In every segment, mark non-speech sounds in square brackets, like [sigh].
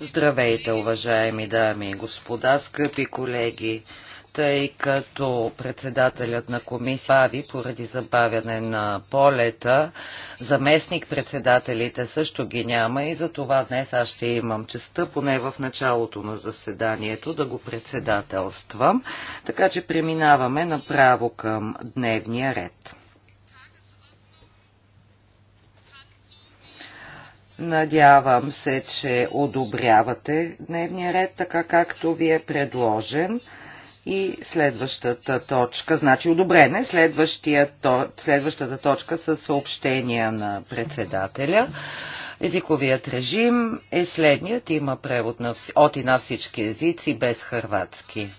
Здравейте, уважаеми дами и господа, скъпи колеги! Тъй като председателят на комисия бави поради забавяне на полета, заместник председателите също ги няма и за това днес аз ще имам честа, поне в началото на заседанието, да го председателствам. Така че преминаваме направо към дневния ред. Надявам се, че одобрявате дневния ред, така както ви е предложен. И следващата точка, значи одобрене, следващата точка са съобщения на председателя. Езиковият режим е следният. Има превод от и на всички езици без хърватски.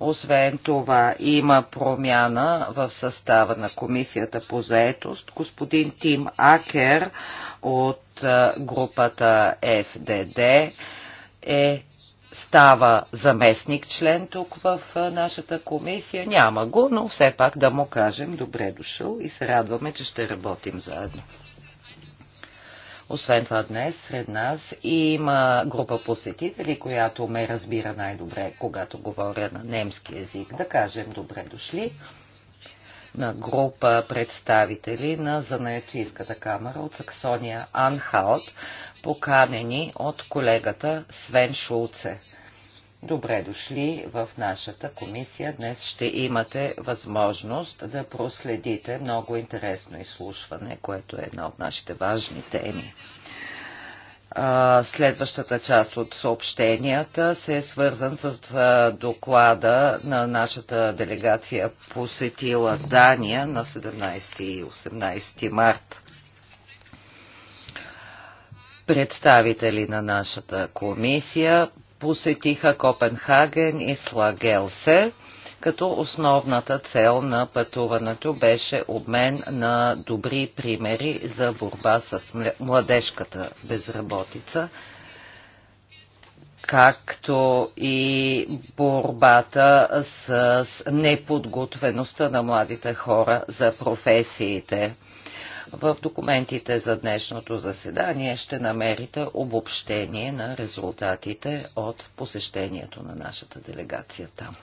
Освен това има промяна в състава на комисията по заетост. Господин Тим Акер от групата ФДД е става заместник член тук в нашата комисия. Няма го, но все пак да му кажем добре дошъл и се радваме, че ще работим заедно. Освен това днес сред нас има група посетители, която ме разбира най-добре, когато говоря на немски язик. Да кажем добре дошли на група представители на Занаячийската камера от Саксония Анхалт, поканени от колегата Свен Шулце – Добре дошли в нашата комисия. Днес ще имате възможност да проследите много интересно изслушване, което е една от нашите важни теми. Следващата част от съобщенията се е свързан с доклада на нашата делегация посетила Дания на 17 и 18 март представители на нашата комисия посетиха Копенхаген и Слагелсе, като основната цел на пътуването беше обмен на добри примери за борба с младежката безработица, както и борбата с неподготвеността на младите хора за професиите. В документите за днешното заседание ще намерите обобщение на резултатите от посещението на нашата делегация там.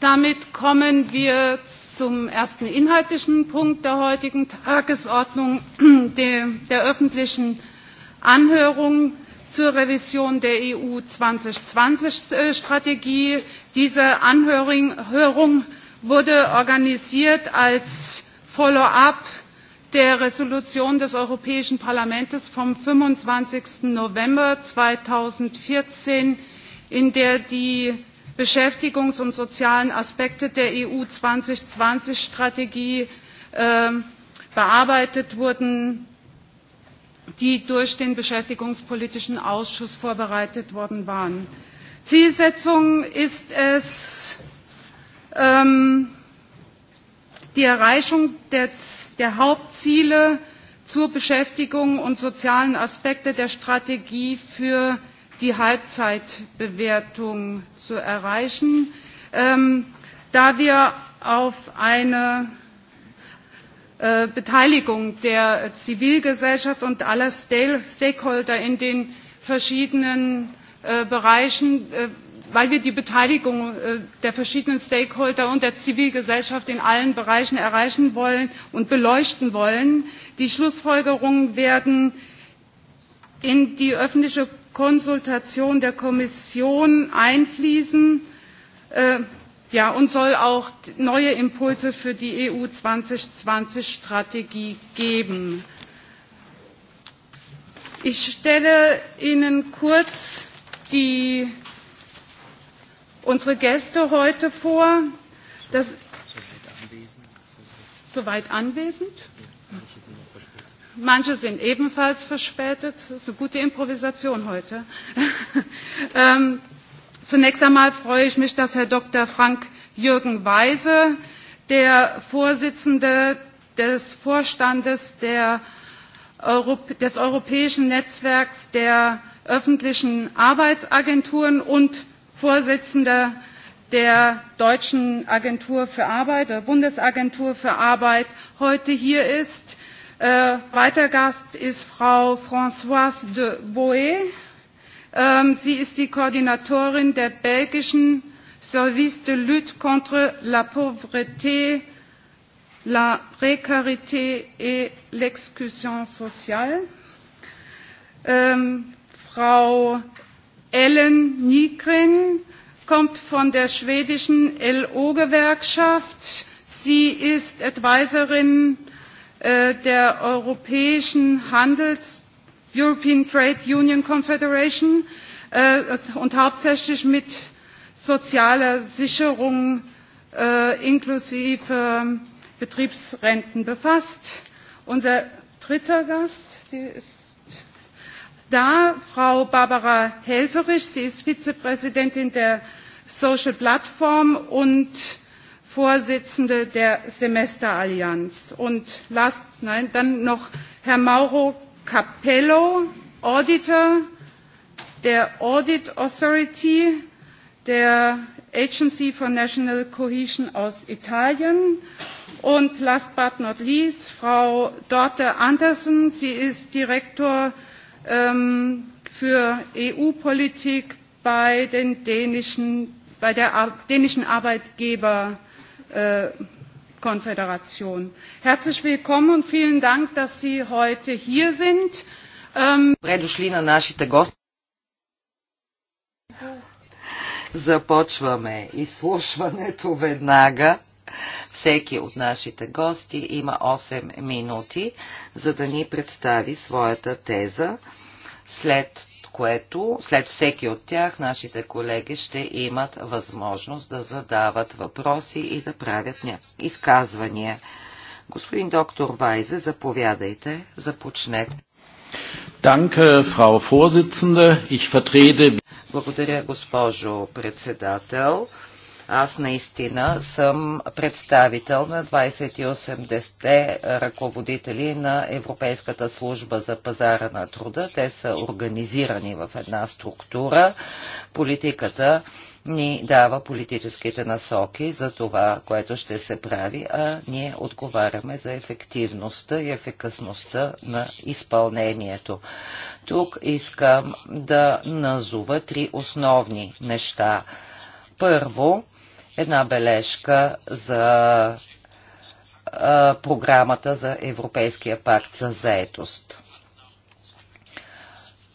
Damit kommen wir zum ersten inhaltlichen Punkt der heutigen Tagesordnung, [clears throat] der öffentlichen Anhörung zur Revision der EU 2020-Strategie. Diese Anhörung wurde organisiert als Follow-up der Resolution des Europäischen Parlaments vom 25. November 2014, in der die Beschäftigungs- und sozialen Aspekte der EU 2020-Strategie bearbeitet wurden die durch den Beschäftigungspolitischen Ausschuss vorbereitet worden waren. Zielsetzung ist es, ähm, die Erreichung der Hauptziele zur Beschäftigung und sozialen Aspekte der Strategie für die Halbzeitbewertung zu erreichen, ähm, da wir auf eine Beteiligung der Zivilgesellschaft und aller Stakeholder in den verschiedenen Bereichen, weil wir die Beteiligung der verschiedenen Stakeholder und der Zivilgesellschaft in allen Bereichen erreichen wollen und beleuchten wollen. Die Schlussfolgerungen werden in die öffentliche Konsultation der Kommission einfließen ja, und soll auch neue Impulse für die EU zweitausendzwanzig Strategie geben. Ich stelle Ihnen kurz unsere Gäste heute vor. soweit anwesend? Manche sind ebenfalls verspätet. Das ist eine gute Improvisation heute. Zunächst einmal freue ich mich, dass Herr Dr. Frank Jürgen Weise, der Vorsitzende des Vorstandes der des Europäischen Netzwerks der öffentlichen Arbeitsagenturen und Vorsitzender der Deutschen Agentur für Arbeit, der Bundesagentur für Arbeit, heute hier ist. Weiter Gast ist Frau Françoise de Boe, sie ist die Koordinatorin der belgischen Service de lutte contre la pauvreté, la précarité et l'exclusion sociale. Frau Ellen Nygren kommt von der schwedischen LO-Gewerkschaft. Sie ist Advisorin der Europäischen Handels- European Trade Union Confederation und hauptsächlich mit sozialer Sicherung inklusive Betriebsrenten befasst. Unser dritter Gast, die ist da, Frau Barbara Helferich, sie ist Vizepräsidentin der Social Platform und Vorsitzende der Semesterallianz. Und last, nein, dann noch Herr Mauro Capello, Auditor der Audit Authority der Agency for National Cohesion aus Italien. Und last but not least, Frau Dorte Andersen. Sie ist Direktor ähm, für EU-Politik bei, den dänischen, bei der dänischen Arbeitgeber. Äh, Konföderation. Herzlich willkommen und vielen Dank, dass Sie heute hier sind. Ähm на нашите гости. Започваме изслушването веднага. Всеки от нашите гости има 8 минути, за да ни представи своята теза. След което след всеки от тях нашите колеги ще имат възможност да задават въпроси и да правят изказвания. Господин доктор Вайзе, заповядайте, започнете. Danke, Frau Vorsitzende. Ich vertrete... Благодаря, госпожо председател. Аз наистина съм представител на 28-те ръководители на Европейската служба за пазара на труда. Те са организирани в една структура. Политиката ни дава политическите насоки за това, което ще се прави, а ние отговаряме за ефективността и ефикасността на изпълнението. Тук искам да назова три основни неща. Първо, една бележка за програмата за Европейския пакт за заетост.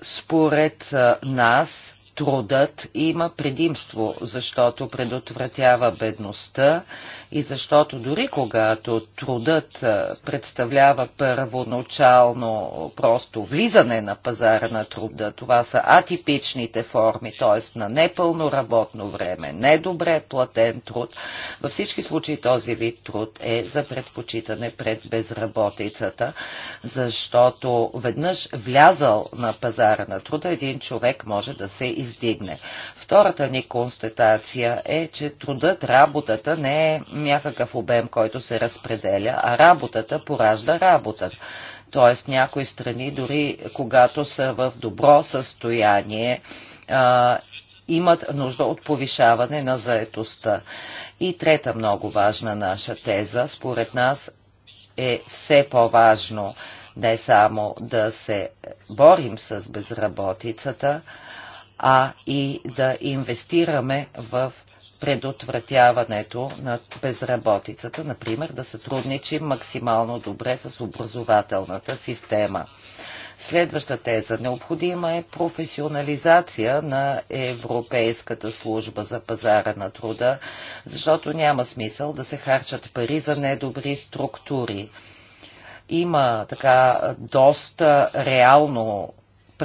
Според нас трудът има предимство, защото предотвратява бедността и защото дори когато трудът представлява първоначално просто влизане на пазара на труда, това са атипичните форми, т.е. на непълно работно време, недобре платен труд, във всички случаи този вид труд е за предпочитане пред безработицата, защото веднъж влязал на пазара на труда, един човек може да се издигне. Втората ни констатация е, че трудът, работата не е някакъв обем, който се разпределя, а работата поражда работата. Тоест някои страни, дори когато са в добро състояние, имат нужда от повишаване на заетостта. И трета много важна наша теза, според нас е все по-важно не само да се борим с безработицата, а и да инвестираме в предотвратяването на безработицата, например да сътрудничим максимално добре с образователната система. Следваща теза. Необходима е професионализация на Европейската служба за пазара на труда, защото няма смисъл да се харчат пари за недобри структури. Има така доста реално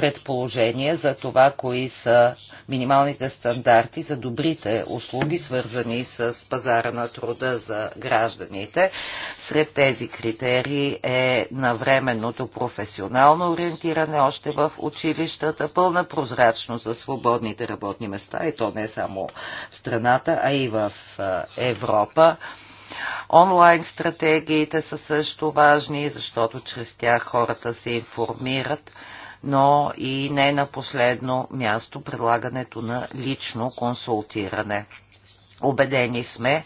предположение за това, кои са минималните стандарти за добрите услуги, свързани с пазара на труда за гражданите. Сред тези критерии е навременното професионално ориентиране още в училищата, пълна прозрачност за свободните работни места, и то не само в страната, а и в Европа. Онлайн стратегиите са също важни, защото чрез тях хората се информират но и не на последно място предлагането на лично консултиране. Обедени сме,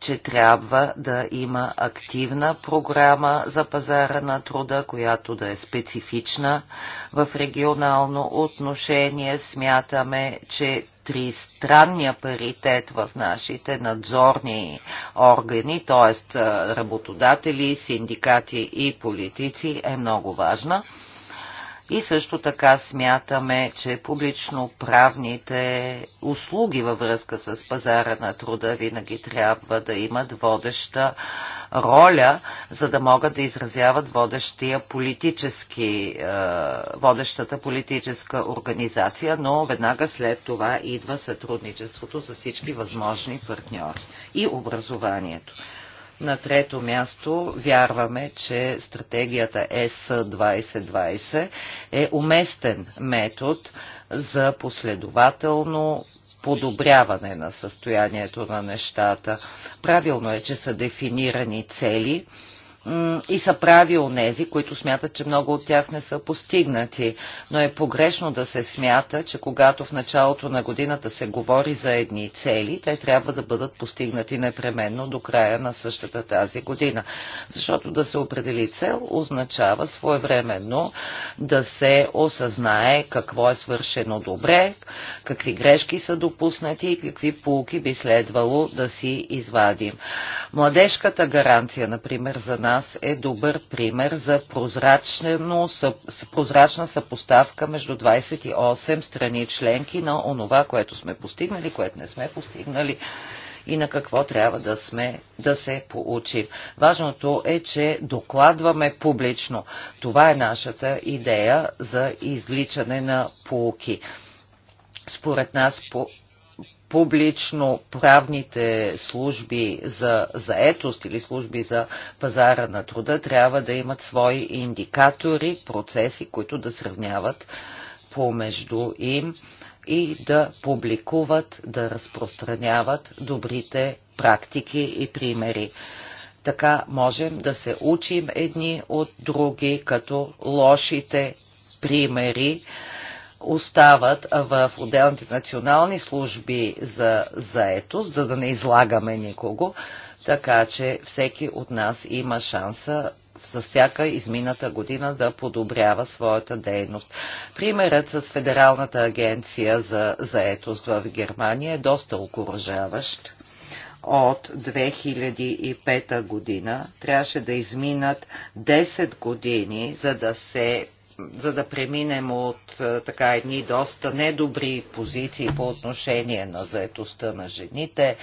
че трябва да има активна програма за пазара на труда, която да е специфична в регионално отношение. Смятаме, че тристранния паритет в нашите надзорни органи, т.е. работодатели, синдикати и политици е много важна. И също така смятаме, че публично-правните услуги във връзка с пазара на труда винаги трябва да имат водеща роля, за да могат да изразяват водещия политически, е, водещата политическа организация, но веднага след това идва сътрудничеството с всички възможни партньори и образованието. На трето място вярваме, че стратегията с 2020 е уместен метод за последователно подобряване на състоянието на нещата. Правилно е, че са дефинирани цели, и са прави онези, които смятат, че много от тях не са постигнати. Но е погрешно да се смята, че когато в началото на годината се говори за едни цели, те трябва да бъдат постигнати непременно до края на същата тази година. Защото да се определи цел означава своевременно да се осъзнае какво е свършено добре, какви грешки са допуснати и какви полки би следвало да си извадим. Младежката гаранция, например, за нас нас е добър пример за прозрачна съпоставка между 28 страни членки на онова, което сме постигнали, което не сме постигнали и на какво трябва да, сме, да се получим. Важното е, че докладваме публично. Това е нашата идея за извличане на полуки. Според нас по публично-правните служби за заетост или служби за пазара на труда трябва да имат свои индикатори, процеси, които да сравняват помежду им и да публикуват, да разпространяват добрите практики и примери. Така можем да се учим едни от други, като лошите примери остават в отделните национални служби за заетост, за да не излагаме никого, така че всеки от нас има шанса със всяка измината година да подобрява своята дейност. Примерът с Федералната агенция за заетост в Германия е доста окоръжаващ. От 2005 година трябваше да изминат 10 години, за да се за да преминем от е, така едни доста недобри позиции по отношение на заетостта на жените,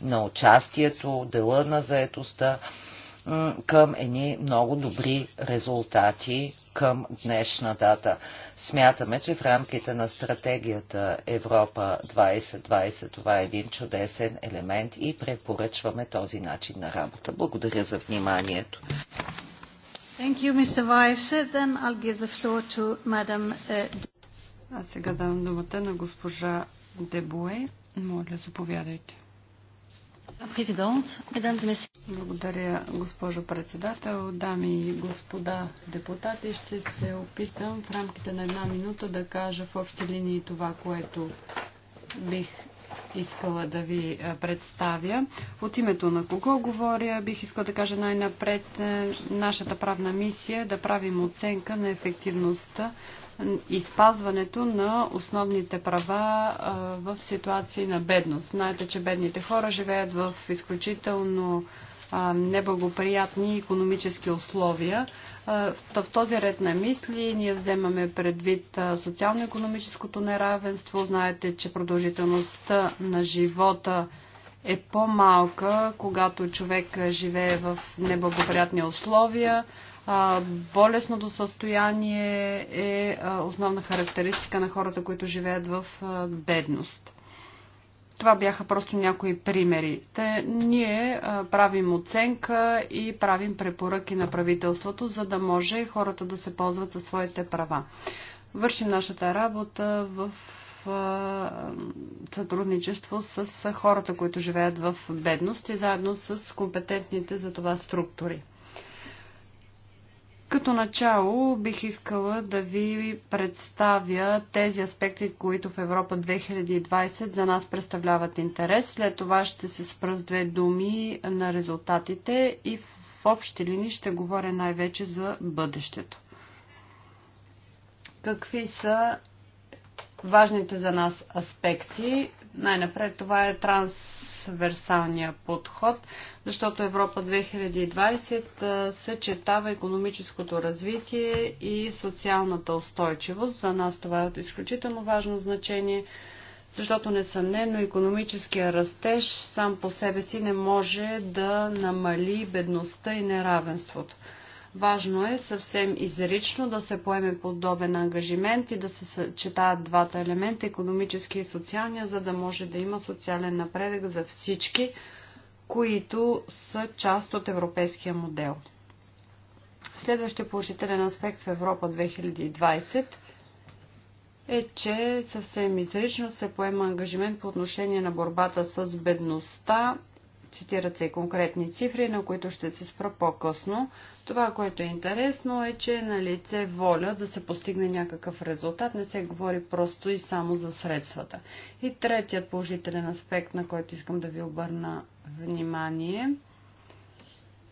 на участието, дела на заетостта към едни много добри резултати към днешна дата. Смятаме, че в рамките на стратегията Европа 2020 това е един чудесен елемент и препоръчваме този начин на работа. Благодаря за вниманието. Thank you, Mr. Weiss. Then I'll give the floor to Madam uh, Аз сега давам думата на госпожа Дебуе. Моля, заповядайте. Благодаря, госпожо председател. Дами и господа депутати, ще се опитам в рамките на една минута да кажа в общи линии това, което бих искала да ви е, представя. От името на кого говоря, бих искала да кажа най-напред е, нашата правна мисия е да правим оценка на ефективността и спазването на основните права е, в ситуации на бедност. Знаете, че бедните хора живеят в изключително неблагоприятни економически условия. Е, в този ред на мисли ние вземаме предвид е, социално-економическото неравенство. Знаете, че продължителността на живота е по-малка, когато човек живее в неблагоприятни условия. Е, Болесното състояние е основна характеристика на хората, които живеят в бедност. Това бяха просто някои примери. Те, ние а, правим оценка и правим препоръки на правителството, за да може хората да се ползват за своите права. Вършим нашата работа в а, сътрудничество с хората, които живеят в бедност и заедно с компетентните за това структури. Като начало бих искала да ви представя тези аспекти, които в Европа 2020 за нас представляват интерес. След това ще се спра с две думи на резултатите и в общи линии ще говоря най-вече за бъдещето. Какви са важните за нас аспекти. Най-напред това е трансверсалния подход, защото Европа 2020 съчетава економическото развитие и социалната устойчивост. За нас това е от изключително важно значение, защото несъмнено економическия растеж сам по себе си не може да намали бедността и неравенството. Важно е съвсем изрично да се поеме подобен ангажимент и да се съчетаят двата елемента, економически и социалния, за да може да има социален напредък за всички, които са част от европейския модел. Следващия положителен аспект в Европа 2020 е, че съвсем изрично се поема ангажимент по отношение на борбата с бедността Цитират се и конкретни цифри, на които ще се спра по-късно. Това, което е интересно е, че е на лице воля да се постигне някакъв резултат. Не се говори просто и само за средствата. И третият положителен аспект, на който искам да ви обърна внимание –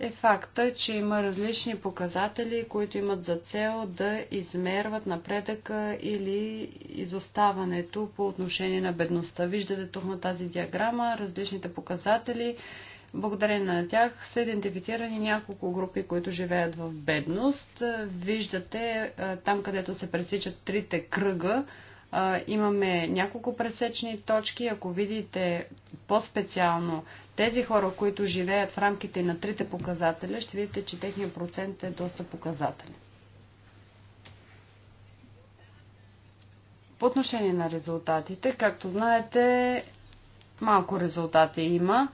е факта, че има различни показатели, които имат за цел да измерват напредъка или изоставането по отношение на бедността. Виждате тук на тази диаграма различните показатели. Благодарение на тях са идентифицирани няколко групи, които живеят в бедност. Виждате там, където се пресичат трите кръга, а, имаме няколко пресечни точки. Ако видите по-специално тези хора, които живеят в рамките на трите показателя, ще видите, че техният процент е доста показателен. По отношение на резултатите, както знаете, малко резултати има.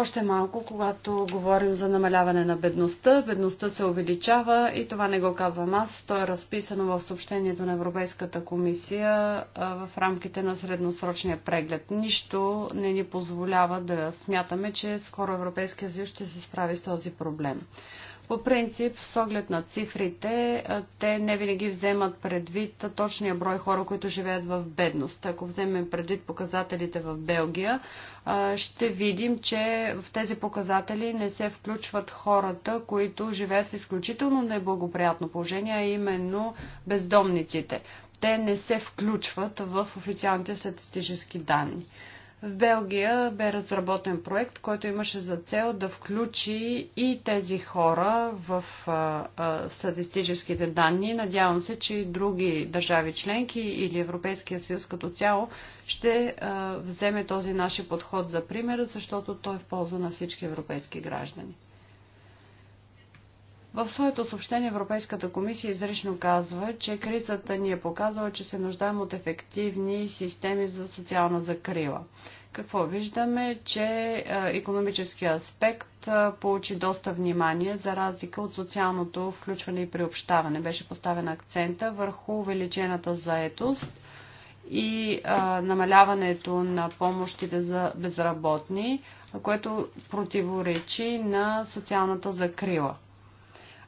Още малко, когато говорим за намаляване на бедността, бедността се увеличава и това не го казвам аз. То е разписано в съобщението на Европейската комисия в рамките на средносрочния преглед. Нищо не ни позволява да смятаме, че скоро Европейския съюз ще се справи с този проблем. По принцип, с оглед на цифрите, те не винаги вземат предвид точния брой хора, които живеят в бедност. Ако вземем предвид показателите в Белгия, ще видим, че в тези показатели не се включват хората, които живеят в изключително неблагоприятно положение, а именно бездомниците. Те не се включват в официалните статистически данни. В Белгия бе разработен проект, който имаше за цел да включи и тези хора в а, а, статистическите данни. Надявам се, че и други държави членки или Европейския съюз като цяло ще а, вземе този наш подход за пример, защото той е в полза на всички европейски граждани. В своето съобщение Европейската комисия изрично казва, че кризата ни е показала, че се нуждаем от ефективни системи за социална закрила. Какво виждаме? Че економическия аспект получи доста внимание, за разлика от социалното включване и приобщаване. Беше поставен акцента върху увеличената заетост и а, намаляването на помощите за безработни, което противоречи на социалната закрила.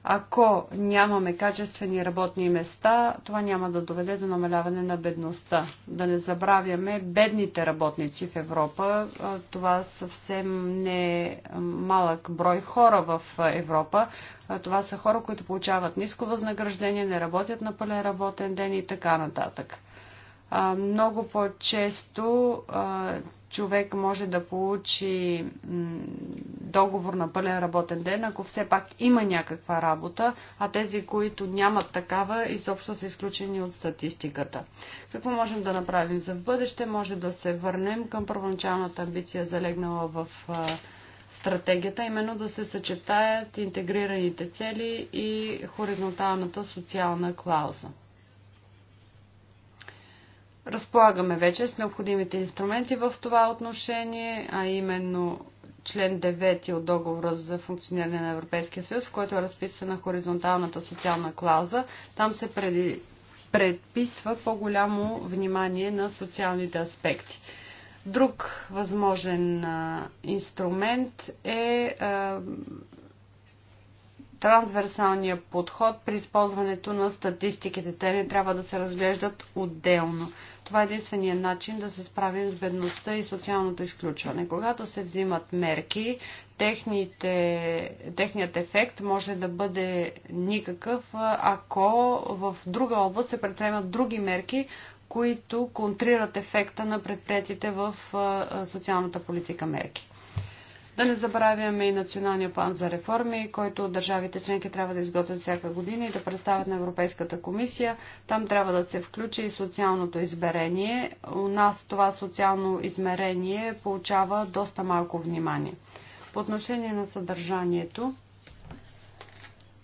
Ако нямаме качествени работни места, това няма да доведе до намаляване на бедността. Да не забравяме бедните работници в Европа. Това съвсем не е малък брой хора в Европа. Това са хора, които получават ниско възнаграждение, не работят на пълен работен ден и така нататък много по-често човек може да получи договор на пълен работен ден, ако все пак има някаква работа, а тези, които нямат такава, изобщо са изключени от статистиката. Какво можем да направим за в бъдеще? Може да се върнем към първоначалната амбиция, залегнала в стратегията, именно да се съчетаят интегрираните цели и хоризонталната социална клауза. Разполагаме вече с необходимите инструменти в това отношение, а именно член 9 от договора за функциониране на Европейския съюз, в който е разписана хоризонталната социална клауза. Там се преди, предписва по-голямо внимание на социалните аспекти. Друг възможен а, инструмент е а, трансверсалния подход при използването на статистиките. Те не трябва да се разглеждат отделно. Това е единствения начин да се справим с бедността и социалното изключване. Когато се взимат мерки, техните, техният ефект може да бъде никакъв, ако в друга област се предприемат други мерки, които контрират ефекта на предприятите в социалната политика мерки. Да не забравяме и националния план за реформи, който държавите членки трябва да изготвят всяка година и да представят на Европейската комисия. Там трябва да се включи и социалното измерение. У нас това социално измерение получава доста малко внимание. По отношение на съдържанието,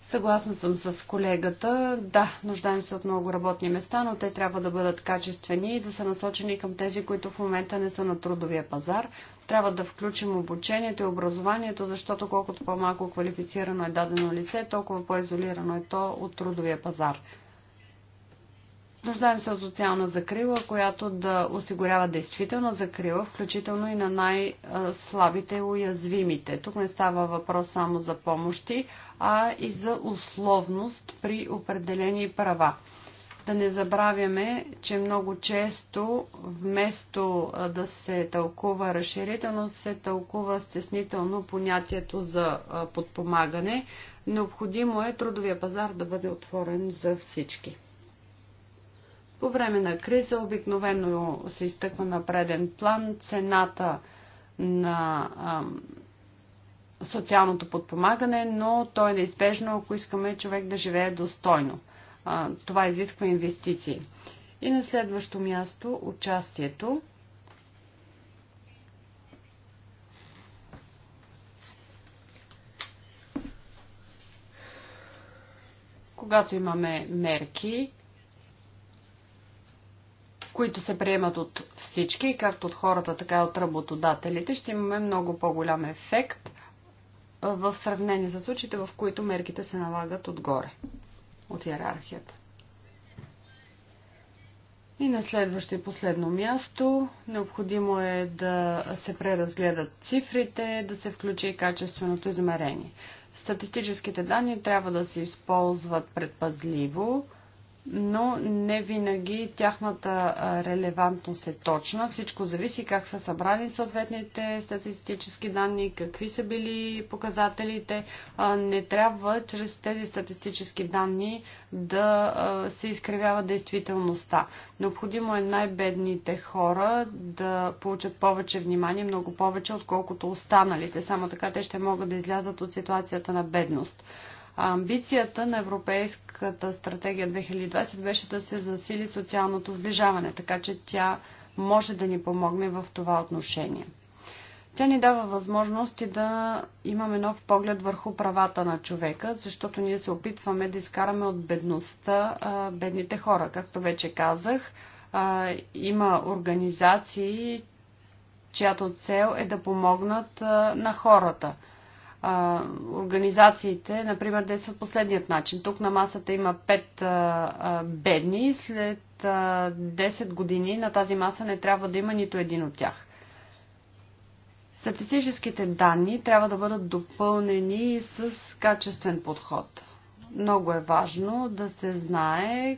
Съгласна съм с колегата. Да, нуждаем се от много работни места, но те трябва да бъдат качествени и да са насочени към тези, които в момента не са на трудовия пазар. Трябва да включим обучението и образованието, защото колкото по-малко квалифицирано е дадено лице, толкова по-изолирано е то от трудовия пазар. Нуждаем се от социална закрила, която да осигурява действителна закрила, включително и на най-слабите и уязвимите. Тук не става въпрос само за помощи, а и за условност при определени права. Да не забравяме, че много често вместо да се тълкува разширително, се тълкува стеснително понятието за подпомагане. Необходимо е трудовия пазар да бъде отворен за всички. По време на криза обикновено се изтъква на преден план цената на социалното подпомагане, но то е неизбежно, ако искаме човек да живее достойно това изисква инвестиции. И на следващо място участието. Когато имаме мерки, които се приемат от всички, както от хората, така и от работодателите, ще имаме много по-голям ефект в сравнение с случаите, в които мерките се налагат отгоре от иерархията. И на следващо и последно място, необходимо е да се преразгледат цифрите, да се включи и качественото измерение. Статистическите данни трябва да се използват предпазливо, но не винаги тяхната релевантност е точна. Всичко зависи как са събрани съответните статистически данни, какви са били показателите. Не трябва чрез тези статистически данни да се изкривява действителността. Необходимо е най-бедните хора да получат повече внимание, много повече, отколкото останалите. Само така те ще могат да излязат от ситуацията на бедност. Амбицията на Европейската стратегия 2020 беше да се засили социалното сближаване, така че тя може да ни помогне в това отношение. Тя ни дава възможности да имаме нов поглед върху правата на човека, защото ние се опитваме да изкараме от бедността а, бедните хора. Както вече казах, а, има организации, чиято цел е да помогнат а, на хората – а, организациите, например, действат последният начин. Тук на масата има пет а, а, бедни, след а, 10 години на тази маса не трябва да има нито един от тях. Статистическите данни трябва да бъдат допълнени с качествен подход. Много е важно да се знае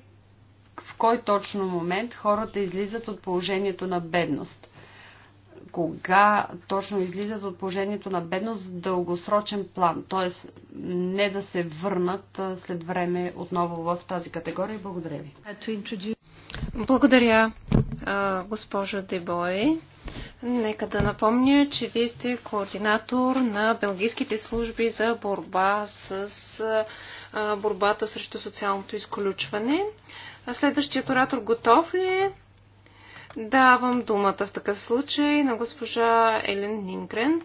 в кой точно момент хората излизат от положението на бедност кога точно излизат от положението на бедност в дългосрочен план, т.е. не да се върнат след време отново в тази категория. Благодаря ви. Благодаря, госпожа Дебой. Нека да напомня, че вие сте координатор на Белгийските служби за борба с борбата срещу социалното изключване. Следващият оратор готов ли е? Давам думата в такъв случай на госпожа Елен Нингрен,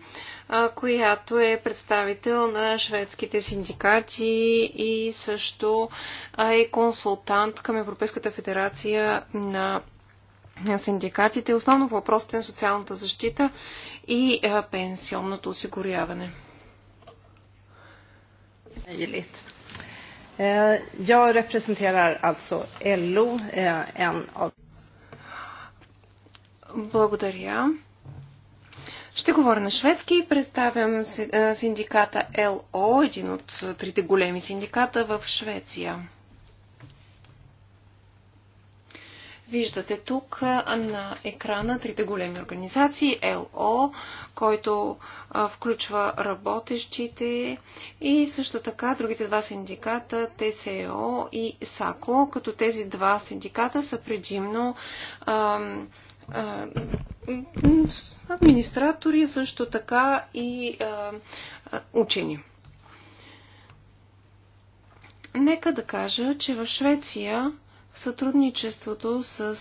която е представител на шведските синдикати и също е консултант към Европейската федерация на синдикатите, основно по въпросите на социалната защита и пенсионното осигуряване. Jag representerar alltså LO, en av благодаря. Ще говоря на шведски. Представям е, синдиката ЛО, един от трите големи синдиката в Швеция. Виждате тук е, на екрана трите големи организации ЛО, който е, включва работещите и също така другите два синдиката ТСО и САКО, като тези два синдиката са предимно ам, администратори, също така и учени. Нека да кажа, че в Швеция сътрудничеството с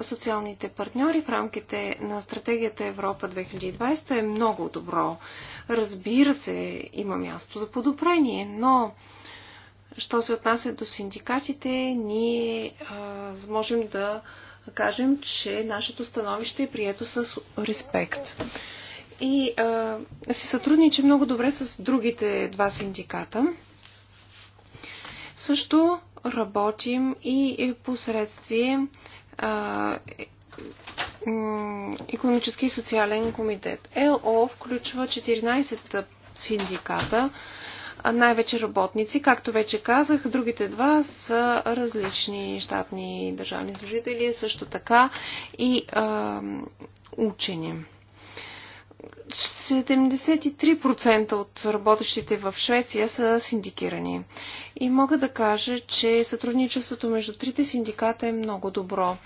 социалните партньори в рамките на стратегията Европа 2020 е много добро. Разбира се, има място за подобрение, но що се отнася до синдикатите, ние а, можем да кажем, че нашето становище е прието с респект. И а, се сътрудничи много добре с другите два синдиката. Също работим и посредствие а, е, економически и социален комитет. ЛО включва 14 синдиката, най-вече работници. Както вече казах, другите два са различни щатни държавни служители, също така и а, учени. 73% от работещите в Швеция са синдикирани. И мога да кажа, че сътрудничеството между трите синдиката е много добро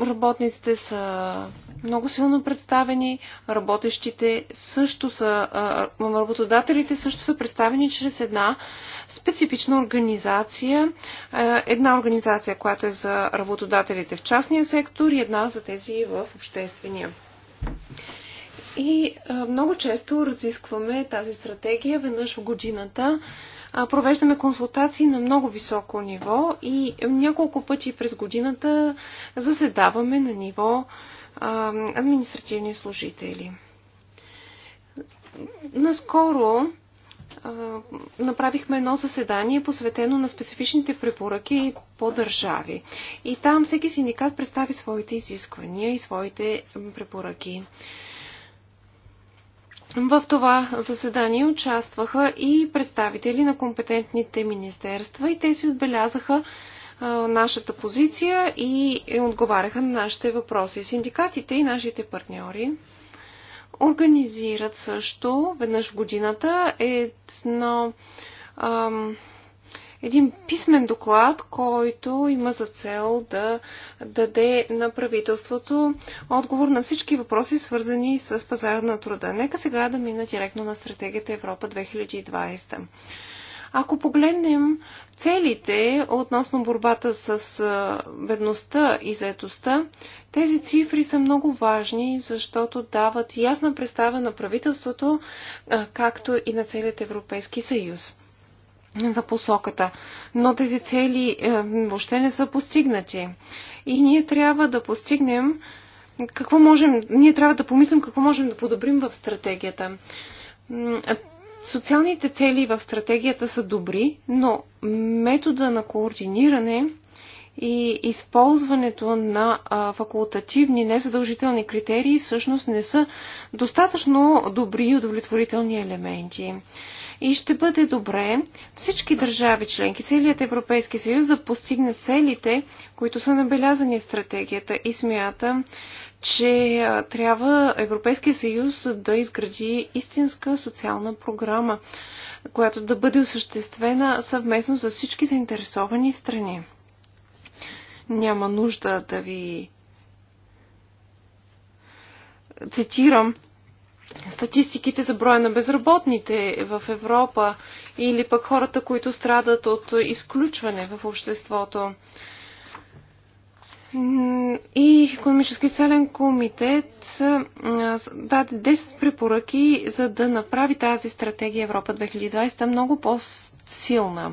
работниците са много силно представени, работещите също са, работодателите също са представени чрез една специфична организация. Една организация, която е за работодателите в частния сектор и една за тези в обществения. И много често разискваме тази стратегия веднъж в годината провеждаме консултации на много високо ниво и няколко пъти през годината заседаваме на ниво административни служители. Наскоро направихме едно заседание, посветено на специфичните препоръки по държави. И там всеки синдикат представи своите изисквания и своите препоръки. В това заседание участваха и представители на компетентните министерства и те си отбелязаха нашата позиция и отговаряха на нашите въпроси. Синдикатите и нашите партньори организират също веднъж в годината едно ам, един писмен доклад, който има за цел да даде на правителството отговор на всички въпроси, свързани с пазара на труда. Нека сега да мина директно на стратегията Европа 2020. Ако погледнем целите относно борбата с бедността и заетостта, тези цифри са много важни, защото дават ясна представа на правителството, както и на целият Европейски съюз за посоката. Но тези цели е, въобще не са постигнати. И ние трябва да постигнем какво можем, ние трябва да помислим какво можем да подобрим в стратегията. Социалните цели в стратегията са добри, но метода на координиране и използването на факултативни незадължителни критерии всъщност не са достатъчно добри и удовлетворителни елементи. И ще бъде добре всички държави членки, целият Европейски съюз да постигне целите, които са набелязани в стратегията. И смятам, че трябва Европейския съюз да изгради истинска социална програма, която да бъде осъществена съвместно с за всички заинтересовани страни. Няма нужда да ви цитирам статистиките за броя на безработните в Европа или пък хората, които страдат от изключване в обществото. И економически целен комитет даде 10 препоръки, за да направи тази стратегия Европа 2020 много по-силна.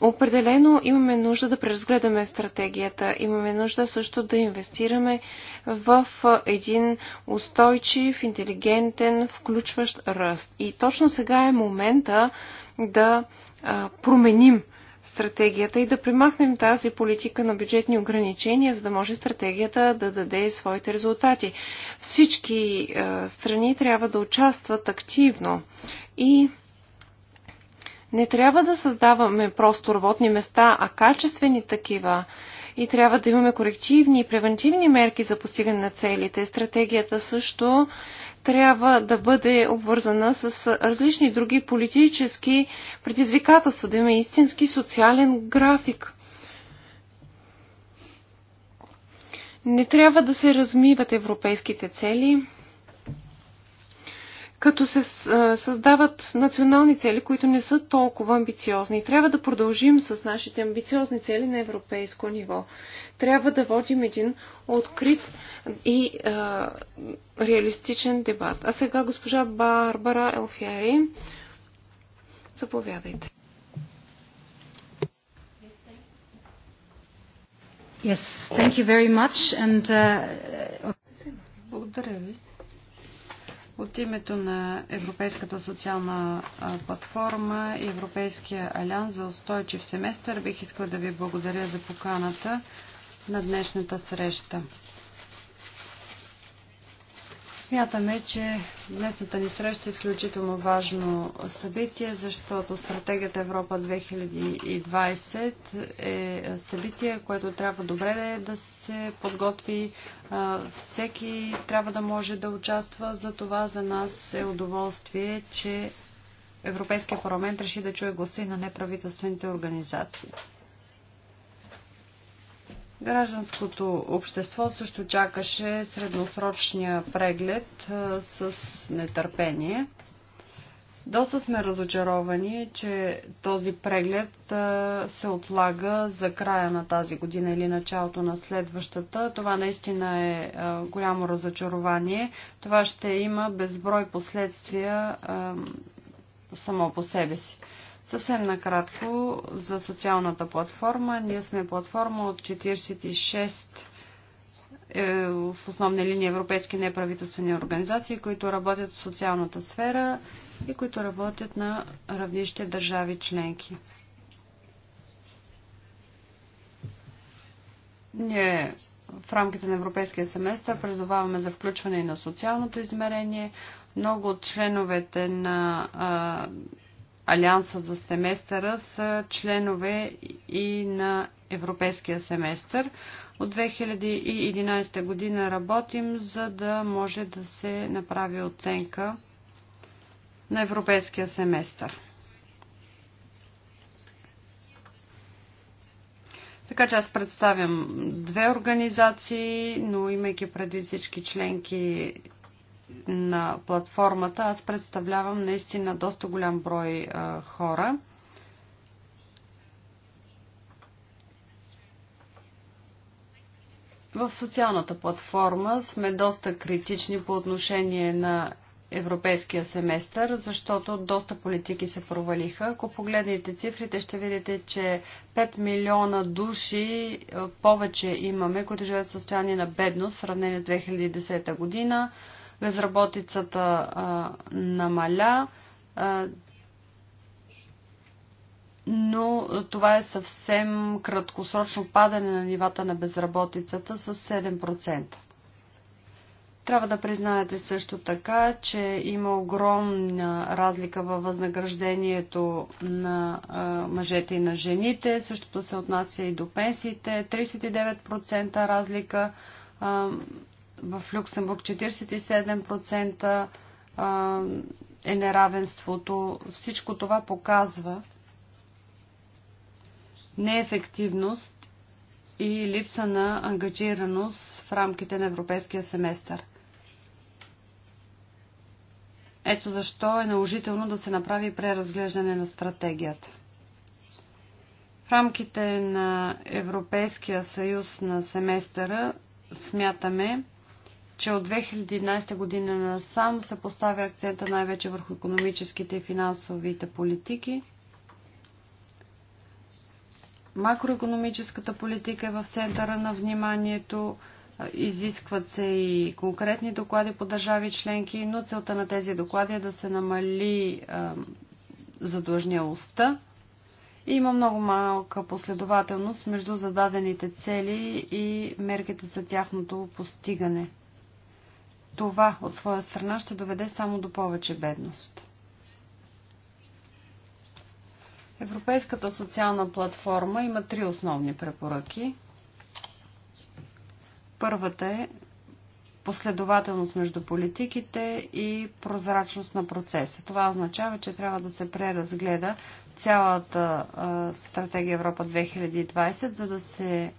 Определено имаме нужда да преразгледаме стратегията. Имаме нужда също да инвестираме в един устойчив, интелигентен, включващ ръст. И точно сега е момента да променим стратегията и да примахнем тази политика на бюджетни ограничения, за да може стратегията да даде своите резултати. Всички страни трябва да участват активно и не трябва да създаваме просто работни места, а качествени такива. И трябва да имаме корективни и превентивни мерки за постигане на целите. Стратегията също трябва да бъде обвързана с различни други политически предизвикателства, да има истински социален график. Не трябва да се размиват европейските цели като се създават национални цели, които не са толкова амбициозни. Трябва да продължим с нашите амбициозни цели на европейско ниво. Трябва да водим един открит и а, реалистичен дебат. А сега госпожа Барбара Елфиари, заповядайте. Yes, thank you very much and, uh... Благодаря ви. От името на Европейската социална платформа и Европейския алянс за устойчив семестър бих искала да ви благодаря за поканата на днешната среща. Смятаме, че днесната ни среща е изключително важно събитие, защото стратегията Европа 2020 е събитие, което трябва добре да се подготви. Всеки трябва да може да участва. За това за нас е удоволствие, че Европейския парламент реши да чуе гласи на неправителствените организации. Гражданското общество също чакаше средносрочния преглед с нетърпение. Доста сме разочаровани, че този преглед се отлага за края на тази година или началото на следващата. Това наистина е голямо разочарование. Това ще има безброй последствия само по себе си. Съвсем накратко за социалната платформа. Ние сме платформа от 46 е, в основни линии европейски неправителствени организации, които работят в социалната сфера и които работят на равнище държави членки. Ние в рамките на европейския семестър призоваваме за включване и на социалното измерение. Много от членовете на а, Алианса за семестъра са членове и на Европейския семестър. От 2011 година работим, за да може да се направи оценка на Европейския семестър. Така че аз представям две организации, но имайки преди всички членки на платформата аз представлявам наистина доста голям брой а, хора. В социалната платформа сме доста критични по отношение на европейския семестър, защото доста политики се провалиха. Ако погледнете цифрите, ще видите, че 5 милиона души повече имаме, които живеят в състояние на бедност, в сравнение с 2010 година безработицата а, намаля, а, но това е съвсем краткосрочно падане на нивата на безработицата с 7%. Трябва да признаете също така, че има огромна разлика във възнаграждението на мъжете и на жените. Същото се отнася и до пенсиите. 39% разлика в Люксембург 47% е неравенството. Всичко това показва неефективност и липса на ангажираност в рамките на европейския семестър. Ето защо е наложително да се направи преразглеждане на стратегията. В рамките на Европейския съюз на семестъра смятаме, че от 2011 година насам се поставя акцента най-вече върху економическите и финансовите политики. Макроекономическата политика е в центъра на вниманието. Изискват се и конкретни доклади по държави членки, но целта на тези доклади е да се намали задлъжнялостта. И има много малка последователност между зададените цели и мерките за тяхното постигане. Това от своя страна ще доведе само до повече бедност. Европейската социална платформа има три основни препоръки. Първата е последователност между политиките и прозрачност на процеса. Това означава, че трябва да се преразгледа цялата стратегия Европа 2020, за да се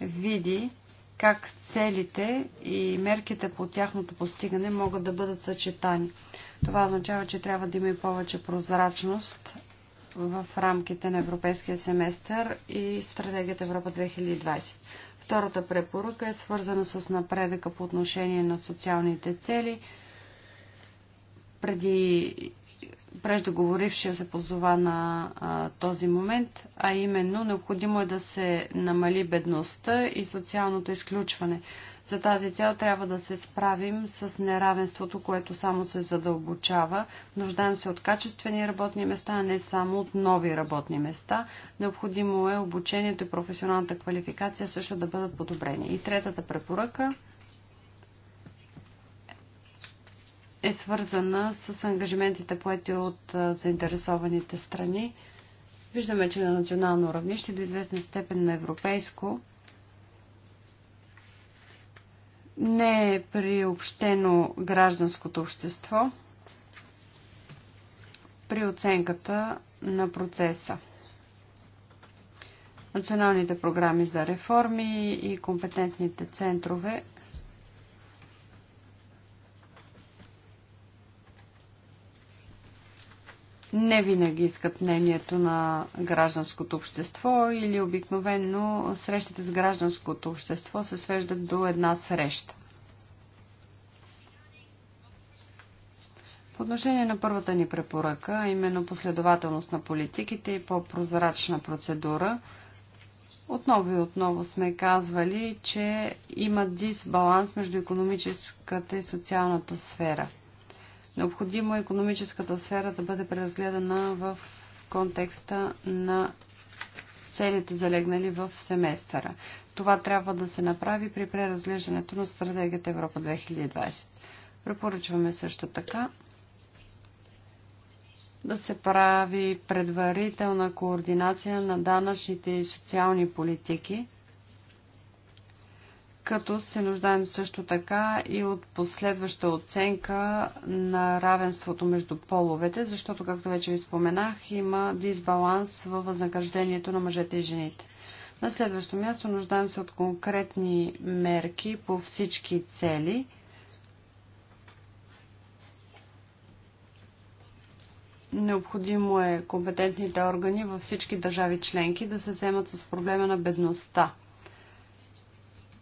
види как целите и мерките по тяхното постигане могат да бъдат съчетани. Това означава, че трябва да има и повече прозрачност в рамките на Европейския семестър и стратегията Европа 2020. Втората препоръка е свързана с напредъка по отношение на социалните цели. Преди преждоговорившия се позова на а, този момент, а именно необходимо е да се намали бедността и социалното изключване. За тази цел трябва да се справим с неравенството, което само се задълбочава. Нуждаем се от качествени работни места, а не само от нови работни места. Необходимо е обучението и професионалната квалификация също да бъдат подобрени. И третата препоръка – е свързана с ангажиментите поети от заинтересованите страни. Виждаме, че на национално равнище, до известна степен на европейско, не е приобщено гражданското общество при оценката на процеса. Националните програми за реформи и компетентните центрове не винаги искат мнението на гражданското общество или обикновенно срещите с гражданското общество се свеждат до една среща. По отношение на първата ни препоръка, именно последователност на политиките и по-прозрачна процедура, отново и отново сме казвали, че има дисбаланс между економическата и социалната сфера – Необходимо е економическата сфера да бъде преразгледана в контекста на целите залегнали в семестъра. Това трябва да се направи при преразглеждането на стратегията Европа 2020. Препоръчваме също така да се прави предварителна координация на данъчните и социални политики, като се нуждаем също така и от последваща оценка на равенството между половете, защото, както вече ви споменах, има дисбаланс във възнаграждението на мъжете и жените. На следващо място нуждаем се от конкретни мерки по всички цели. Необходимо е компетентните органи във всички държави членки да се вземат с проблема на бедността –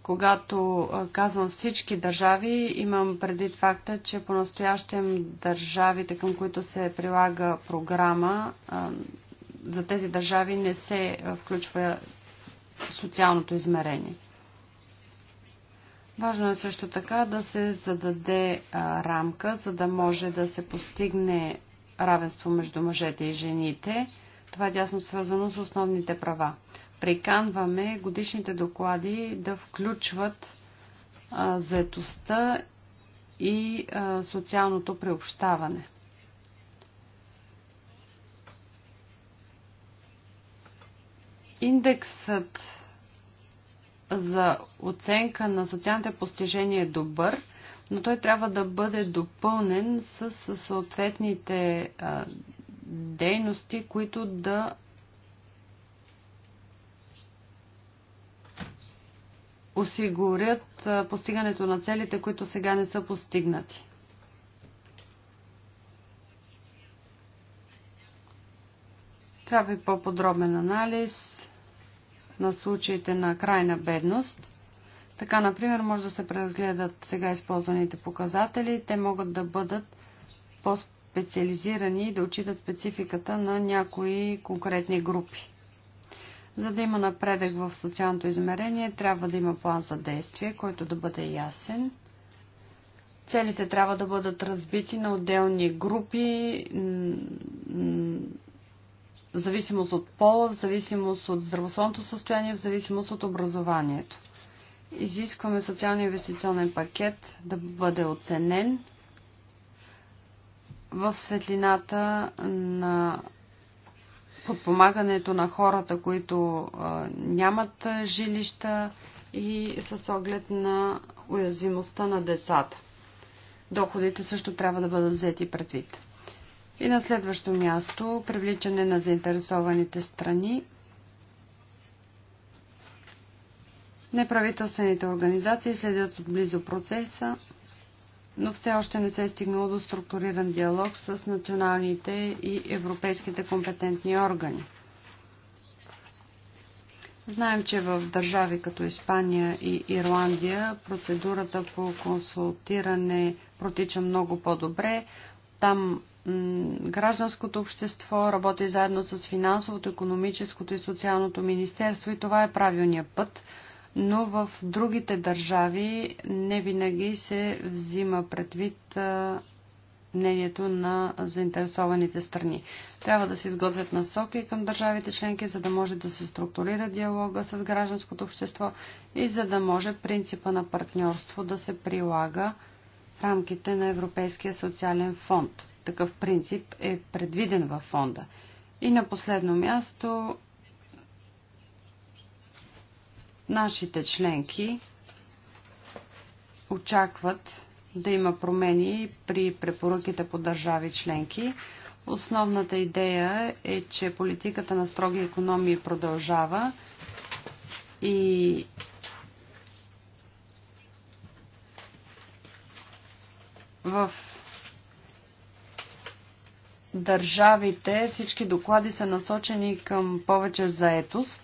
когато казвам всички държави, имам преди факта, че по-настоящем държавите, към които се прилага програма, за тези държави не се включва социалното измерение. Важно е също така да се зададе рамка, за да може да се постигне равенство между мъжете и жените. Това е тясно свързано с основните права приканваме годишните доклади да включват а, заетостта и а, социалното приобщаване. Индексът за оценка на социалните постижения е добър, но той трябва да бъде допълнен с съответните а, дейности, които да осигурят постигането на целите, които сега не са постигнати. Трябва и по-подробен анализ на случаите на крайна бедност. Така, например, може да се преразгледат сега използваните показатели. Те могат да бъдат по-специализирани и да отчитат спецификата на някои конкретни групи. За да има напредък в социалното измерение, трябва да има план за действие, който да бъде ясен. Целите трябва да бъдат разбити на отделни групи, в зависимост от пола, в зависимост от здравословното състояние, в зависимост от образованието. Изискваме социалния инвестиционен пакет да бъде оценен в светлината на подпомагането на хората, които нямат жилища и с оглед на уязвимостта на децата. Доходите също трябва да бъдат взети предвид. И на следващо място привличане на заинтересованите страни. Неправителствените организации следят отблизо процеса но все още не се е стигнало до структуриран диалог с националните и европейските компетентни органи. Знаем, че в държави като Испания и Ирландия процедурата по консултиране протича много по-добре. Там гражданското общество работи заедно с финансовото, економическото и социалното министерство и това е правилният път – но в другите държави не винаги се взима предвид мнението на заинтересованите страни. Трябва да се изготвят насоки към държавите членки, за да може да се структурира диалога с гражданското общество и за да може принципа на партньорство да се прилага в рамките на Европейския социален фонд. Такъв принцип е предвиден във фонда. И на последно място Нашите членки очакват да има промени при препоръките по държави членки. Основната идея е, че политиката на строги економии продължава и в държавите всички доклади са насочени към повече заетост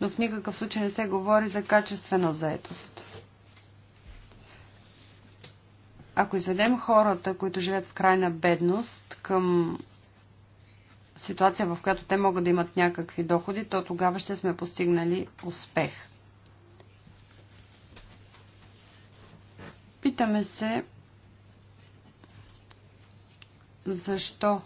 но в никакъв случай не се говори за качествена заетост. Ако изведем хората, които живеят в крайна бедност, към ситуация, в която те могат да имат някакви доходи, то тогава ще сме постигнали успех. Питаме се защо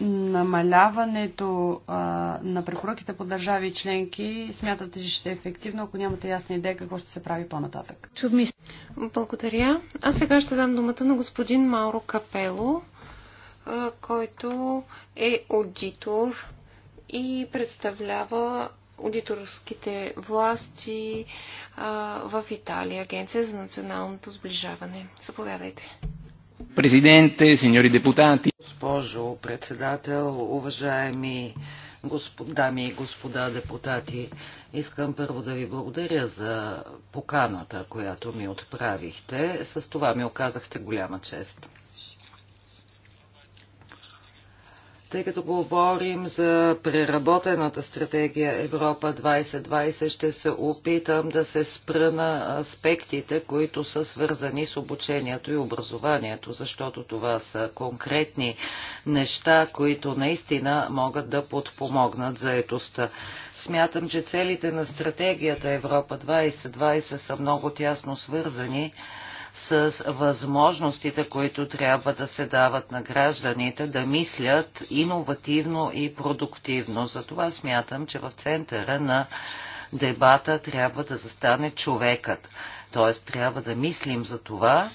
намаляването а, на препоръките по държави и членки смятате, че ще е ефективно, ако нямате ясна идея какво ще се прави по-нататък? Благодаря. А сега ще дам думата на господин Мауро Капело, а, който е аудитор и представлява аудиторските власти а, в Италия, Агенция за националното сближаване. Заповядайте. Президенте, сеньори депутати. Госпожо председател, уважаеми господ, дами и господа депутати, искам първо да ви благодаря за поканата, която ми отправихте. С това ми оказахте голяма чест. Тъй като говорим за преработената стратегия Европа 2020, ще се опитам да се спра на аспектите, които са свързани с обучението и образованието, защото това са конкретни неща, които наистина могат да подпомогнат заетостта. Смятам, че целите на стратегията Европа 2020 са много тясно свързани с възможностите, които трябва да се дават на гражданите да мислят иновативно и продуктивно. Затова смятам, че в центъра на дебата трябва да застане човекът. Тоест трябва да мислим за това,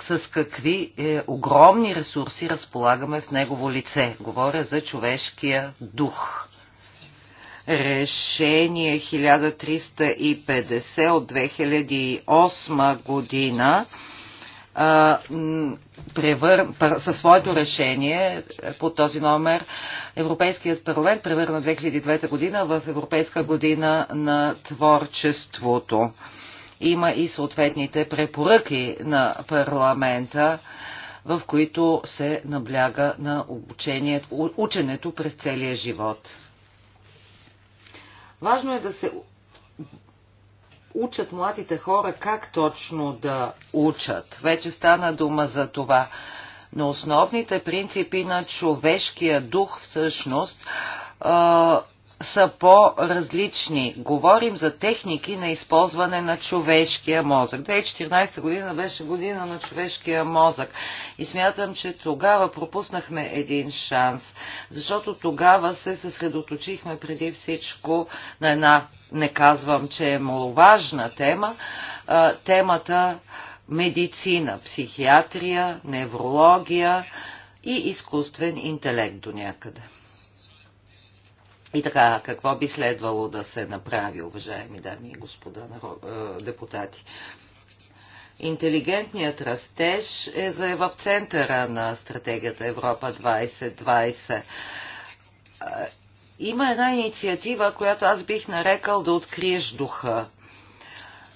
с какви е, огромни ресурси разполагаме в негово лице. Говоря за човешкия дух решение 1350 от 2008 година превър... със своето решение по този номер Европейският парламент превърна 2009 година в Европейска година на творчеството. Има и съответните препоръки на парламента, в които се набляга на обучението, ученето през целия живот. Важно е да се учат младите хора как точно да учат. Вече стана дума за това. Но основните принципи на човешкия дух всъщност са по-различни. Говорим за техники на използване на човешкия мозък. 2014 година беше година на човешкия мозък и смятам, че тогава пропуснахме един шанс, защото тогава се съсредоточихме преди всичко на една, не казвам, че е маловажна тема, темата медицина, психиатрия, неврология и изкуствен интелект до някъде. И така, какво би следвало да се направи, уважаеми дами и господа е, депутати? Интелигентният растеж е, е в центъра на стратегията Европа 2020. Е, има една инициатива, която аз бих нарекал да откриеш духа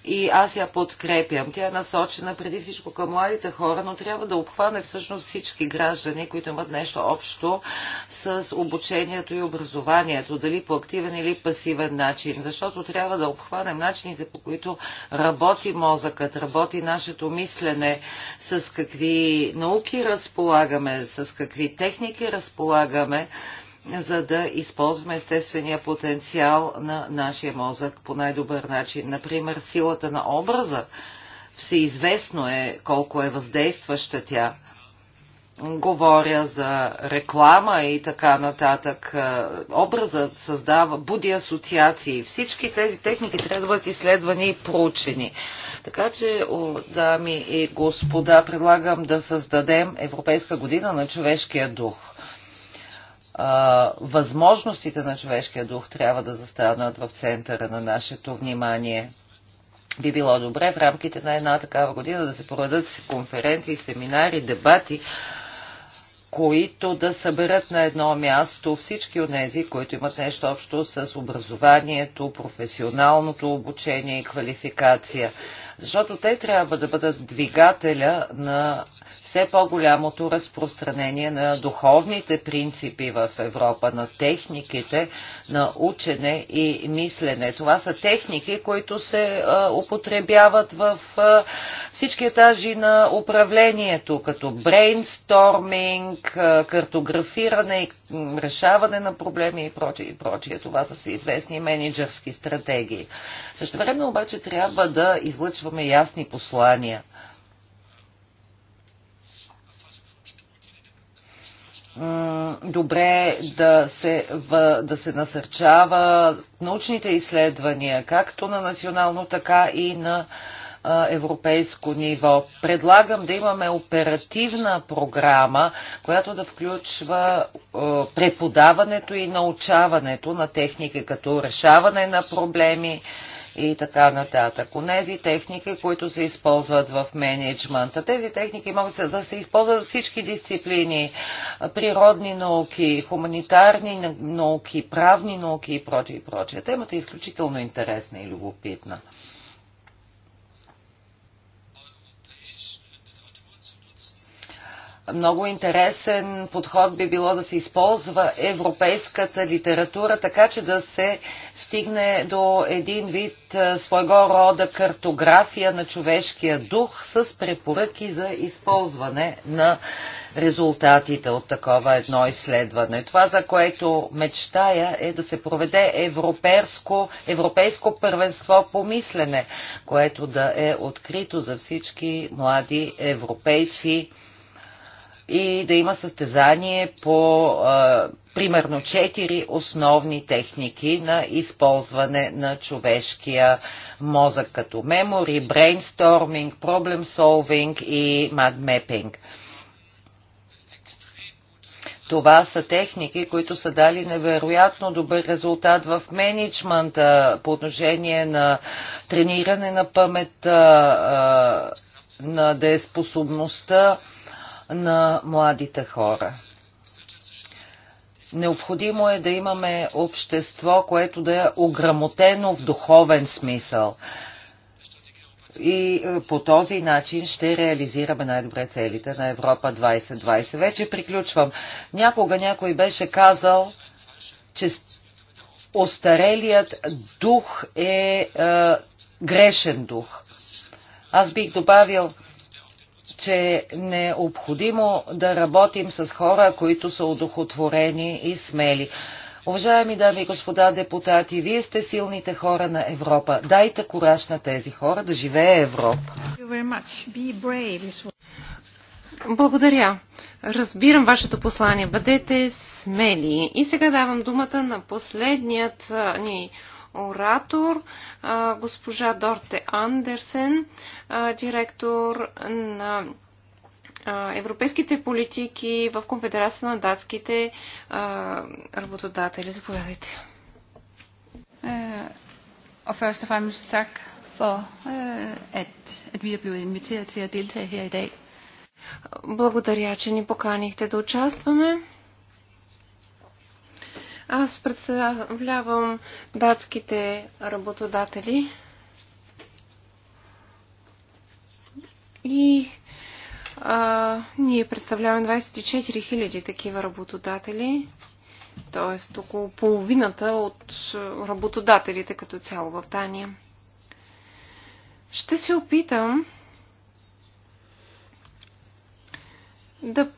и аз я подкрепям. Тя е насочена преди всичко към младите хора, но трябва да обхване всъщност всички граждани, които имат нещо общо с обучението и образованието, дали по активен или пасивен начин, защото трябва да обхванем начините, по които работи мозъкът, работи нашето мислене, с какви науки разполагаме, с какви техники разполагаме, за да използваме естествения потенциал на нашия мозък по най-добър начин. Например, силата на образа. Всеизвестно е колко е въздействаща тя. Говоря за реклама и така нататък. Е, Образът създава, буди асоциации. Всички тези техники трябва да бъдат изследвани и проучени. Така че, дами и господа, предлагам да създадем Европейска година на човешкия дух а, възможностите на човешкия дух трябва да застанат в центъра на нашето внимание. Би било добре в рамките на една такава година да се проведат конференции, семинари, дебати, които да съберат на едно място всички от тези, които имат нещо общо с образованието, професионалното обучение и квалификация. Защото те трябва да бъдат двигателя на все по-голямото разпространение на духовните принципи в Европа, на техниките на учене и мислене. Това са техники, които се а, употребяват в а, всички етажи на управлението, като брейнсторминг, а, картографиране, решаване на проблеми и прочие, и прочие. Това са всеизвестни менеджерски стратегии. Също време обаче трябва да излъчваме ясни послания – добре да се, в, да се насърчава научните изследвания, както на национално, така и на европейско ниво. Предлагам да имаме оперативна програма, която да включва преподаването и научаването на техники, като решаване на проблеми и така нататък. Онези техники, които се използват в менеджмента. Тези техники могат да се използват от всички дисциплини. Природни науки, хуманитарни науки, правни науки и прочее. Темата е изключително интересна и любопитна. Много интересен подход би било да се използва европейската литература, така че да се стигне до един вид своего рода картография на човешкия дух с препоръки за използване на резултатите от такова едно изследване. Това, за което мечтая е да се проведе европейско, европейско първенство по мислене, което да е открито за всички млади европейци и да има състезание по а, примерно четири основни техники на използване на човешкия мозък като мемори, брейнсторминг, проблем солвинг и мадмепинг. Това са техники, които са дали невероятно добър резултат в менеджмента по отношение на трениране на паметта, на дееспособността. Да на младите хора. Необходимо е да имаме общество, което да е ограмотено в духовен смисъл. И е, по този начин ще реализираме най-добре целите на Европа 2020. Вече приключвам. Някога някой беше казал, че остарелият дух е, е грешен дух. Аз бих добавил, че е необходимо да работим с хора, които са удохотворени и смели. Уважаеми дами и господа депутати, вие сте силните хора на Европа. Дайте кораж на тези хора да живее Европа. Благодаря. Разбирам вашето послание. Бъдете смели. И сега давам думата на последният ни оратор, госпожа Дорте Андерсен, директор на европейските политики в Конфедерация на датските работодатели. Заповядайте. Е, og først og fremmest tak for, е, at, at vi er blevet inviteret til at deltage her i dag. Благодаря, че ни поканихте да участваме. Аз представлявам датските работодатели и а, ние представляваме 24 000 такива работодатели, т.е. около половината от работодателите като цяло в Дания. Ще се опитам да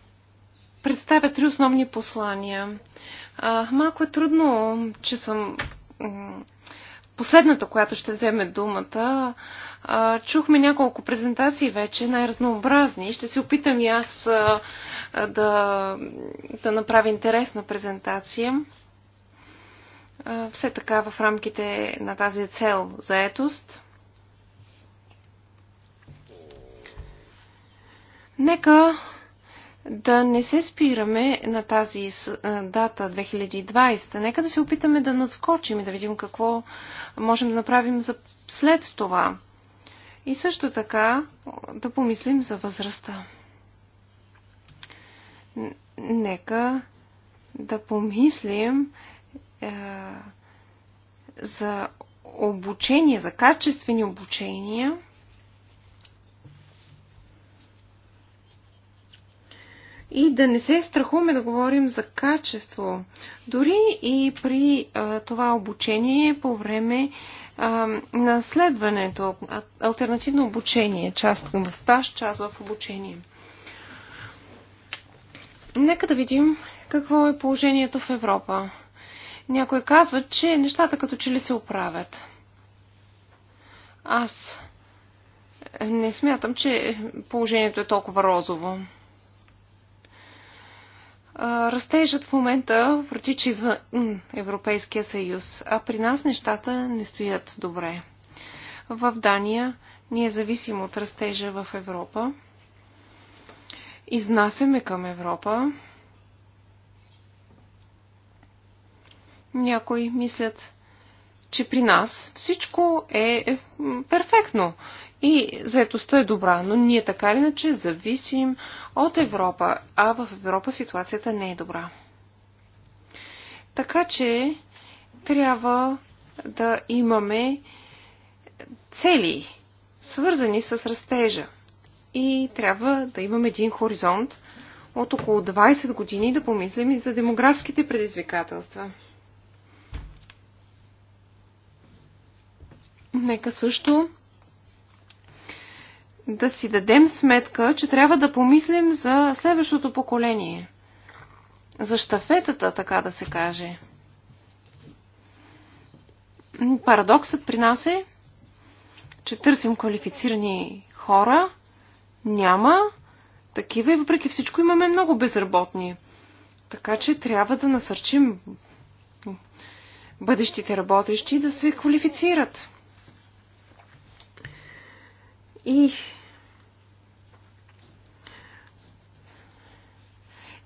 представя три основни послания. А, малко е трудно, че съм последната, която ще вземе думата. А, чухме няколко презентации вече, най-разнообразни. Ще се опитам и аз а, да, да направя интересна презентация. А, все така в рамките на тази цел заетост. Нека да не се спираме на тази дата 2020. Нека да се опитаме да надскочим и да видим какво можем да направим за след това. И също така да помислим за възрастта. Нека да помислим е, за обучение, за качествени обучения – и да не се страхуваме да говорим за качество. Дори и при а, това обучение по време а, на следването, альтернативно обучение, част в стаж, част в обучение. Нека да видим какво е положението в Европа. Някой казва, че нещата като че ли се оправят. Аз не смятам, че положението е толкова розово. Растежът в момента протича извън Европейския съюз, а при нас нещата не стоят добре. В Дания ние зависим от растежа в Европа, изнасяме към Европа. Някои мислят, че при нас всичко е перфектно и заетостта е добра, но ние така или иначе зависим от Европа, а в Европа ситуацията не е добра. Така че трябва да имаме цели, свързани с растежа. И трябва да имаме един хоризонт от около 20 години да помислим и за демографските предизвикателства. Нека също да си дадем сметка, че трябва да помислим за следващото поколение. За щафетата, така да се каже. Парадоксът при нас е, че търсим квалифицирани хора, няма такива и въпреки всичко имаме много безработни. Така че трябва да насърчим бъдещите работещи да се квалифицират. И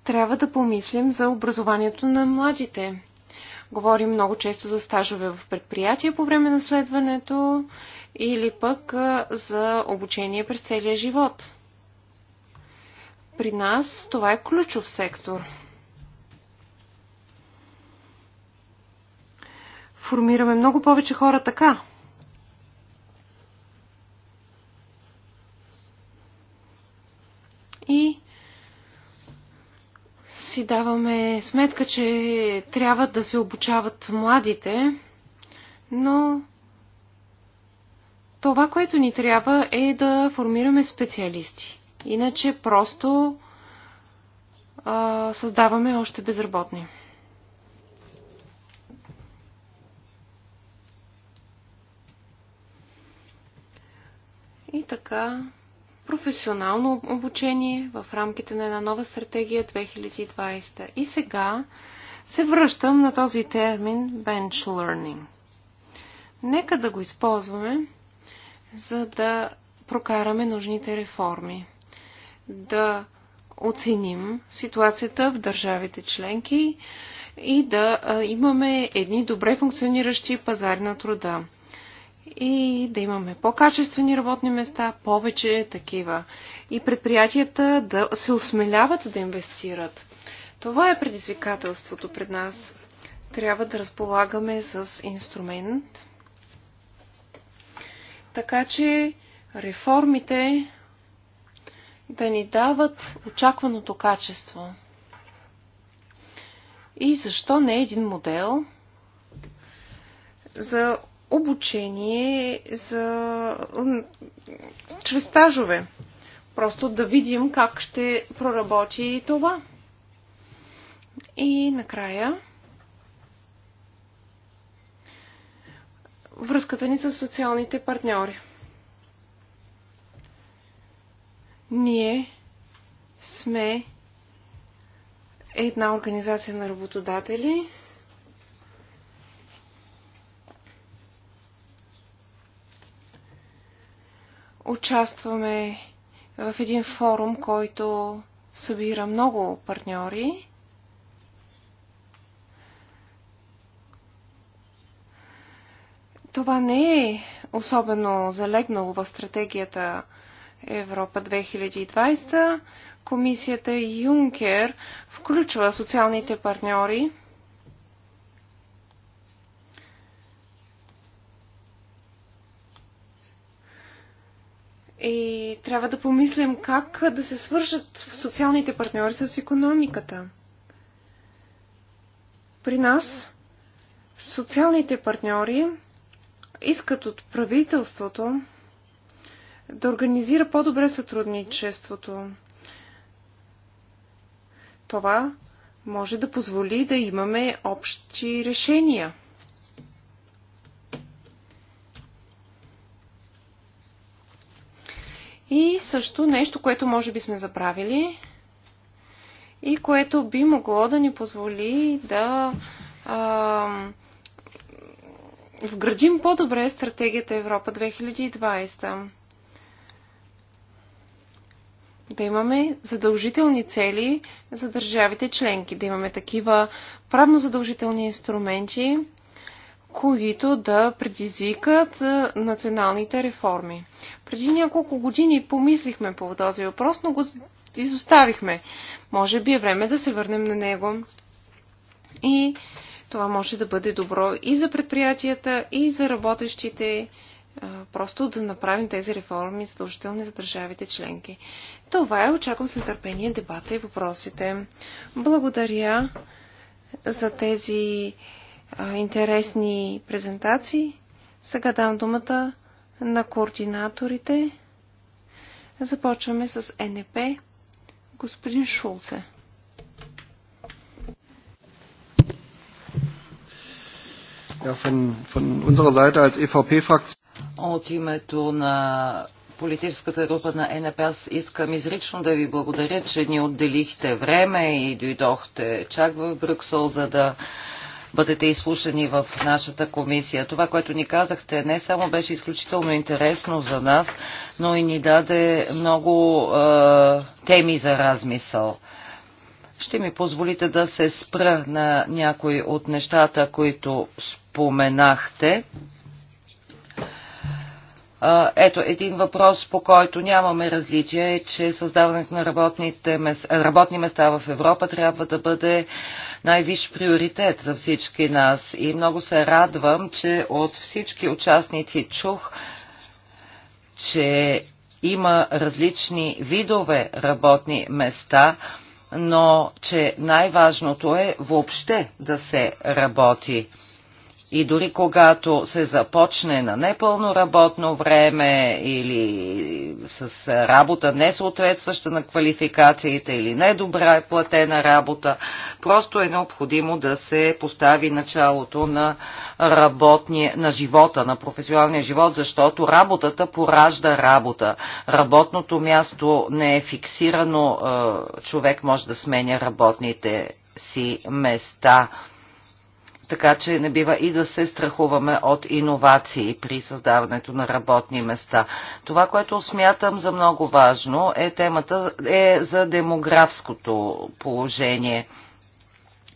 трябва да помислим за образованието на младите. Говорим много често за стажове в предприятия по време на следването или пък за обучение през целия живот. При нас това е ключов сектор. Формираме много повече хора така, си даваме сметка, че трябва да се обучават младите, но това, което ни трябва е да формираме специалисти. Иначе просто а, създаваме още безработни. И така, професионално обучение в рамките на една нова стратегия 2020. И сега се връщам на този термин bench learning. Нека да го използваме, за да прокараме нужните реформи, да оценим ситуацията в държавите членки и да имаме едни добре функциониращи пазари на труда и да имаме по-качествени работни места, повече такива. И предприятията да се осмеляват да инвестират. Това е предизвикателството пред нас. Трябва да разполагаме с инструмент, така че реформите да ни дават очакваното качество. И защо не един модел за обучение за... чрез стажове. Просто да видим как ще проработи това. И накрая връзката ни с социалните партньори. Ние сме една организация на работодатели, участваме в един форум, който събира много партньори. Това не е особено залегнало в стратегията Европа 2020. Комисията Юнкер включва социалните партньори И трябва да помислим как да се свържат социалните партньори с економиката. При нас социалните партньори искат от правителството да организира по-добре сътрудничеството. Това може да позволи да имаме общи решения. И също нещо, което може би сме заправили и което би могло да ни позволи да а, вградим по-добре стратегията Европа 2020. Да имаме задължителни цели за държавите членки, да имаме такива правно задължителни инструменти, които да предизвикат националните реформи. Преди няколко години помислихме по този въпрос, но го изоставихме. Може би е време да се върнем на него. И това може да бъде добро и за предприятията, и за работещите. Просто да направим тези реформи задължителни за държавите членки. Това е. Очаквам с нетърпение дебата и въпросите. Благодаря за тези а, интересни презентации. Сега дам думата на координаторите. Започваме с НП. Господин Шулце. Ja, von, von unserer Seite als e От името на политическата група на НП аз искам изрично да ви благодаря, че ни отделихте време и дойдохте чак в Брюксел, за да бъдете изслушани в нашата комисия. Това, което ни казахте, не само беше изключително интересно за нас, но и ни даде много е, теми за размисъл. Ще ми позволите да се спра на някои от нещата, които споменахте. Ето един въпрос, по който нямаме различие, е, че създаването на работни места в Европа трябва да бъде най виш приоритет за всички нас. И много се радвам, че от всички участници чух, че има различни видове работни места, но че най-важното е въобще да се работи. И дори когато се започне на непълно работно време или с работа не съответстваща на квалификациите или недобра е платена работа, просто е необходимо да се постави началото на, работни, на живота, на професионалния живот, защото работата поражда работа. Работното място не е фиксирано, човек може да сменя работните си места така че не бива и да се страхуваме от иновации при създаването на работни места. Това, което смятам за много важно е темата е за демографското положение.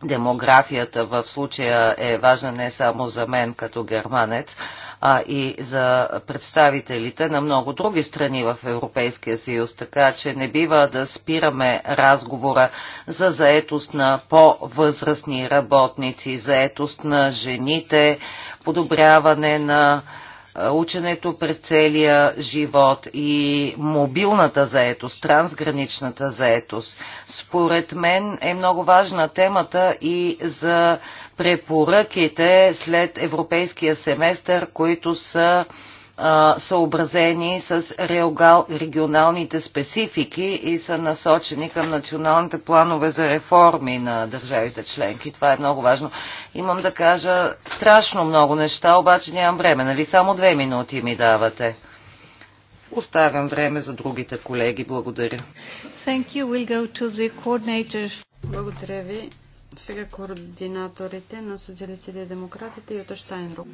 Демографията в случая е важна не само за мен като германец, а и за представителите на много други страни в Европейския съюз, така че не бива да спираме разговора за заетост на по-възрастни работници, заетост на жените, подобряване на ученето през целия живот и мобилната заетост, трансграничната заетост. Според мен е много важна темата и за препоръките след европейския семестър, които са съобразени с регионалните специфики и са насочени към националните планове за реформи на държавите членки. Това е много важно. Имам да кажа страшно много неща, обаче нямам време. Нали? Само две минути ми давате. Оставям време за другите колеги. Благодаря. Thank you. We'll go to the coordinator. Благодаря ви. Сега координаторите на социалистите и демократите Юта Штайнрук.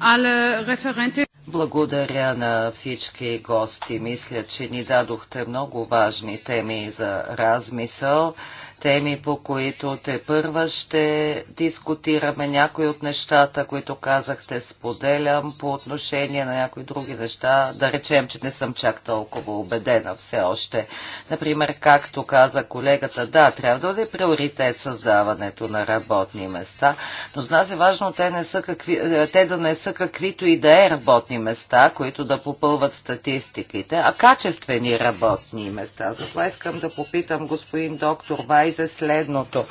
Але референти... Благодаря на всички гости. Мисля, че ни дадохте много важни теми за размисъл теми, по които те първа ще дискутираме. Някои от нещата, които казахте, споделям по отношение на някои други неща. Да речем, че не съм чак толкова убедена все още. Например, както каза колегата, да, трябва да бъде приоритет създаването на работни места, но за нас е важно те, не са какви, е, те да не са каквито и да е работни места, които да попълват статистиките, а качествени работни места. Затова искам да попитам господин доктор Вай, за следното.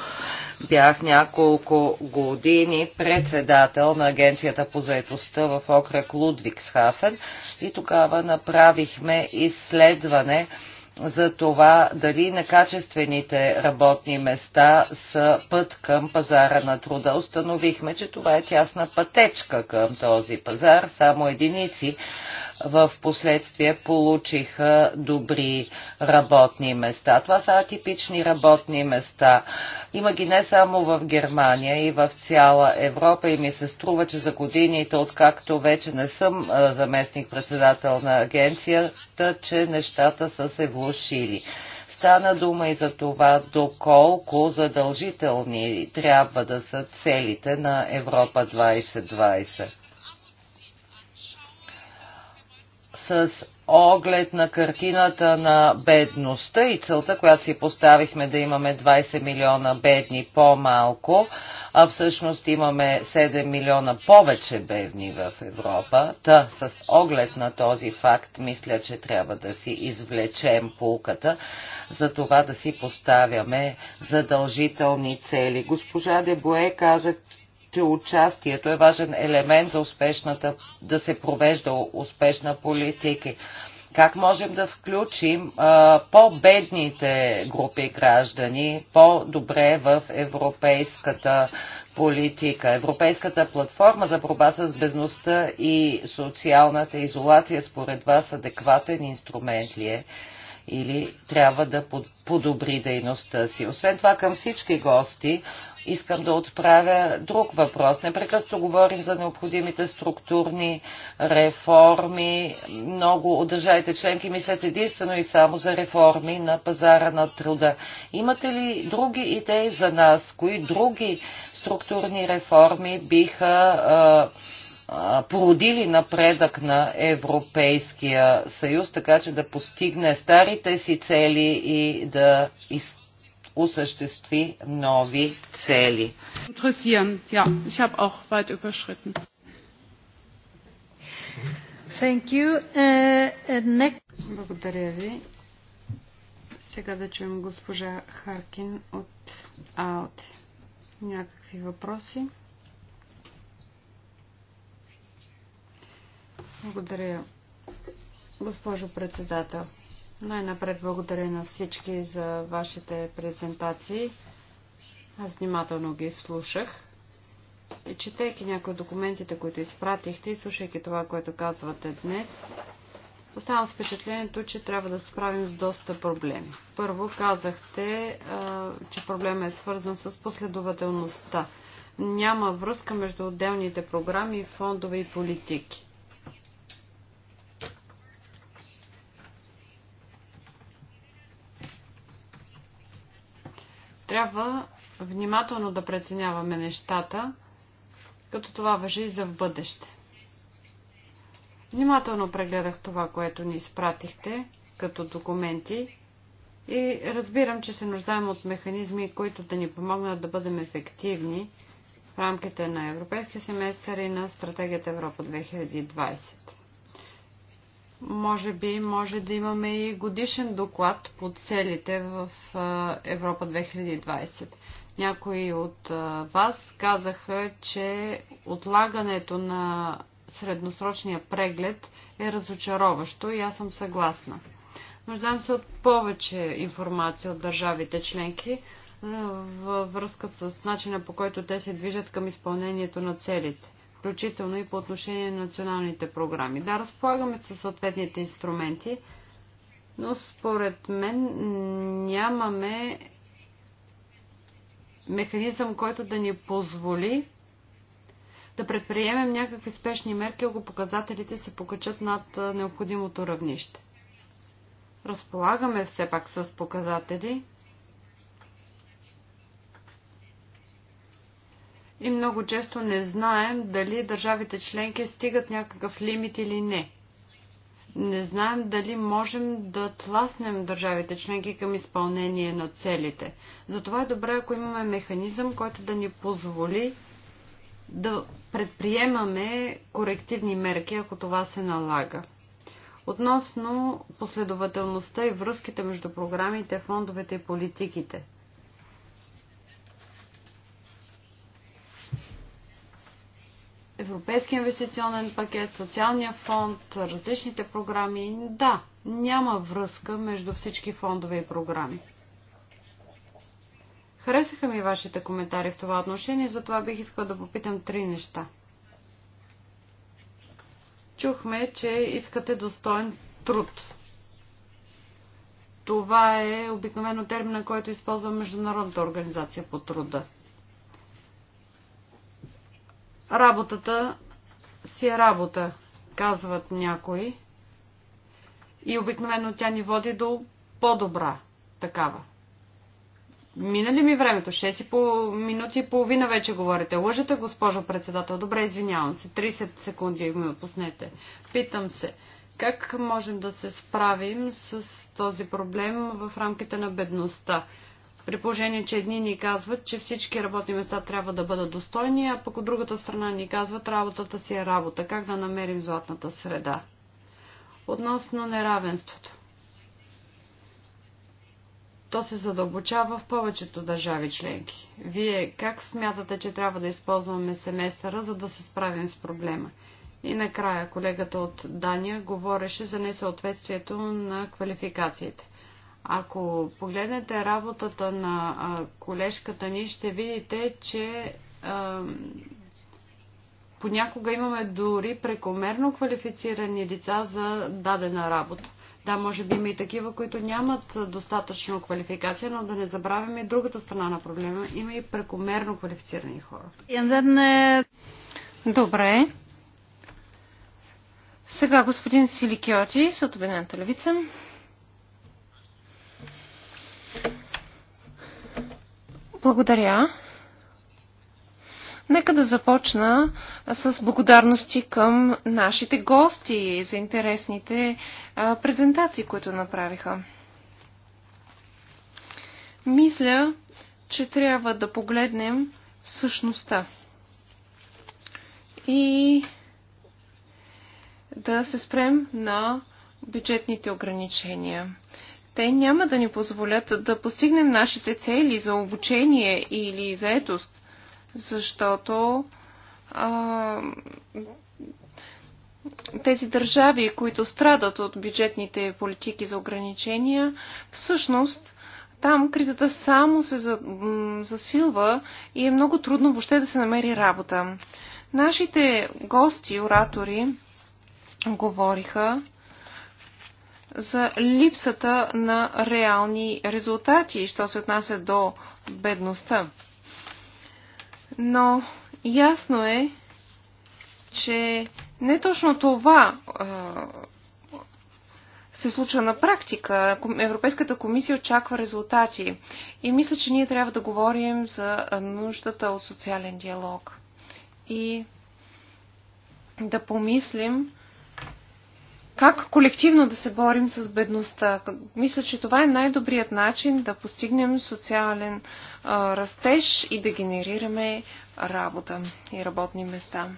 Бях няколко години председател на Агенцията по заетостта в окръг Лудвиксхафен и тогава направихме изследване за това дали некачествените работни места са път към пазара на труда. Установихме, че това е тясна пътечка към този пазар. Само единици в последствие получиха добри работни места. Това са атипични работни места. Има ги не само в Германия и в цяла Европа и ми се струва, че за годините, откакто вече не съм заместник-председател на агенцията, че нещата са се вложили заглушили. Стана дума и за това доколко задължителни трябва да са целите на Европа 2020. С оглед на картината на бедността и целта, която си поставихме да имаме 20 милиона бедни по-малко, а всъщност имаме 7 милиона повече бедни в Европа. Та с оглед на този факт мисля, че трябва да си извлечем полката за това да си поставяме задължителни цели. Госпожа Дебое каза, че участието е важен елемент за успешната, да се провежда успешна политика. Как можем да включим по-бедните групи граждани по-добре в европейската политика. Европейската платформа за борба с безността и социалната изолация според вас адекватен инструмент ли е? или трябва да подобри дейността си. Освен това към всички гости искам да отправя друг въпрос. Непрекъсто говорим за необходимите структурни реформи. Много от държавите членки мислят единствено и само за реформи на пазара на труда. Имате ли други идеи за нас? Кои други структурни реформи биха а, породили напредък на Европейския съюз, така че да постигне старите си цели и да из... осъществи нови цели. Thank you. Uh, next... Благодаря ви. Сега да чуем госпожа Харкин от АОТ. Някакви въпроси? Благодаря, госпожо председател. Най-напред благодаря на всички за вашите презентации. Аз внимателно ги слушах. И четейки някои от документите, които изпратихте и слушайки това, което казвате днес, оставам с впечатлението, че трябва да се справим с доста проблеми. Първо казахте, че проблема е свързан с последователността. Няма връзка между отделните програми, фондове и политики. трябва внимателно да преценяваме нещата, като това въжи и за в бъдеще. Внимателно прегледах това, което ни изпратихте като документи и разбирам, че се нуждаем от механизми, които да ни помогнат да бъдем ефективни в рамките на Европейския семестър и на Стратегията Европа 2020. Може би може да имаме и годишен доклад по целите в Европа 2020. Някои от вас казаха, че отлагането на средносрочния преглед е разочароващо и аз съм съгласна. Нуждам се от повече информация от държавите членки във връзка с начина по който те се движат към изпълнението на целите включително и по отношение на националните програми. Да, разполагаме със съответните инструменти, но според мен нямаме механизъм, който да ни позволи да предприемем някакви спешни мерки, ако показателите се покачат над необходимото равнище. Разполагаме все пак с показатели, и много често не знаем дали държавите членки стигат някакъв лимит или не. Не знаем дали можем да тласнем държавите членки към изпълнение на целите. Затова е добре, ако имаме механизъм, който да ни позволи да предприемаме корективни мерки, ако това се налага. Относно последователността и връзките между програмите, фондовете и политиките – Европейския инвестиционен пакет, социалния фонд, различните програми. Да, няма връзка между всички фондове и програми. Харесаха ми вашите коментари в това отношение, затова бих искала да попитам три неща. Чухме, че искате достоен труд. Това е обикновено термина, който използва Международната организация по труда. Работата си е работа, казват някои. И обикновено тя ни води до по-добра такава. Мина ли ми времето? 6 и по... минути и половина вече говорите. Лъжете, госпожо председател. Добре, извинявам се. 30 секунди ми отпуснете. Питам се, как можем да се справим с този проблем в рамките на бедността? При положение, че едни ни казват, че всички работни места трябва да бъдат достойни, а пък от другата страна ни казват, работата си е работа. Как да намерим златната среда? Относно неравенството. То се задълбочава в повечето държави членки. Вие как смятате, че трябва да използваме семестъра, за да се справим с проблема? И накрая колегата от Дания говореше за несъответствието на квалификациите. Ако погледнете работата на колежката ни, ще видите, че понякога имаме дори прекомерно квалифицирани лица за дадена работа. Да, може би има и такива, които нямат достатъчно квалификация, но да не забравяме и другата страна на проблема. Има и прекомерно квалифицирани хора. Добре. Сега господин Силикиоти с Обединената левица. Благодаря. Нека да започна с благодарности към нашите гости за интересните презентации, които направиха. Мисля, че трябва да погледнем същността и да се спрем на бюджетните ограничения те няма да ни позволят да постигнем нашите цели за обучение или заетост, защото а, тези държави, които страдат от бюджетните политики за ограничения, всъщност там кризата само се засилва и е много трудно въобще да се намери работа. Нашите гости, оратори, говориха за липсата на реални резултати, що се отнася до бедността. Но ясно е, че не точно това а, се случва на практика. Европейската комисия очаква резултати. И мисля, че ние трябва да говорим за нуждата от социален диалог. И да помислим как колективно да се борим с бедността. Мисля, че това е най-добрият начин да постигнем социален а, растеж и да генерираме работа и работни места.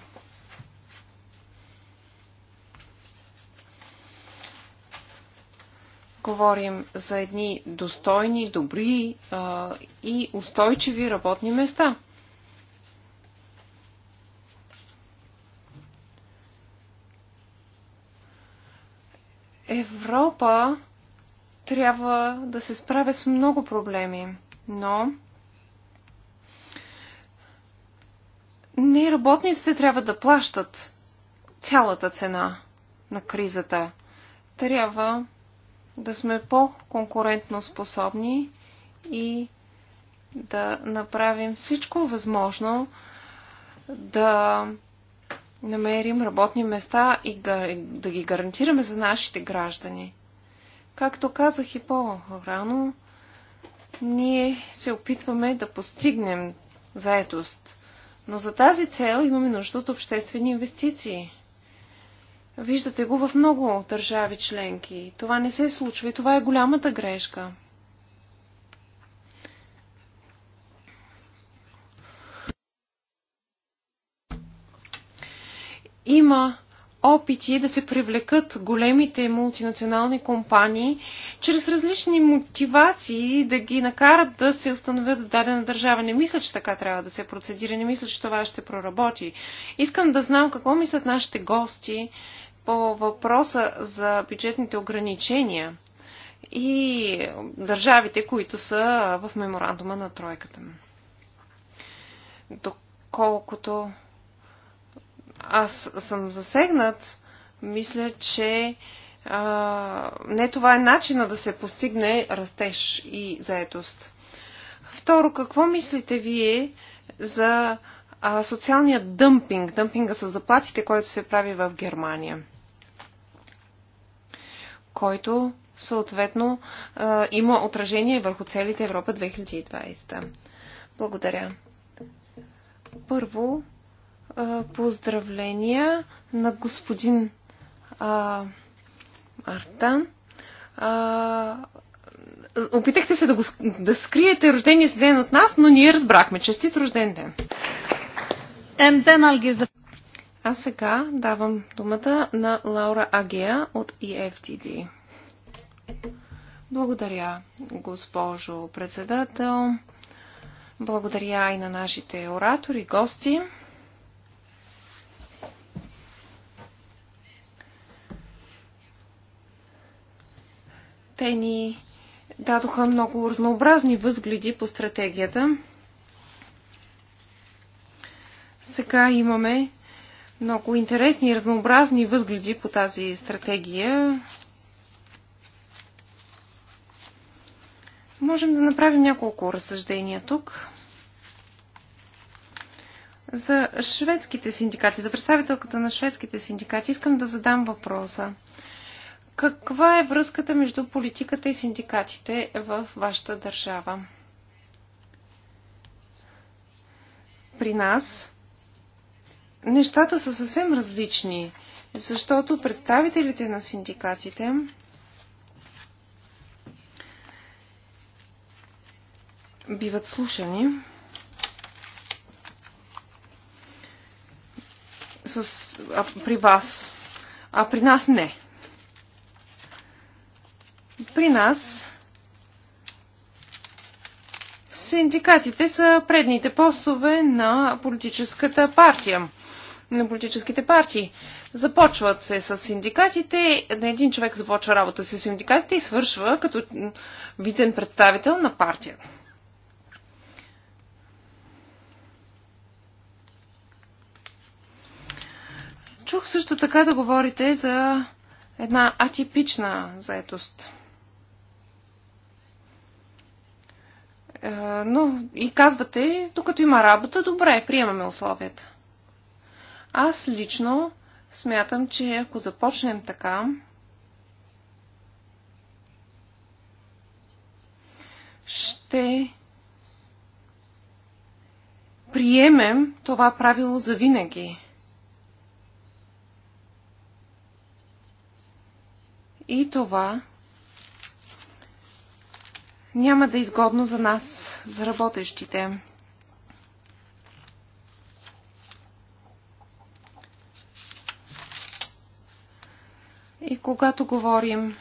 Говорим за едни достойни, добри а, и устойчиви работни места – Европа трябва да се справя с много проблеми, но не работниците трябва да плащат цялата цена на кризата. Трябва да сме по-конкурентно способни и да направим всичко възможно да намерим работни места и да ги гарантираме за нашите граждани. Както казах и по-рано, ние се опитваме да постигнем заетост, но за тази цел имаме нужда от обществени инвестиции. Виждате го в много държави членки. Това не се случва и това е голямата грешка. Има опити да се привлекат големите мултинационални компании чрез различни мотивации да ги накарат да се установят в дадена държава. Не мисля, че така трябва да се процедира, не мисля, че това ще проработи. Искам да знам какво мислят нашите гости по въпроса за бюджетните ограничения и държавите, които са в меморандума на тройката. Доколкото аз съм засегнат, мисля, че а, не това е начина да се постигне растеж и заетост. Второ, какво мислите вие за а, социалния дъмпинг, дъмпинга с заплатите, който се прави в Германия? Който съответно а, има отражение върху целите Европа 2020. Благодаря. Първо, поздравления на господин а, Марта. А, опитахте се да, го, да скриете рождения си ден от нас, но ние разбрахме. Честит рожден ден! The... А сега давам думата на Лаура Агия от EFTD. Благодаря, госпожо председател. Благодаря и на нашите оратори, гости. Те ни дадоха много разнообразни възгледи по стратегията. Сега имаме много интересни и разнообразни възгледи по тази стратегия. Можем да направим няколко разсъждения тук. За шведските синдикати, за представителката на шведските синдикати, искам да задам въпроса. Каква е връзката между политиката и синдикатите в вашата държава? При нас нещата са съвсем различни, защото представителите на синдикатите биват слушани с, а, при вас, а при нас не. При нас синдикатите са предните постове на политическата партия, на политическите партии. Започват се с синдикатите, на един човек започва работа с синдикатите и свършва като виден представител на партия. Чух също така да говорите за една атипична заетост – Е, но и казвате, докато има работа, добре, приемаме условията. Аз лично смятам, че ако започнем така, ще приемем това правило за винаги. И това няма да е изгодно за нас, за работещите. И когато говорим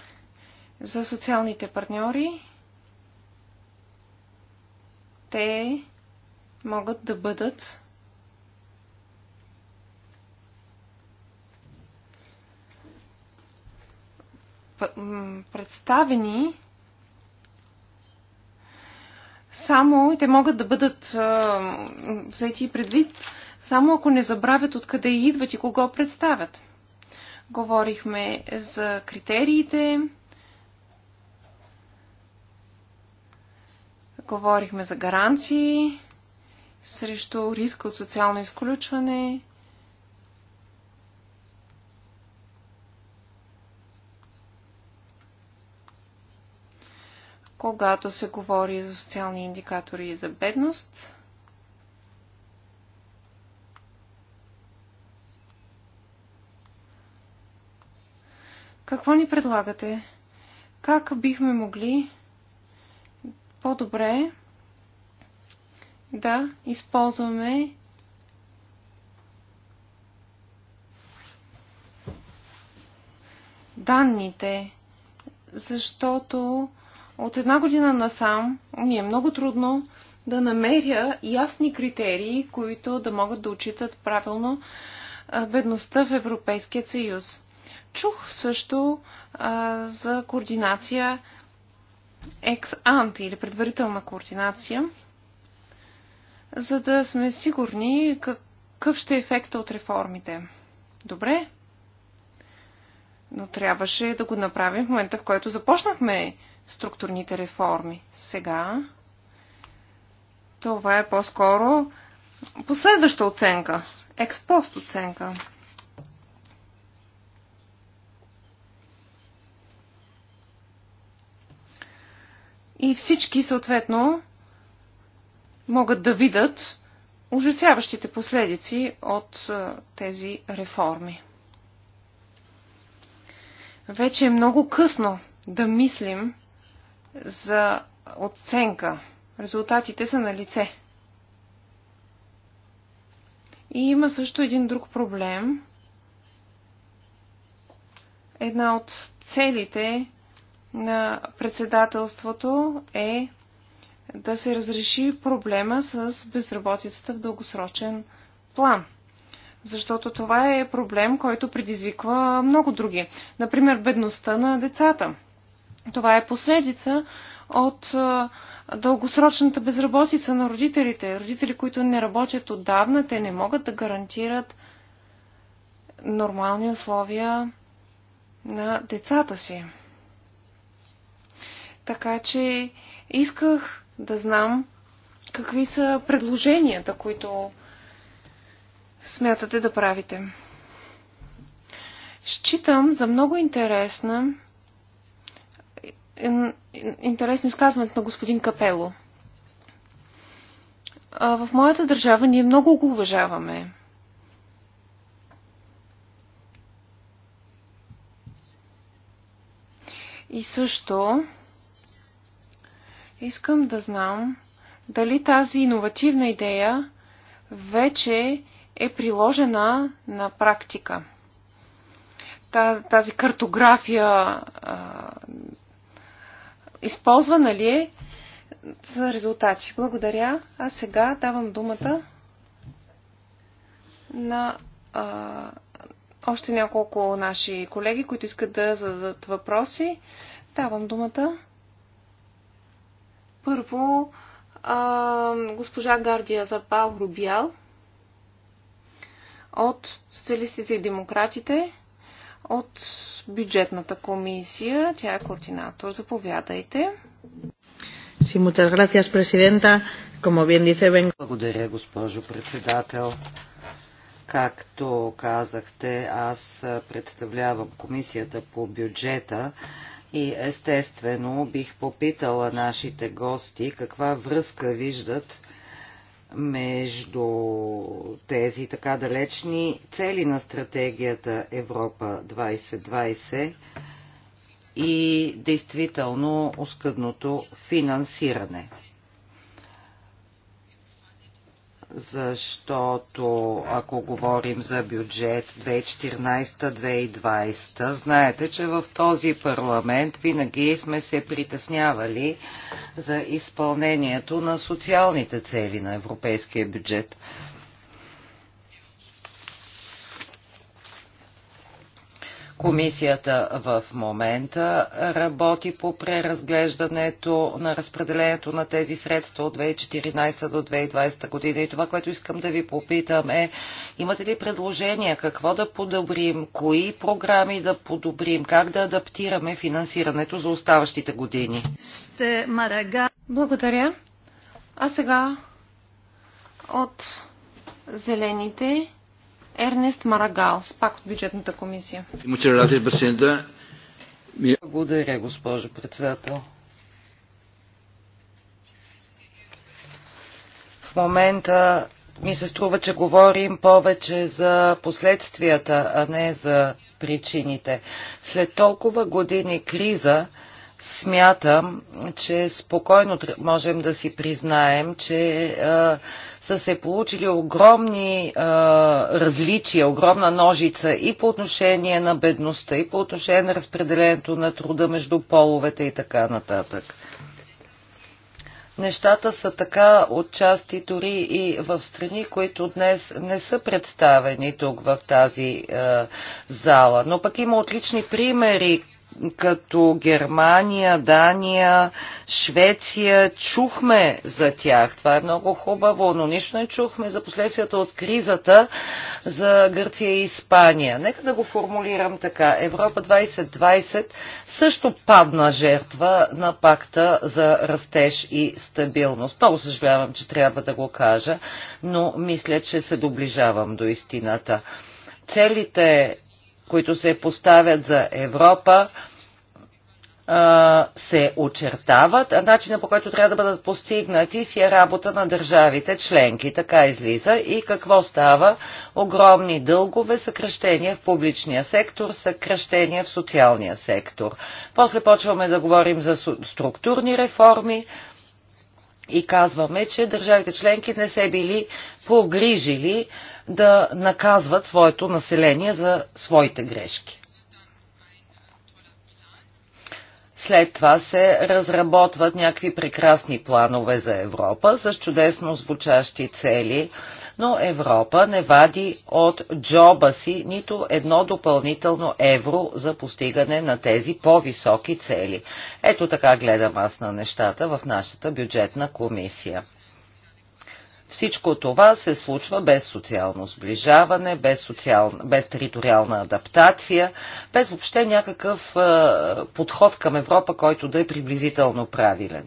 за социалните партньори, те могат да бъдат представени само те могат да бъдат а, взети предвид, само ако не забравят откъде идват и кого представят. Говорихме за критериите, говорихме за гаранции срещу риска от социално изключване, когато се говори за социални индикатори и за бедност. Какво ни предлагате? Как бихме могли по-добре да използваме данните, защото от една година насам ми е много трудно да намеря ясни критерии, които да могат да отчитат правилно бедността в Европейския съюз. Чух също а, за координация ex-ante или предварителна координация, за да сме сигурни какъв ще е ефекта от реформите. Добре, но трябваше да го направим в момента, в който започнахме структурните реформи. Сега това е по-скоро последваща оценка, експост оценка. И всички, съответно, могат да видят ужасяващите последици от тези реформи. Вече е много късно да мислим за оценка. Резултатите са на лице. И има също един друг проблем. Една от целите на председателството е да се разреши проблема с безработицата в дългосрочен план. Защото това е проблем, който предизвиква много други. Например, бедността на децата – това е последица от дългосрочната безработица на родителите. Родители, които не работят отдавна, те не могат да гарантират нормални условия на децата си. Така че исках да знам какви са предложенията, които смятате да правите. Считам за много интересна интересно изказването на господин Капело. В моята държава ние много го уважаваме. И също искам да знам дали тази иновативна идея вече е приложена на практика. Тази картография използвана ли е за резултати. Благодаря. А сега давам думата на а, още няколко наши колеги, които искат да зададат въпроси. Давам думата. Първо, а, госпожа Гардия Запал Рубял от Социалистите и Демократите от бюджетната комисия. Тя е координатор. Заповядайте. Sí, muchas gracias, presidenta. Como bien dice, vengo... Благодаря, госпожо председател. Както казахте, аз представлявам комисията по бюджета и естествено бих попитала нашите гости каква връзка виждат между тези така далечни цели на стратегията Европа 2020 и действително оскъдното финансиране. защото ако говорим за бюджет 2014-2020, знаете, че в този парламент винаги сме се притеснявали за изпълнението на социалните цели на европейския бюджет. Комисията в момента работи по преразглеждането на разпределението на тези средства от 2014 до 2020 година. И това, което искам да ви попитам е, имате ли предложения какво да подобрим, кои програми да подобрим, как да адаптираме финансирането за оставащите години? Сте Марага. Благодаря. А сега от зелените Ернест Марагал, пак от бюджетната комисия. Благодаря, госпожо председател. В момента ми се струва, че говорим повече за последствията, а не за причините. След толкова години криза, смятам, че спокойно можем да си признаем, че са се получили огромни различия, огромна ножица и по отношение на бедността, и по отношение на разпределението на труда между половете и така нататък. Нещата са така отчасти дори и в страни, които днес не са представени тук в тази е, зала. Но пък има отлични примери като Германия, Дания, Швеция. Чухме за тях. Това е много хубаво, но нищо не чухме за последствията от кризата за Гърция и Испания. Нека да го формулирам така. Европа 2020 също падна жертва на пакта за растеж и стабилност. Много съжалявам, че трябва да го кажа, но мисля, че се доближавам до истината целите които се поставят за Европа, се очертават, а начина по който трябва да бъдат постигнати си е работа на държавите членки. Така излиза и какво става? Огромни дългове, съкръщения в публичния сектор, съкръщения в социалния сектор. После почваме да говорим за структурни реформи, и казваме, че държавите членки не се били погрижили да наказват своето население за своите грешки. След това се разработват някакви прекрасни планове за Европа с чудесно звучащи цели – но Европа не вади от джоба си нито едно допълнително евро за постигане на тези по-високи цели. Ето така гледам аз на нещата в нашата бюджетна комисия. Всичко това се случва без социално сближаване, без, социал... без териториална адаптация, без въобще някакъв е, подход към Европа, който да е приблизително правилен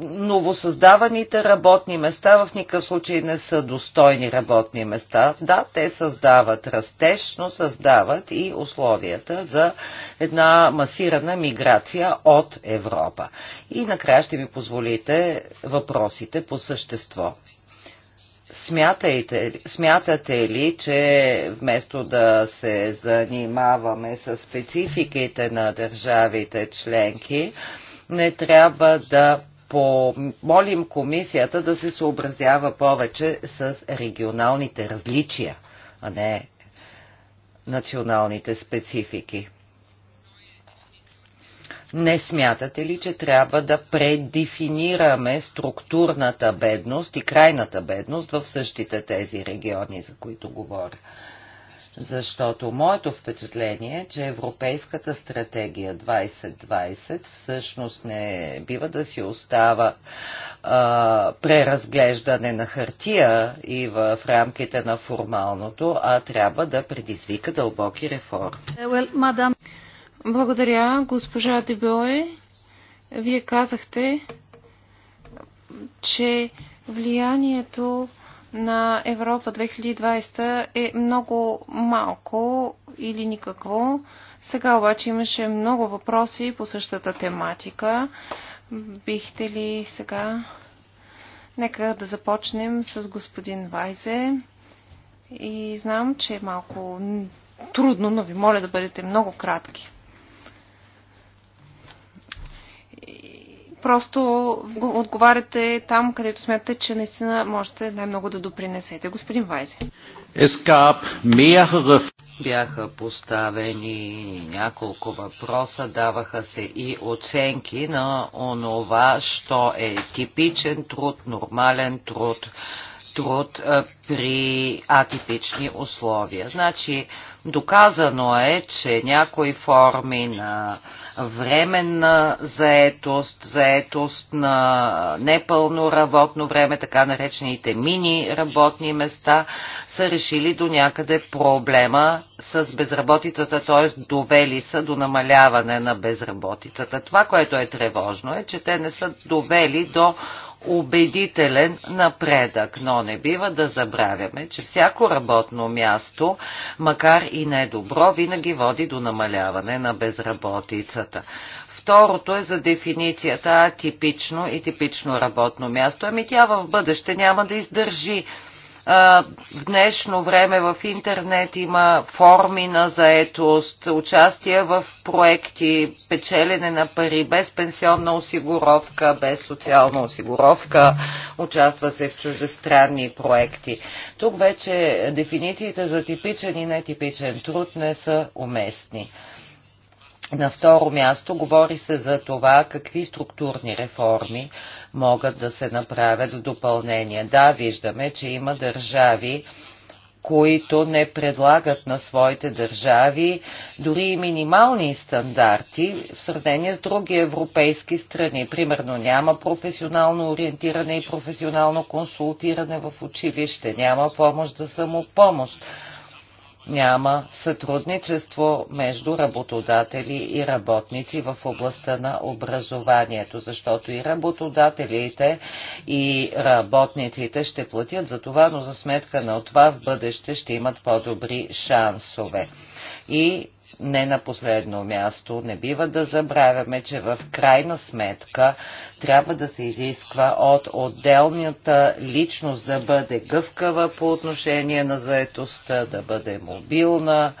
новосъздаваните работни места в никакъв случай не са достойни работни места. Да, те създават растеж, но създават и условията за една масирана миграция от Европа. И накрая ще ми позволите въпросите по същество. Смятайте, смятате ли, че вместо да се занимаваме с спецификите на държавите членки, не трябва да помолим комисията да се съобразява повече с регионалните различия, а не националните специфики. Не смятате ли, че трябва да предефинираме структурната бедност и крайната бедност в същите тези региони, за които говоря? Защото моето впечатление е, че Европейската стратегия 2020 всъщност не бива да си остава а, преразглеждане на хартия и в рамките на формалното, а трябва да предизвика дълбоки реформи. Е, well, Благодаря, госпожа Дебое. Вие казахте, че влиянието на Европа 2020 е много малко или никакво. Сега обаче имаше много въпроси по същата тематика. Бихте ли сега? Нека да започнем с господин Вайзе. И знам, че е малко трудно, но ви моля да бъдете много кратки. Просто отговаряте там, където смятате, че наистина можете най-много да допринесете. Господин Вайзе. Бяха поставени няколко въпроса, даваха се и оценки на онова, що е типичен труд, нормален труд, труд при атипични условия. Значи, Доказано е, че някои форми на временна заетост, заетост на непълно работно време, така наречените мини работни места, са решили до някъде проблема с безработицата, т.е. довели са до намаляване на безработицата. Това, което е тревожно е, че те не са довели до убедителен напредък, но не бива да забравяме, че всяко работно място, макар и недобро, винаги води до намаляване на безработицата. Второто е за дефиницията атипично и типично работно място. Ами тя в бъдеще няма да издържи в днешно време в интернет има форми на заетост, участие в проекти, печелене на пари без пенсионна осигуровка, без социална осигуровка, участва се в чуждестранни проекти. Тук вече дефинициите за типичен и нетипичен труд не са уместни. На второ място говори се за това какви структурни реформи могат да се направят в допълнение. Да, виждаме, че има държави, които не предлагат на своите държави дори и минимални стандарти в сравнение с други европейски страни. Примерно няма професионално ориентиране и професионално консултиране в училище, няма помощ за самопомощ няма сътрудничество между работодатели и работници в областта на образованието, защото и работодателите и работниците ще платят за това, но за сметка на това в бъдеще ще имат по-добри шансове. И не на последно място, не бива да забравяме, че в крайна сметка трябва да се изисква от отделната личност да бъде гъвкава по отношение на заетостта, да бъде мобилна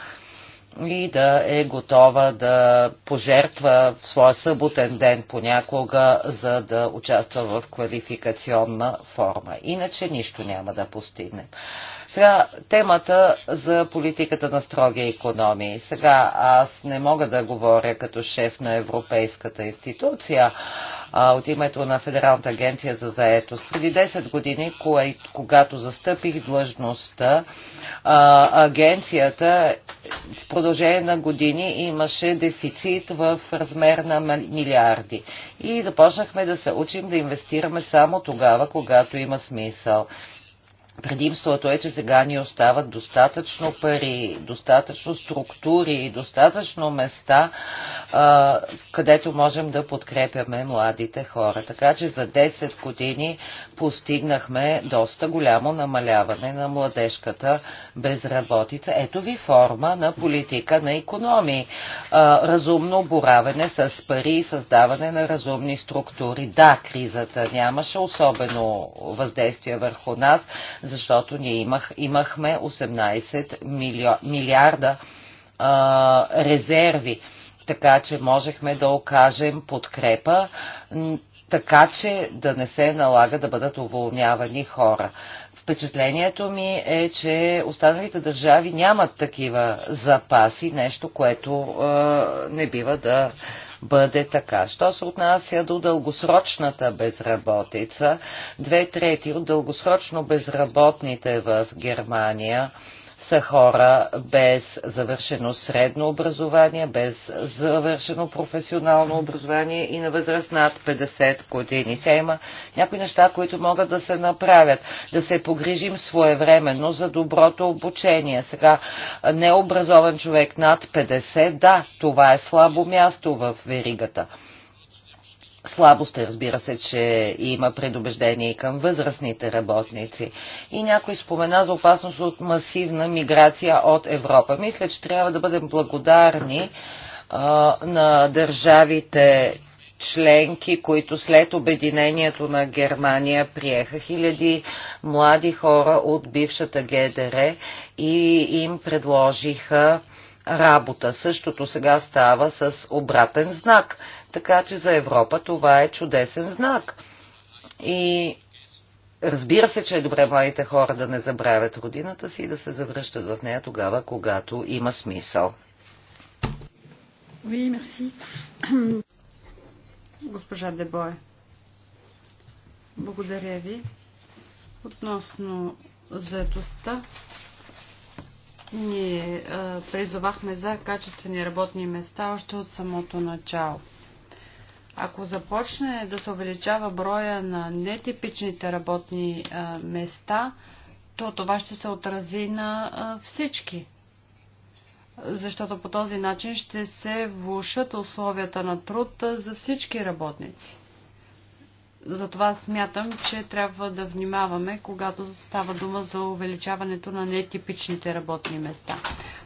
и да е готова да пожертва в своя съботен ден понякога, за да участва в квалификационна форма. Иначе нищо няма да постигнем. Сега темата за политиката на строги економии. Сега аз не мога да говоря като шеф на Европейската институция а, от името на Федералната агенция за заетост. Преди 10 години, кое, когато застъпих длъжността, а, агенцията в продължение на години имаше дефицит в размер на милиарди. И започнахме да се учим да инвестираме само тогава, когато има смисъл. Предимството е, че сега ни остават достатъчно пари, достатъчно структури и достатъчно места, а, където можем да подкрепяме младите хора. Така че за 10 години постигнахме доста голямо намаляване на младежката безработица. Ето ви форма на политика на економии. А, разумно боравене с пари и създаване на разумни структури. Да, кризата нямаше особено въздействие върху нас защото ние имах, имахме 18 милио, милиарда а, резерви, така че можехме да окажем подкрепа, така че да не се налага да бъдат уволнявани хора. Впечатлението ми е, че останалите държави нямат такива запаси, нещо, което а, не бива да бъде така. Що се отнася до дългосрочната безработица, две трети от дългосрочно безработните в Германия са хора без завършено средно образование, без завършено професионално образование и на възраст над 50 години. Сега има някои неща, които могат да се направят. Да се погрижим своевременно за доброто обучение. Сега необразован човек над 50, да, това е слабо място в веригата. Слабост е, разбира се, че има предубеждение към възрастните работници. И някой спомена за опасност от масивна миграция от Европа. Мисля, че трябва да бъдем благодарни а, на държавите членки, които след обединението на Германия приеха хиляди млади хора от бившата ГДР и им предложиха работа. Същото сега става с обратен знак – така че за Европа това е чудесен знак. И разбира се, че е добре младите хора да не забравят родината си и да се завръщат в нея тогава, когато има смисъл. Oui, merci. [clears throat] Госпожа Дебое, благодаря ви. Относно заедостта, ние а, призовахме за качествени работни места още от самото начало. Ако започне да се увеличава броя на нетипичните работни места, то това ще се отрази на всички. Защото по този начин ще се влушат условията на труд за всички работници. Затова смятам, че трябва да внимаваме, когато става дума за увеличаването на нетипичните работни места.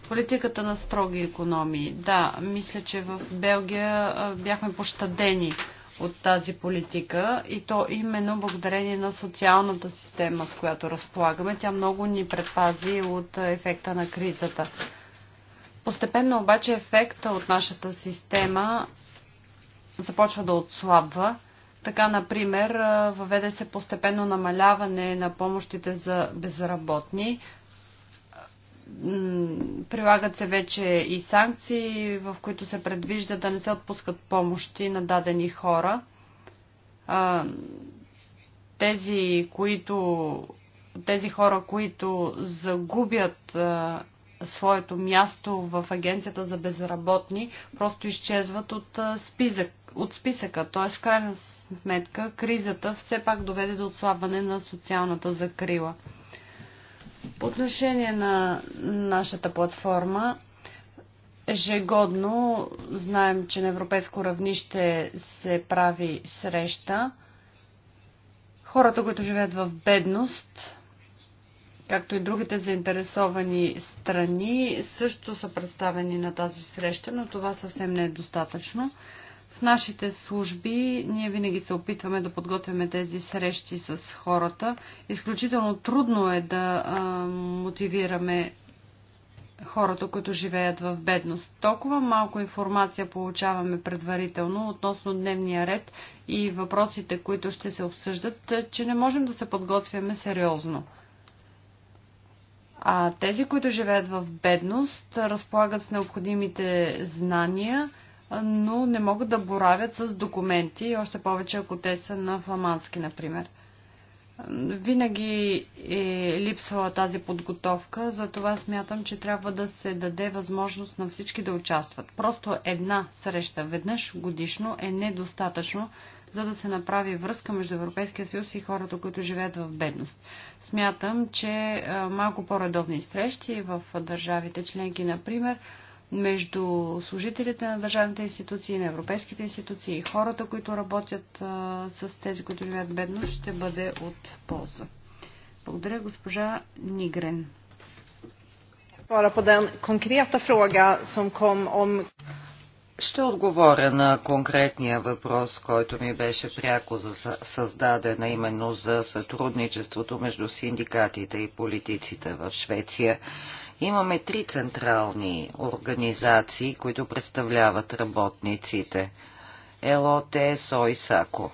Политиката на строги економии. Да, мисля, че в Белгия бяхме пощадени от тази политика и то именно благодарение на социалната система, с която разполагаме. Тя много ни предпази от ефекта на кризата. Постепенно обаче ефекта от нашата система започва да отслабва така, например, въведе се постепенно намаляване на помощите за безработни. Прилагат се вече и санкции, в които се предвижда да не се отпускат помощи на дадени хора. Тези, които, тези хора, които загубят своето място в агенцията за безработни, просто изчезват от списък от списъка. Т.е. в крайна сметка кризата все пак доведе до отслабване на социалната закрила. По отношение на нашата платформа, ежегодно знаем, че на европейско равнище се прави среща. Хората, които живеят в бедност, както и другите заинтересовани страни, също са представени на тази среща, но това съвсем не е достатъчно. В нашите служби ние винаги се опитваме да подготвяме тези срещи с хората. Изключително трудно е да а, мотивираме хората, които живеят в бедност. Толкова малко информация получаваме предварително относно дневния ред и въпросите, които ще се обсъждат, е, че не можем да се подготвяме сериозно. А тези, които живеят в бедност, разполагат с необходимите знания – но не могат да боравят с документи, още повече ако те са на фламандски, например. Винаги е липсвала тази подготовка, затова смятам, че трябва да се даде възможност на всички да участват. Просто една среща веднъж годишно е недостатъчно, за да се направи връзка между Европейския съюз и хората, които живеят в бедност. Смятам, че малко по-редовни срещи в държавите членки, например, между служителите на държавните институции, на европейските институции и хората, които работят а, с тези, които живеят бедно, ще бъде от полза. Благодаря, госпожа Нигрен. Ще отговоря на конкретния въпрос, който ми беше пряко създаден, именно за сътрудничеството между синдикатите и политиците в Швеция. Имаме три централни организации, които представляват работниците. ЕЛОТ, СО и САКО.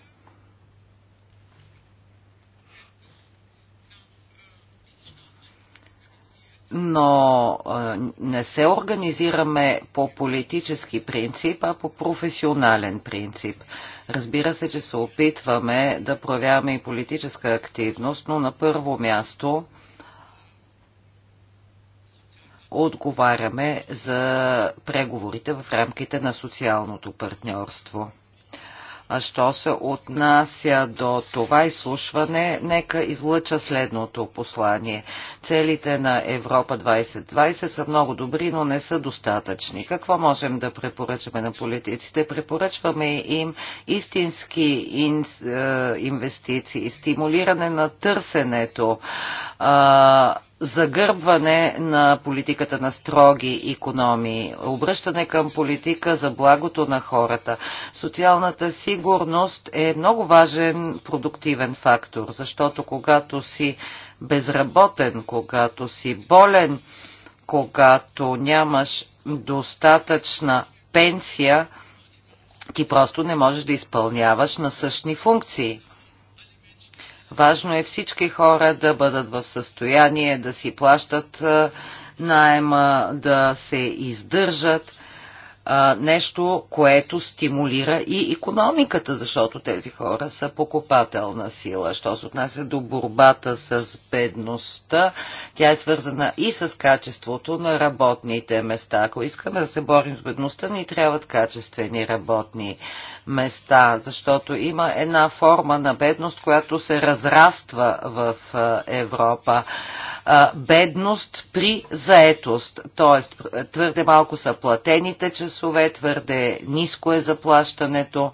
но не се организираме по политически принцип, а по професионален принцип. Разбира се, че се опитваме да проявяваме и политическа активност, но на първо място отговаряме за преговорите в рамките на социалното партньорство. А що се отнася до това изслушване, нека излъча следното послание. Целите на Европа 2020 са много добри, но не са достатъчни. Какво можем да препоръчаме на политиците? Препоръчваме им истински е, инвестиции, стимулиране на търсенето, загърбване на политиката на строги економии, обръщане към политика за благото на хората. Социалната сигурност е много важен продуктивен фактор, защото когато си безработен, когато си болен, когато нямаш достатъчна пенсия, ти просто не можеш да изпълняваш насъщни функции. Важно е всички хора да бъдат в състояние да си плащат найема, да се издържат а, нещо, което стимулира и економиката, защото тези хора са покупателна сила. Що се отнася до борбата с бедността, тя е свързана и с качеството на работните места. Ако искаме да се борим с бедността, ни трябват качествени работни места, защото има една форма на бедност, която се разраства в Европа. Бедност при заетост, т.е. твърде малко са платените часове, часове, твърде ниско е заплащането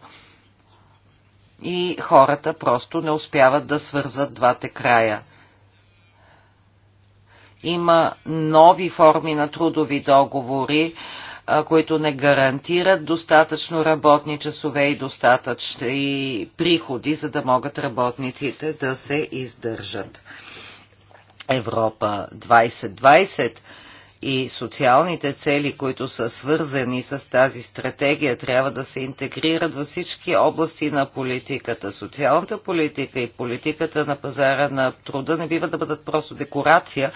и хората просто не успяват да свързват двата края. Има нови форми на трудови договори, които не гарантират достатъчно работни часове и достатъчни приходи, за да могат работниците да се издържат. Европа 2020 и социалните цели, които са свързани с тази стратегия, трябва да се интегрират във всички области на политиката. Социалната политика и политиката на пазара на труда не бива да бъдат просто декорация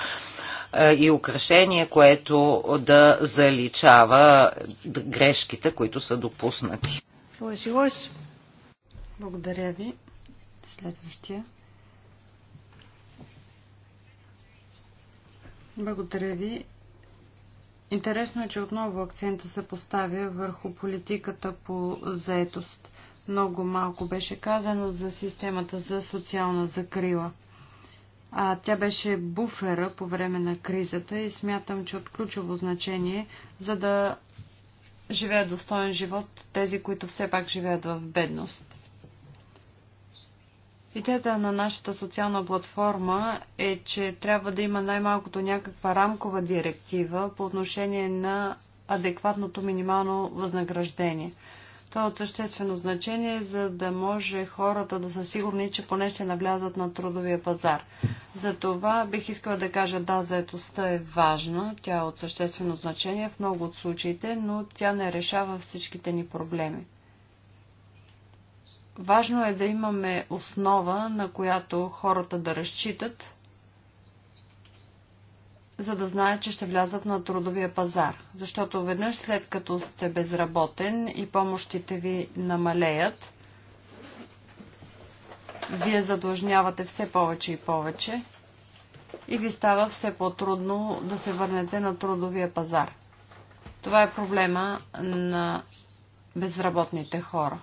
и украшение, което да заличава грешките, които са допуснати. Благодаря ви. Следващия. Благодаря ви. Интересно е, че отново акцента се поставя върху политиката по заетост. Много малко беше казано за системата за социална закрила. А, тя беше буфера по време на кризата и смятам, че от ключово значение, за да живеят достоен живот тези, които все пак живеят в бедност. Идеята на нашата социална платформа е, че трябва да има най-малкото някаква рамкова директива по отношение на адекватното минимално възнаграждение. То е от съществено значение, за да може хората да са сигурни, че поне ще навлязат на трудовия пазар. За това бих искала да кажа, да, заетостта е важна, тя е от съществено значение в много от случаите, но тя не решава всичките ни проблеми. Важно е да имаме основа, на която хората да разчитат, за да знаят, че ще влязат на трудовия пазар. Защото веднъж след като сте безработен и помощите ви намалеят, вие задлъжнявате все повече и повече и ви става все по-трудно да се върнете на трудовия пазар. Това е проблема на безработните хора.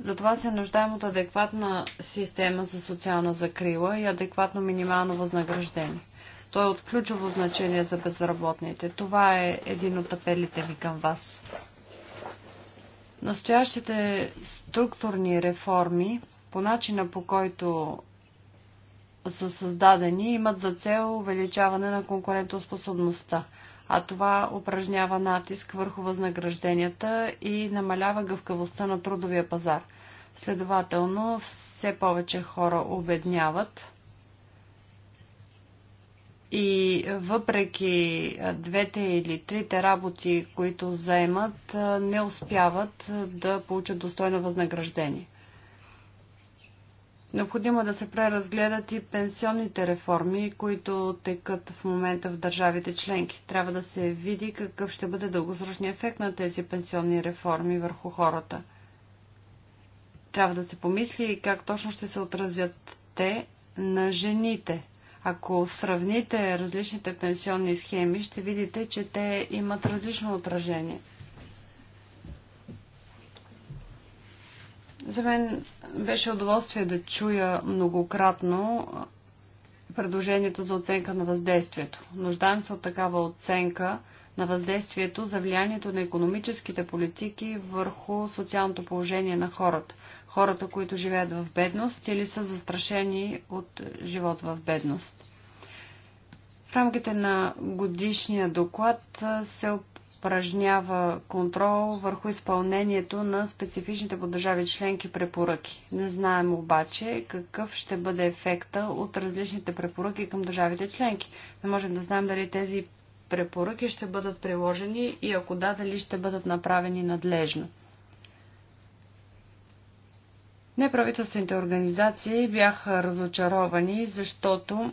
Затова се нуждаем от адекватна система за социална закрила и адекватно минимално възнаграждение. То е от ключово значение за безработните. Това е един от апелите ми към вас. Настоящите структурни реформи по начина по който са създадени имат за цел увеличаване на конкурентоспособността а това упражнява натиск върху възнагражденията и намалява гъвкавостта на трудовия пазар. Следователно, все повече хора обедняват. И въпреки двете или трите работи, които заемат, не успяват да получат достойно възнаграждение. Необходимо е да се преразгледат и пенсионните реформи, които текат в момента в държавите членки. Трябва да се види какъв ще бъде дългосрочният ефект на тези пенсионни реформи върху хората. Трябва да се помисли как точно ще се отразят те на жените. Ако сравните различните пенсионни схеми, ще видите, че те имат различно отражение – За мен беше удоволствие да чуя многократно предложението за оценка на въздействието. Нуждаем се от такава оценка на въздействието за влиянието на економическите политики върху социалното положение на хората. Хората, които живеят в бедност или са застрашени от живот в бедност. В рамките на годишния доклад се упражнява контрол върху изпълнението на специфичните по държави членки препоръки. Не знаем обаче какъв ще бъде ефекта от различните препоръки към държавите членки. Не можем да знаем дали тези препоръки ще бъдат приложени и ако да, дали ще бъдат направени надлежно. Неправителствените организации бяха разочаровани, защото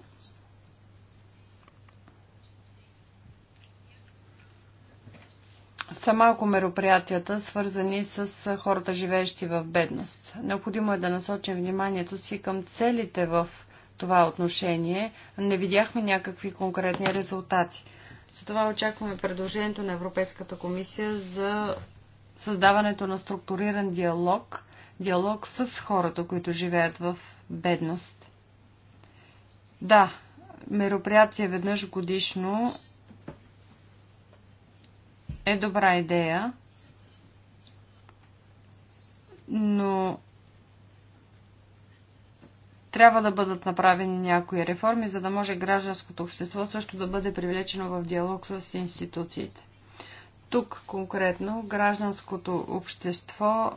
са малко мероприятията, свързани с хората, живеещи в бедност. Необходимо е да насочим вниманието си към целите в това отношение. Не видяхме някакви конкретни резултати. Затова очакваме предложението на Европейската комисия за създаването на структуриран диалог, диалог с хората, които живеят в бедност. Да, мероприятие веднъж годишно е добра идея, но трябва да бъдат направени някои реформи, за да може гражданското общество също да бъде привлечено в диалог с институциите. Тук конкретно гражданското общество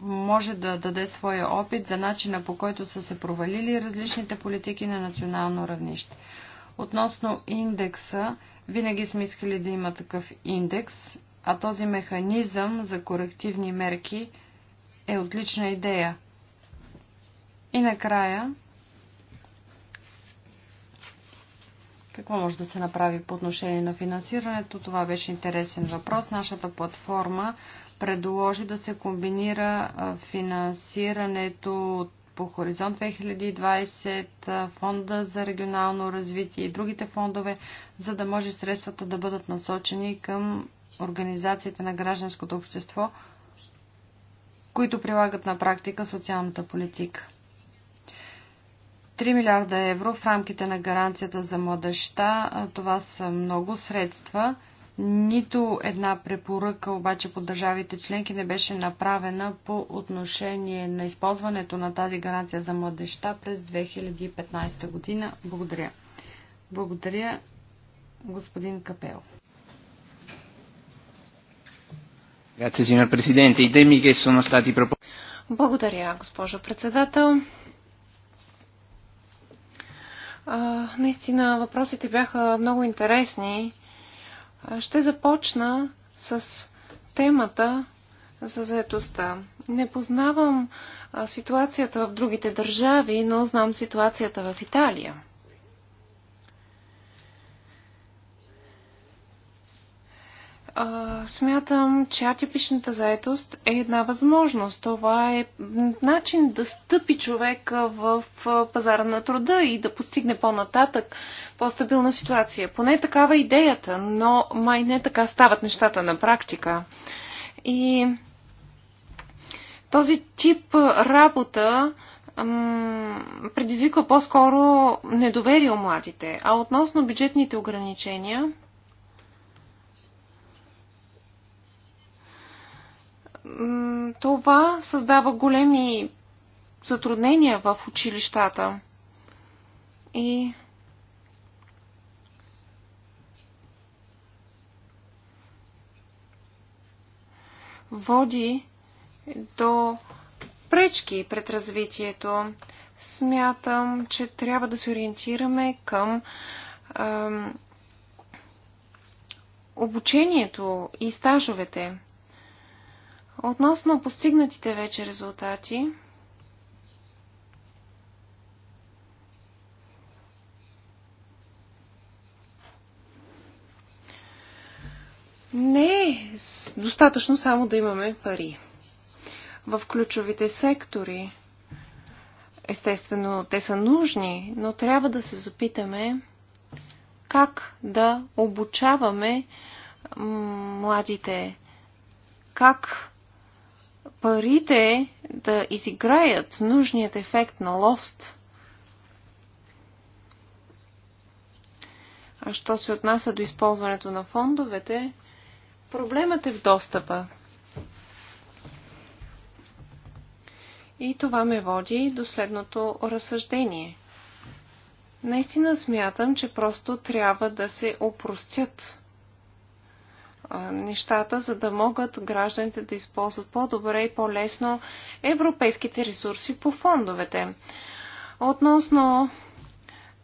може да даде своя опит за начина по който са се провалили различните политики на национално равнище. Относно индекса, винаги сме искали да има такъв индекс, а този механизъм за корективни мерки е отлична идея. И накрая, какво може да се направи по отношение на финансирането? Това беше интересен въпрос. Нашата платформа предложи да се комбинира финансирането от по Хоризонт 2020, Фонда за регионално развитие и другите фондове, за да може средствата да бъдат насочени към организациите на гражданското общество, които прилагат на практика социалната политика. 3 милиарда евро в рамките на гаранцията за младеща, това са много средства – нито една препоръка обаче по държавите членки не беше направена по отношение на използването на тази гаранция за младеща през 2015 година. Благодаря. Благодаря, господин Капел. Благодаря, госпожо председател. А, наистина, въпросите бяха много интересни. Ще започна с темата за заедостта. Не познавам ситуацията в другите държави, но знам ситуацията в Италия. а, смятам, че атипичната заетост е една възможност. Това е начин да стъпи човек в пазара на труда и да постигне по-нататък по-стабилна ситуация. Поне такава е идеята, но май не така стават нещата на практика. И този тип работа предизвиква по-скоро недоверие у младите. А относно бюджетните ограничения, Това създава големи затруднения в училищата. И води до пречки пред развитието. Смятам, че трябва да се ориентираме към ем, обучението и стажовете. Относно постигнатите вече резултати, не е достатъчно само да имаме пари. В ключовите сектори, естествено, те са нужни, но трябва да се запитаме как да обучаваме младите, как парите да изиграят нужният ефект на лост. А що се отнася до използването на фондовете, проблемът е в достъпа. И това ме води до следното разсъждение. Наистина смятам, че просто трябва да се опростят нещата, за да могат гражданите да използват по-добре и по-лесно европейските ресурси по фондовете. Относно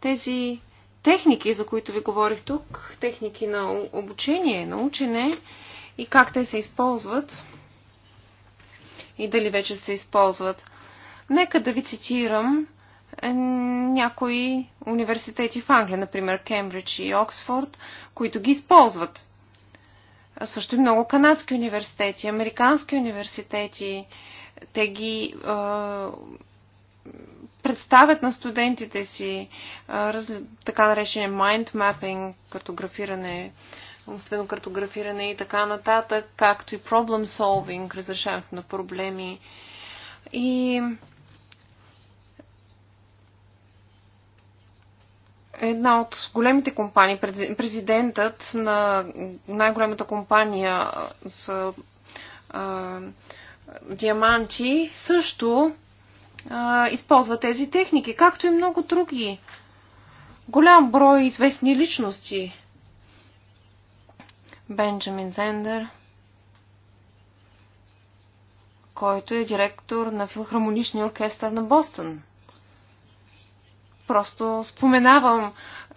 тези техники, за които ви говорих тук, техники на обучение, на учене и как те се използват и дали вече се използват. Нека да ви цитирам е, някои университети в Англия, например Кембридж и Оксфорд, които ги използват а също и много канадски университети, американски университети. Те ги а, представят на студентите си а, раз, така наречения mind mapping, картографиране, умствено картографиране и така нататък, както и problem solving, разрешаването на проблеми. И една от големите компании, президентът на най-голямата компания за а, диаманти, също а, използва тези техники, както и много други. Голям брой известни личности. Бенджамин Зендер, който е директор на филхармоничния оркестър на Бостон – Просто споменавам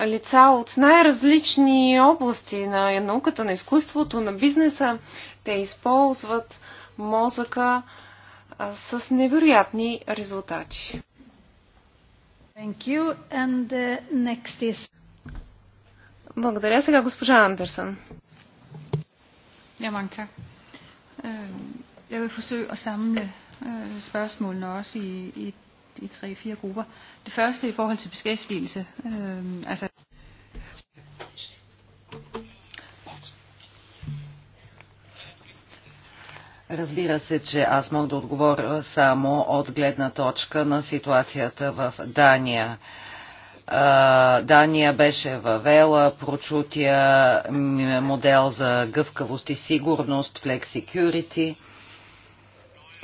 лица от най-различни области на науката, на изкуството, на бизнеса. Те използват мозъка а, с невероятни резултати. Thank you. And, uh, next is... Благодаря. Сега госпожа Андерсън. Ja, mange tak. Jeg vil forsøge at samle øh, også i, i i tre, fire grupper. Det første i forhold til beskæftigelse. Øh, altså Разбира се, че аз мога да отговоря само от гледна точка на ситуацията в Дания. Дания беше въвела прочутия модел за гъвкавост и сигурност, флексикюрити. Security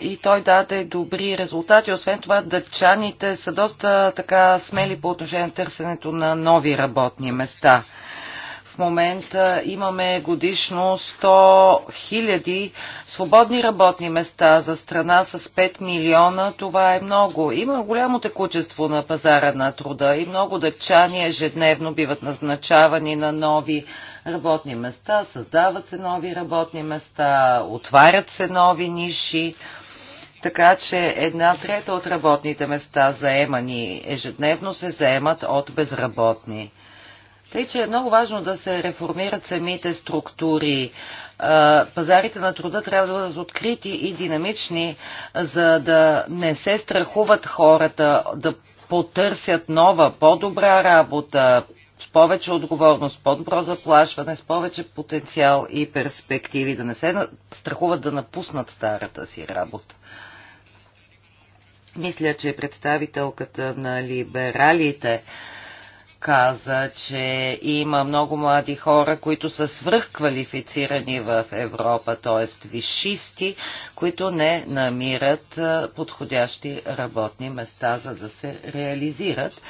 и той даде добри резултати. Освен това, дъчаните са доста така смели по отношение на търсенето на нови работни места. В момента имаме годишно 100 000 свободни работни места за страна с 5 милиона. Това е много. Има голямо текучество на пазара на труда и много дъчани ежедневно биват назначавани на нови работни места, създават се нови работни места, отварят се нови ниши така че една трета от работните места заемани ежедневно се заемат от безработни. Тъй, че е много важно да се реформират самите структури. Пазарите на труда трябва да бъдат открити и динамични, за да не се страхуват хората да потърсят нова, по-добра работа, с повече отговорност, с по-добро заплашване, с повече потенциал и перспективи, да не се страхуват да напуснат старата си работа. Мисля, че представителката на либералите каза, че има много млади хора, които са свръхквалифицирани в Европа, т.е. вишисти, които не намират подходящи работни места, за да се реализират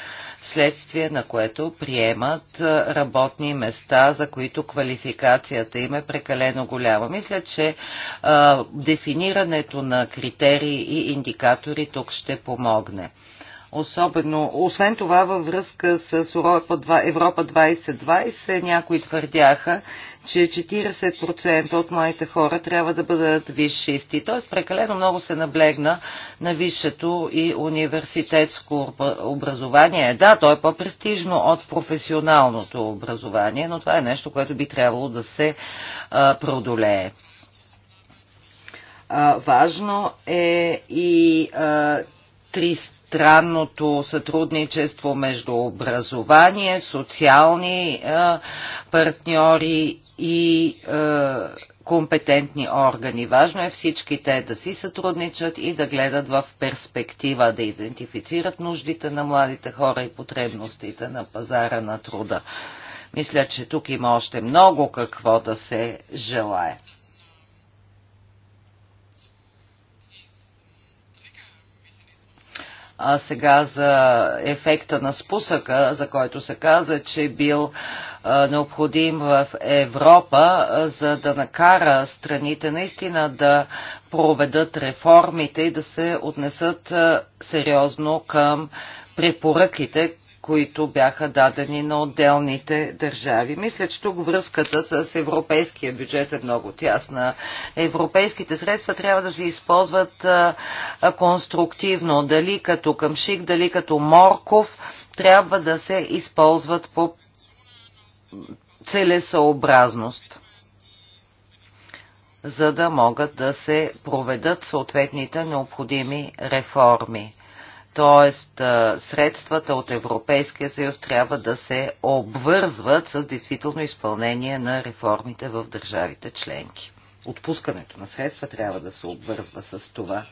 следствие на което приемат работни места, за които квалификацията им е прекалено голяма. Мисля, че а, дефинирането на критерии и индикатори тук ще помогне. Особено, освен това, във връзка с Европа 2020, някои твърдяха, че 40% от младите хора трябва да бъдат висшисти. Тоест прекалено много се наблегна на висшето и университетско образование. Да, то е по-престижно от професионалното образование, но това е нещо, което би трябвало да се продолее. Важно е и тристранното сътрудничество между образование, социални е, партньори и е, компетентни органи. Важно е всички те да си сътрудничат и да гледат в перспектива, да идентифицират нуждите на младите хора и потребностите на пазара на труда. Мисля, че тук има още много какво да се желая. А сега за ефекта на спусъка, за който се каза, че бил необходим в Европа, за да накара страните наистина да проведат реформите и да се отнесат сериозно към препоръките, които бяха дадени на отделните държави. Мисля, че тук връзката с европейския бюджет е много тясна. Европейските средства трябва да се използват конструктивно, дали като Къмшик, дали като Морков, трябва да се използват по целесообразност, за да могат да се проведат съответните необходими реформи. Тоест, средствата от Европейския съюз трябва да се обвързват с действително изпълнение на реформите в държавите членки. Отпускането на средства трябва да се обвързва с това.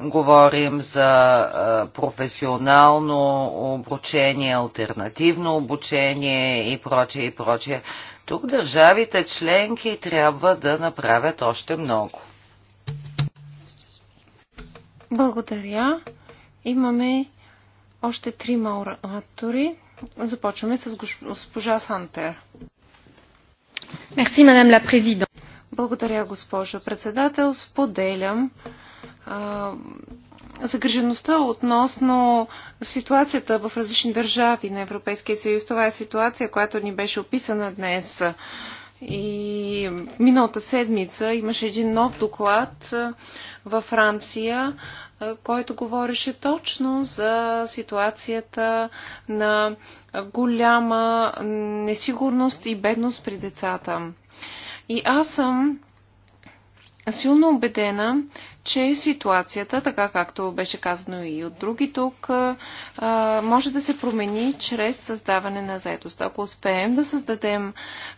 говорим за професионално обучение, альтернативно обучение и прочее и прочее. Тук държавите членки трябва да направят още много. Благодаря. Имаме още трима оратори. Започваме с госпожа Сантер. Мерси, мадам ла президент. Благодаря, госпожо председател. Споделям загрежеността загрижеността относно ситуацията в различни държави на Европейския съюз. Това е ситуация, която ни беше описана днес. И миналата седмица имаше един нов доклад във Франция, който говореше точно за ситуацията на голяма несигурност и бедност при децата. И аз съм силно убедена, че ситуацията, така както беше казано и от други тук, може да се промени чрез създаване на заедост. Ако успеем да създадем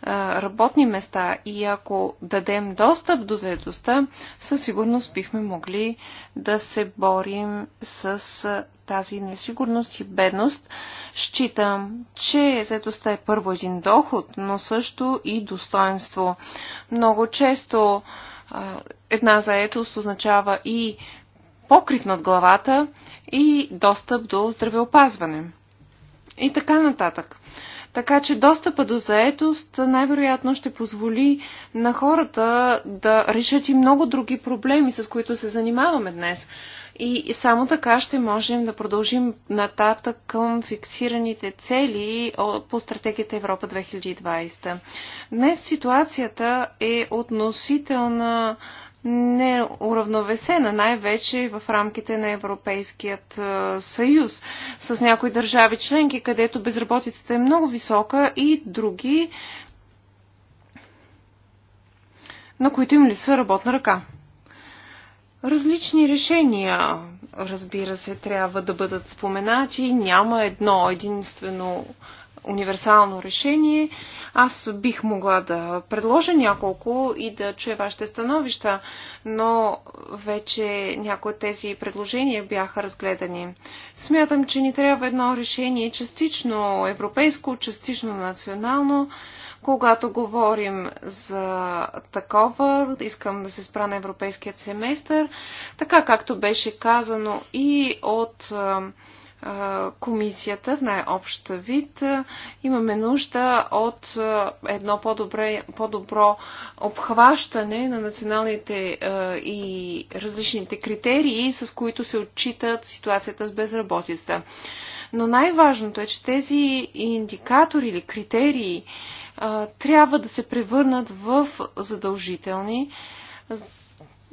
работни места и ако дадем достъп до заедостта, със сигурност бихме могли да се борим с тази несигурност и бедност. Считам, че заедостта е първо един доход, но също и достоинство. Много често една заетост означава и покрив над главата и достъп до здравеопазване. И така нататък. Така че достъпа до заетост най-вероятно ще позволи на хората да решат и много други проблеми, с които се занимаваме днес. И само така ще можем да продължим нататък към фиксираните цели по стратегията Европа 2020. Днес ситуацията е относителна неуравновесена, най-вече в рамките на Европейският е, съюз, с някои държави членки, където безработицата е много висока и други, на които им липсва работна ръка. Различни решения, разбира се, трябва да бъдат споменати. Няма едно единствено универсално решение. Аз бих могла да предложа няколко и да чуя вашите становища, но вече някои от тези предложения бяха разгледани. Смятам, че ни трябва едно решение частично европейско, частично национално. Когато говорим за такова, искам да се спра на европейският семестър, така както беше казано и от комисията в най-общ вид. Имаме нужда от едно по-добре, по-добро обхващане на националните и различните критерии, с които се отчитат ситуацията с безработица. Но най-важното е, че тези индикатори или критерии трябва да се превърнат в задължителни.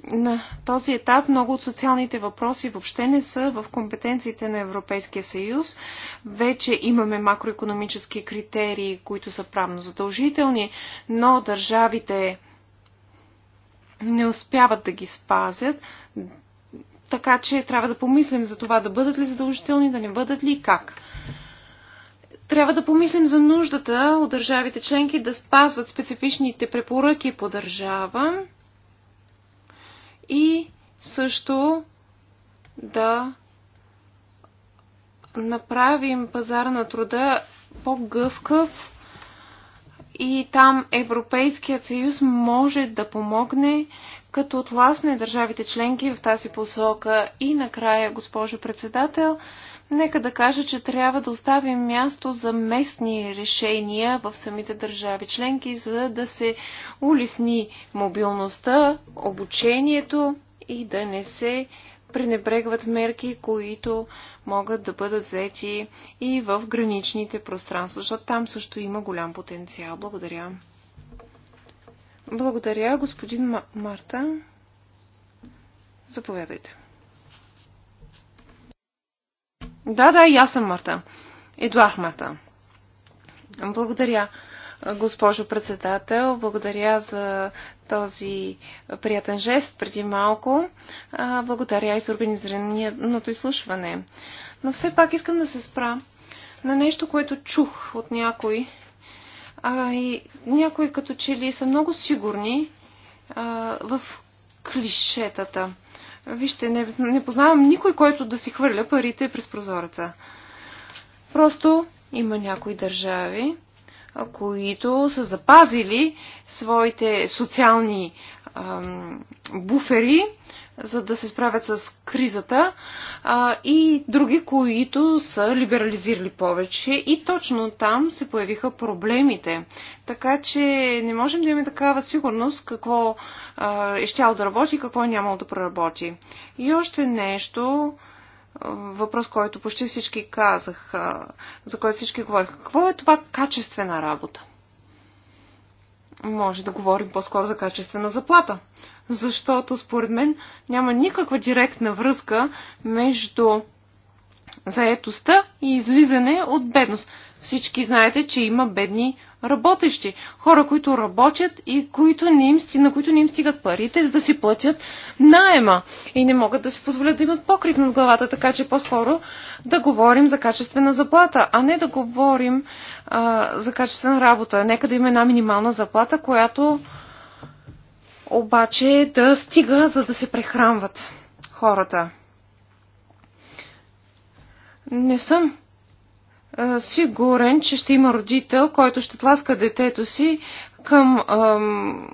На този етап много от социалните въпроси въобще не са в компетенциите на Европейския съюз. Вече имаме макроекономически критерии, които са правно задължителни, но държавите не успяват да ги спазят. Така че трябва да помислим за това да бъдат ли задължителни, да не бъдат ли и как. Трябва да помислим за нуждата от държавите членки да спазват специфичните препоръки по държава и също да направим пазара на труда по-гъвкав и там Европейският съюз може да помогне, като отласне държавите членки в тази посока. И накрая, госпожо председател, Нека да кажа, че трябва да оставим място за местни решения в самите държави членки, за да се улесни мобилността, обучението и да не се пренебрегват мерки, които могат да бъдат взети и в граничните пространства, защото там също има голям потенциал. Благодаря. Благодаря, господин Марта. Заповядайте. Да, да, и аз съм Марта. Едуард Марта. Благодаря, госпожо председател. Благодаря за този приятен жест преди малко. Благодаря и за организираното изслушване. Но все пак искам да се спра на нещо, което чух от някой. А, и някои като че ли са много сигурни а, в клишетата. Вижте, не, не познавам никой, който да си хвърля парите през прозореца. Просто има някои държави, които са запазили своите социални ам, буфери, за да се справят с кризата, а, и други, които са либерализирали повече. И точно там се появиха проблемите. Така че не можем да имаме такава сигурност какво а, е щяло да работи и какво е нямало да проработи. И още нещо, въпрос, който почти всички казах, за който всички говорих. Какво е това качествена работа? Може да говорим по-скоро за качествена заплата защото според мен няма никаква директна връзка между заетостта и излизане от бедност. Всички знаете, че има бедни работещи, хора, които работят и които не им, на които не им стигат парите, за да си платят найема и не могат да си позволят да имат покрив над главата, така че по-скоро да говорим за качествена заплата, а не да говорим а, за качествена работа. Нека да има една минимална заплата, която обаче да стига, за да се прехранват хората. Не съм а, сигурен, че ще има родител, който ще тласка детето си към ам,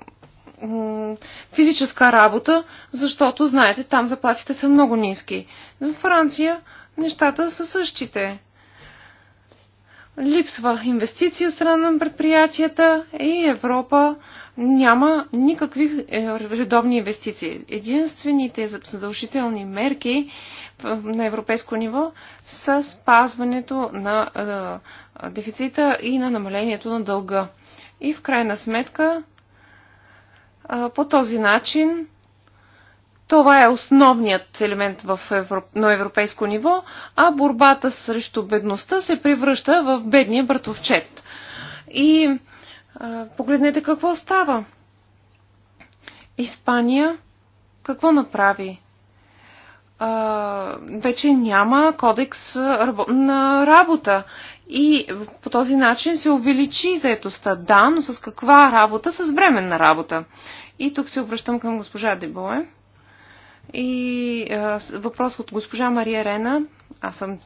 физическа работа, защото, знаете, там заплатите са много ниски. В Франция нещата са същите. Липсва инвестиции от страна на предприятията и Европа няма никакви е, редовни инвестиции. Единствените задължителни мерки е, на европейско ниво са спазването на е, дефицита и на намалението на дълга. И в крайна сметка по този начин това е основният елемент в Европ... на европейско ниво, а борбата срещу бедността се превръща в бедния братовчет. И погледнете какво става. Испания какво направи? вече няма кодекс на работа. И по този начин се увеличи заетостта. Да, но с каква работа? С временна работа. И тук се обръщам към госпожа Дебое. И а, въпрос от госпожа Мария Рена. Аз съм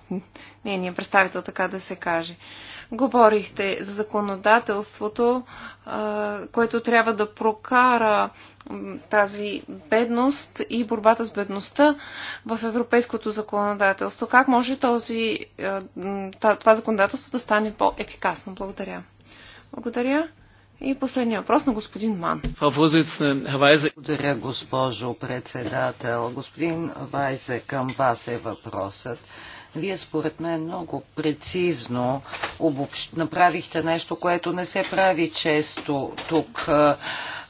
нейният представител, така да се каже. А, Говорихте за законодателството, което трябва да прокара тази бедност и борбата с бедността в европейското законодателство. Как може този, това законодателство да стане по-ефикасно? Благодаря. Благодаря. И последния въпрос на господин Ман. Благодаря, госпожо председател. Господин Вайзе, към вас е въпросът. Вие според мен много прецизно обобщ... направихте нещо, което не се прави често тук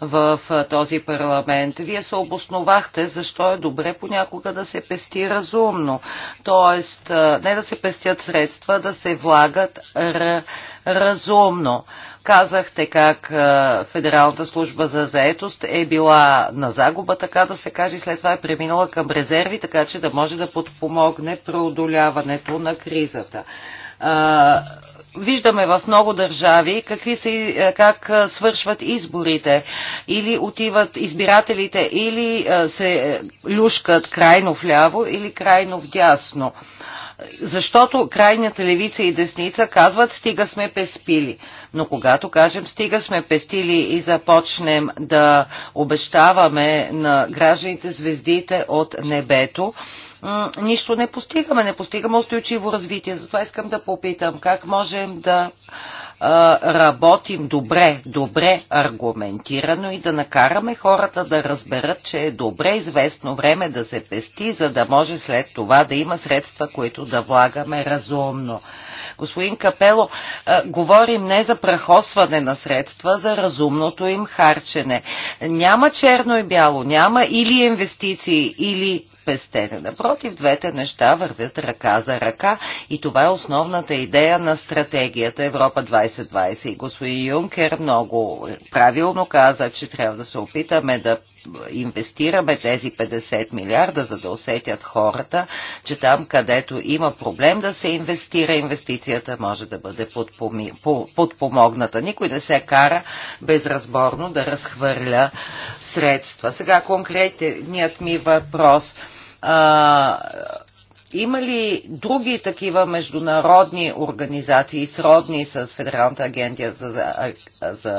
в този парламент. Вие се обосновахте защо е добре понякога да се пести разумно. Тоест, не да се пестят средства, да се влагат разумно. Казахте как Федералната служба за заетост е била на загуба, така да се каже, след това е преминала към резерви, така че да може да подпомогне преодоляването на кризата виждаме в много държави какви са, как свършват изборите. Или отиват избирателите, или се люшкат крайно вляво, или крайно вдясно. Защото крайната левица и десница казват стига сме пестили. Но когато кажем стига сме пестили и започнем да обещаваме на гражданите звездите от небето, нищо не постигаме, не постигаме устойчиво развитие. Затова искам да попитам как можем да работим добре, добре аргументирано и да накараме хората да разберат, че е добре известно време да се пести, за да може след това да има средства, които да влагаме разумно. Господин Капело, а, говорим не за прахосване на средства, за разумното им харчене. Няма черно и бяло, няма или инвестиции, или пестете. Напротив, двете неща вървят ръка за ръка и това е основната идея на стратегията Европа 2020. И господин Юнкер много правилно каза, че трябва да се опитаме да инвестираме тези 50 милиарда, за да усетят хората, че там, където има проблем да се инвестира, инвестицията може да бъде подпоми... подпомогната. Никой не се кара безразборно да разхвърля средства. Сега конкретният ми въпрос – а, има ли други такива международни организации, сродни с Федералната агенция за, за, за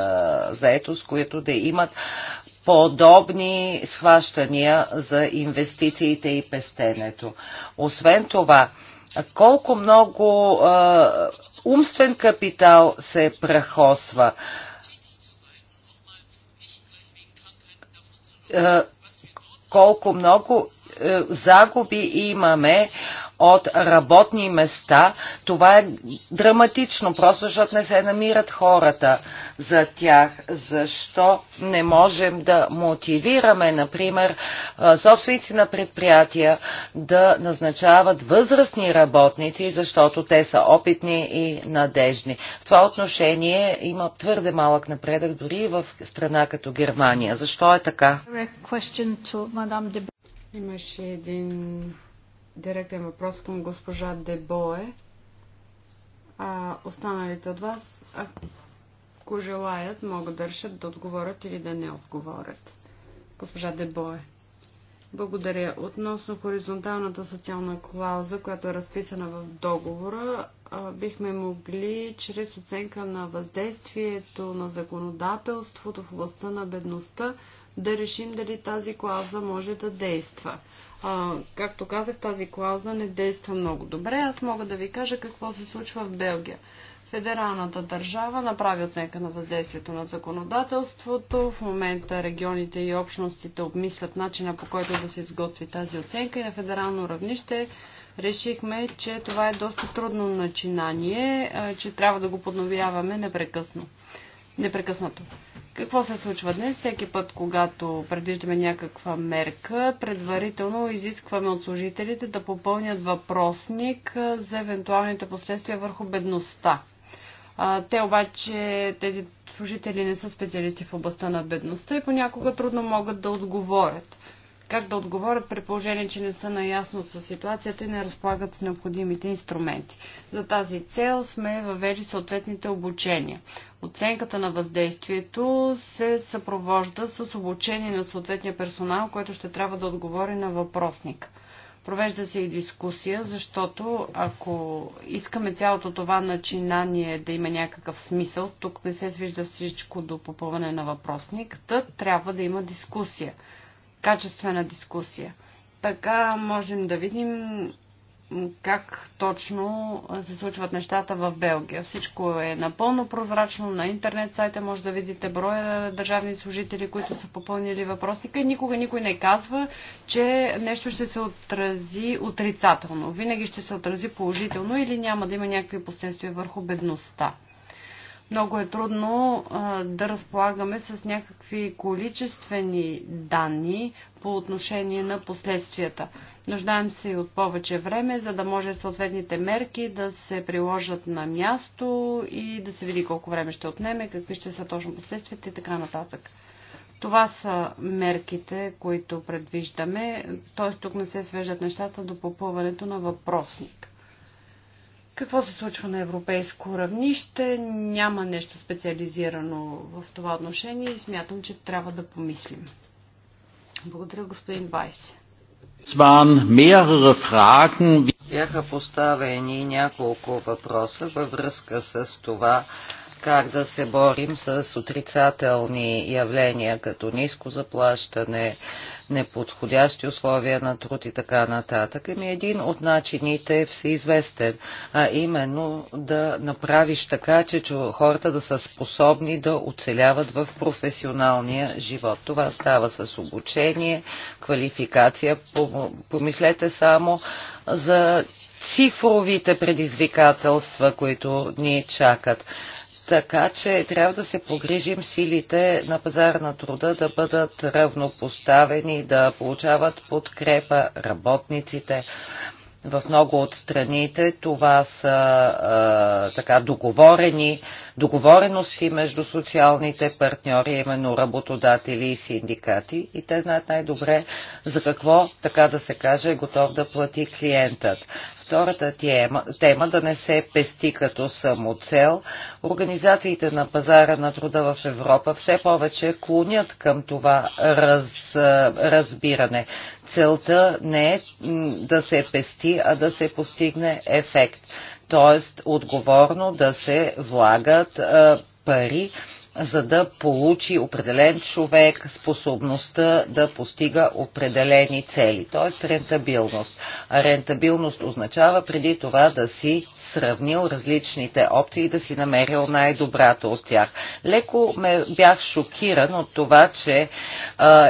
заетост, които да имат подобни схващания за инвестициите и пестенето? Освен това, колко много а, умствен капитал се прахосва? А, колко много е, загуби имаме от работни места, това е драматично, просто защото не се намират хората за тях. Защо не можем да мотивираме, например, е, собственици на предприятия да назначават възрастни работници, защото те са опитни и надежни. В това отношение има твърде малък напредък дори в страна като Германия. Защо е така? Имаше един директен въпрос към госпожа Дебое. А останалите от вас, ако желаят, могат да решат да отговорят или да не отговорят. Госпожа Дебое. Благодаря. Относно хоризонталната социална клауза, която е разписана в договора, бихме могли чрез оценка на въздействието на законодателството в областта на бедността да решим дали тази клауза може да действа. А, както казах, тази клауза не действа много добре. Аз мога да ви кажа какво се случва в Белгия. Федералната държава направи оценка на въздействието на законодателството. В момента регионите и общностите обмислят начина по който да се изготви тази оценка и на федерално равнище решихме, че това е доста трудно начинание, че трябва да го подновяваме непрекъсно. непрекъснато. Какво се случва днес? Всеки път, когато предвиждаме някаква мерка, предварително изискваме от служителите да попълнят въпросник за евентуалните последствия върху бедността. Те обаче, тези служители не са специалисти в областта на бедността и понякога трудно могат да отговорят как да отговорят при положение, че не са наясно с ситуацията и не разполагат с необходимите инструменти. За тази цел сме въвели съответните обучения. Оценката на въздействието се съпровожда с обучение на съответния персонал, който ще трябва да отговори на въпросник. Провежда се и дискусия, защото ако искаме цялото това начинание да има някакъв смисъл, тук не се свижда всичко до попълване на въпросник, тът трябва да има дискусия качествена дискусия. Така можем да видим как точно се случват нещата в Белгия. Всичко е напълно прозрачно. На интернет сайта може да видите броя държавни служители, които са попълнили въпросника никога никой не казва, че нещо ще се отрази отрицателно. Винаги ще се отрази положително или няма да има някакви последствия върху бедността. Много е трудно а, да разполагаме с някакви количествени данни по отношение на последствията. Нуждаем се и от повече време, за да може съответните мерки да се приложат на място и да се види колко време ще отнеме, какви ще са точно последствията и така нататък. Това са мерките, които предвиждаме, т.е. тук не се свеждат нещата до попълването на въпросник. Какво се случва на европейско равнище? Няма нещо специализирано в това отношение и смятам, че трябва да помислим. Благодаря, господин Байс. Бяха поставени няколко въпроса във връзка с това, как да се борим с отрицателни явления, като ниско заплащане, неподходящи условия на труд и така нататък. Еми един от начините е всеизвестен, а именно да направиш така, че хората да са способни да оцеляват в професионалния живот. Това става с обучение, квалификация. Помислете само за цифровите предизвикателства, които ни чакат. Така че трябва да се погрижим силите на пазара на труда да бъдат равнопоставени, да получават подкрепа работниците, в много от страните това са а, така договорени, договорености между социалните партньори, именно работодатели и синдикати и те знаят най-добре за какво, така да се каже, е готов да плати клиентът. Втората тема, тема да не се пести като самоцел. Организациите на пазара на труда в Европа все повече клонят към това раз, разбиране. Целта не е да се пести членки, а да се постигне ефект. Тоест отговорно да се влагат пари за да получи определен човек способността да постига определени цели, т.е. рентабилност. А рентабилност означава преди това да си сравнил различните опции и да си намерил най-добрата от тях. Леко ме бях шокиран от това, че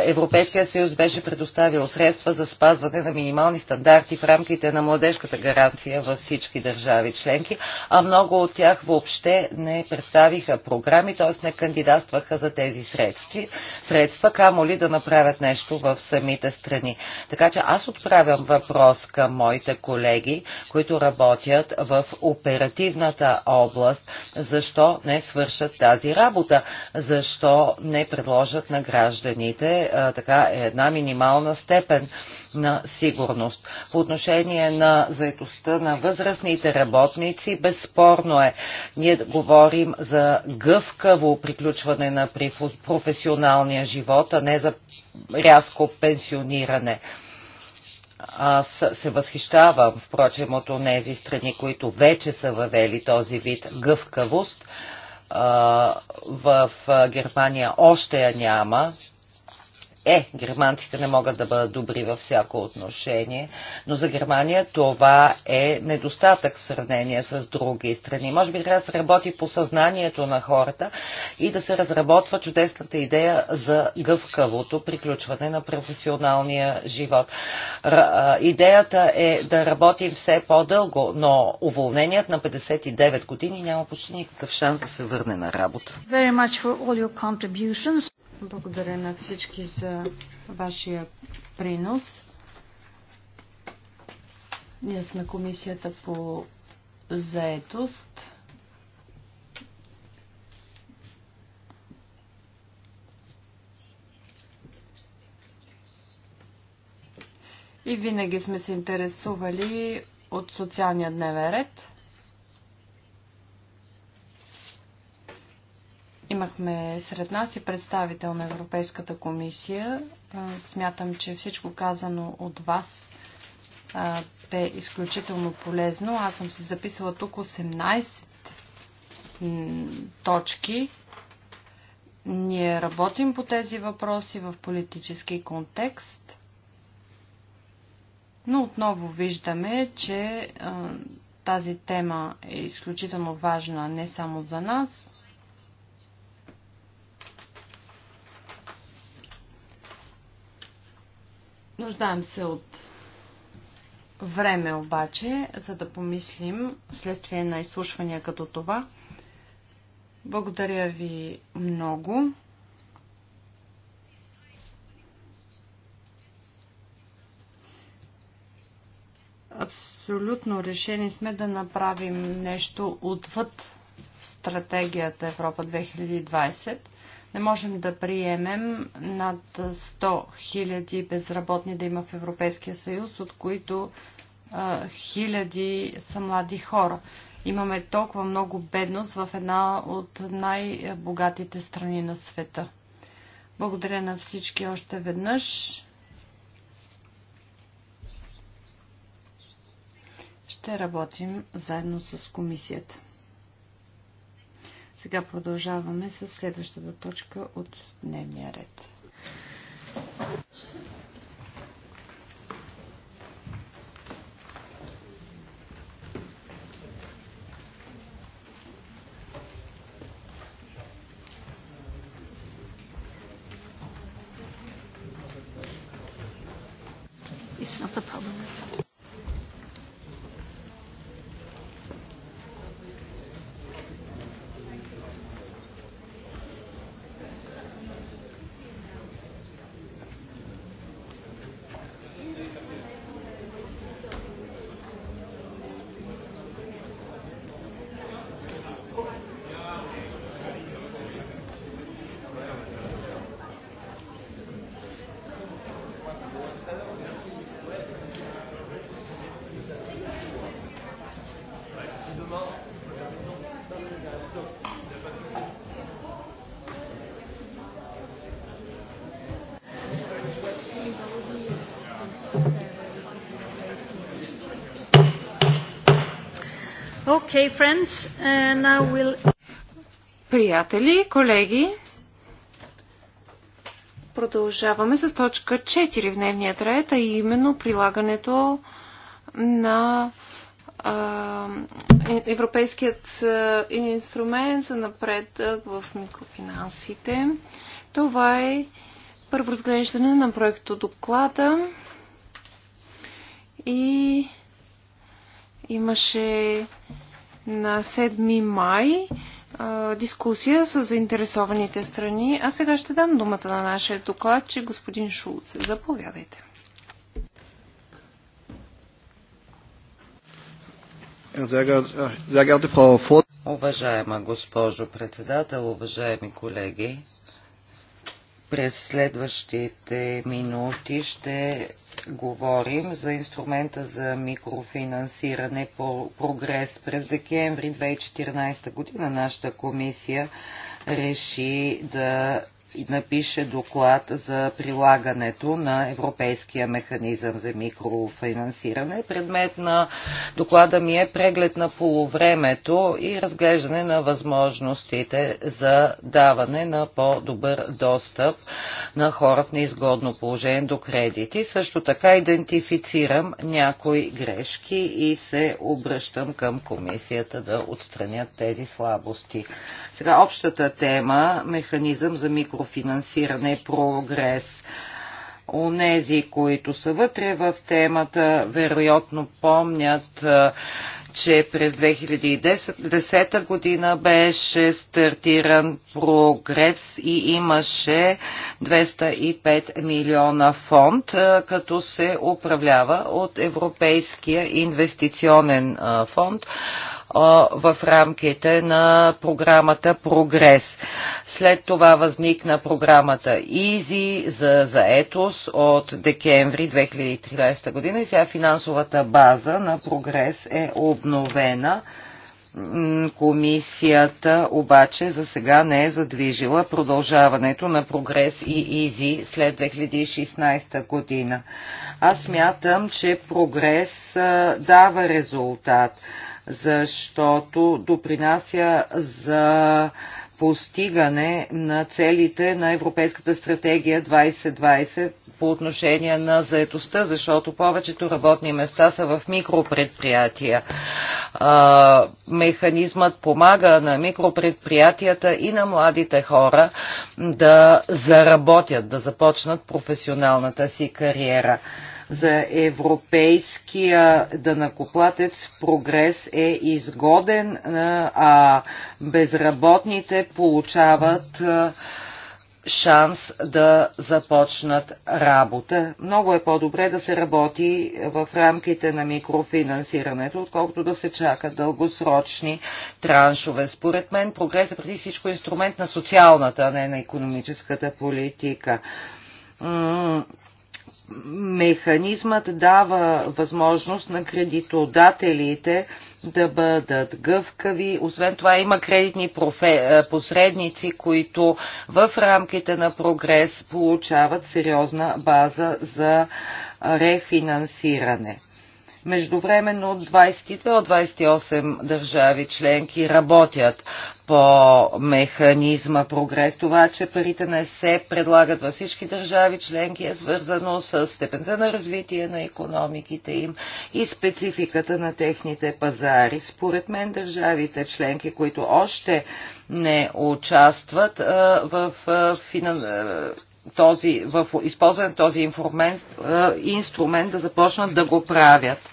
Европейския съюз беше предоставил средства за спазване на минимални стандарти в рамките на младежката гаранция във всички държави членки, а много от тях въобще не представиха програми, т.е. не не кандидатстваха за тези средства, средства камо ли да направят нещо в самите страни. Така че аз отправям въпрос към моите колеги, които работят в оперативната област, защо не свършат тази работа, защо не предложат на гражданите а, така една минимална степен на сигурност. По отношение на заедостта на възрастните работници, безспорно е. Ние говорим за гъвкаво приключване на професионалния живот, а не за рязко пенсиониране. Аз се възхищавам, впрочем, от тези страни, които вече са въвели този вид гъвкавост. В Германия още я няма, е, германците не могат да бъдат добри във всяко отношение, но за Германия това е недостатък в сравнение с други страни. Може би трябва да се работи по съзнанието на хората и да се разработва чудесната идея за гъвкавото приключване на професионалния живот. Идеята е да работим все по-дълго, но уволненият на 59 години няма почти никакъв шанс да се върне на работа. Благодаря на всички за вашия принос. Ние сме комисията по заетост. И винаги сме се интересували от социалния дневен ред. Имахме сред нас и представител на Европейската комисия. Смятам, че всичко казано от вас бе изключително полезно. Аз съм си записала тук 18 точки. Ние работим по тези въпроси в политически контекст, но отново виждаме, че тази тема е изключително важна не само за нас, Нуждаем се от време обаче, за да помислим следствие на изслушвания като това. Благодаря ви много. Абсолютно решени сме да направим нещо отвъд стратегията Европа 2020 не можем да приемем над 100 000 безработни да има в Европейския съюз, от които хиляди са млади хора. Имаме толкова много бедност в една от най-богатите страни на света. Благодаря на всички още веднъж. Ще работим заедно с комисията. Сега продължаваме с следващата точка от дневния ред. Okay, friends, uh, now we'll... Приятели, колеги, продължаваме с точка 4 в дневния ред, а именно прилагането на а, Европейският инструмент за напредък в микрофинансите. Това е първо разглеждане на проекто доклада и имаше на 7 май дискусия с заинтересованите страни. А сега ще дам думата на нашия доклад, че господин Шулц. Заповядайте. Уважаема госпожо председател, уважаеми колеги, през следващите минути ще говорим за инструмента за микрофинансиране по прогрес. През декември 2014 година нашата комисия реши да напише доклад за прилагането на Европейския механизъм за микрофинансиране. Предмет на доклада ми е преглед на полувремето и разглеждане на възможностите за даване на по-добър достъп на хора в неизгодно положение до кредити. Също така идентифицирам някои грешки и се обръщам към комисията да отстранят тези слабости. Сега общата тема механизъм за микрофинансиране профинансиране прогрес. Онези, които са вътре в темата, вероятно помнят че през 2010 година беше стартиран прогрес и имаше 205 милиона фонд, като се управлява от Европейския инвестиционен фонд, в рамките на програмата Прогрес. След това възникна програмата ИЗИ за заетост от декември 2013 година и сега финансовата база на Прогрес е обновена. Комисията обаче за сега не е задвижила продължаването на прогрес и изи след 2016 година. Аз мятам, че прогрес дава резултат защото допринася за постигане на целите на Европейската стратегия 2020 по отношение на заетостта, защото повечето работни места са в микропредприятия. механизмът помага на микропредприятията и на младите хора да заработят, да започнат професионалната си кариера. За европейския дънакоплатец прогрес е изгоден, а безработните получават шанс да започнат работа. Много е по-добре да се работи в рамките на микрофинансирането, отколкото да се чакат дългосрочни траншове. Според мен прогрес е преди всичко инструмент на социалната, а не на економическата политика механизмът дава възможност на кредитодателите да бъдат гъвкави. Освен това има кредитни профе... Е, посредници, които в рамките на прогрес получават сериозна база за рефинансиране. Междувременно от 22 от 28 държави членки работят по механизма прогрес. Това, че парите не се предлагат във всички държави членки е свързано с степента на развитие на економиките им и спецификата на техните пазари. Според мен държавите членки, които още не участват в финансирането, този, в използване този е, инструмент да започнат да го правят.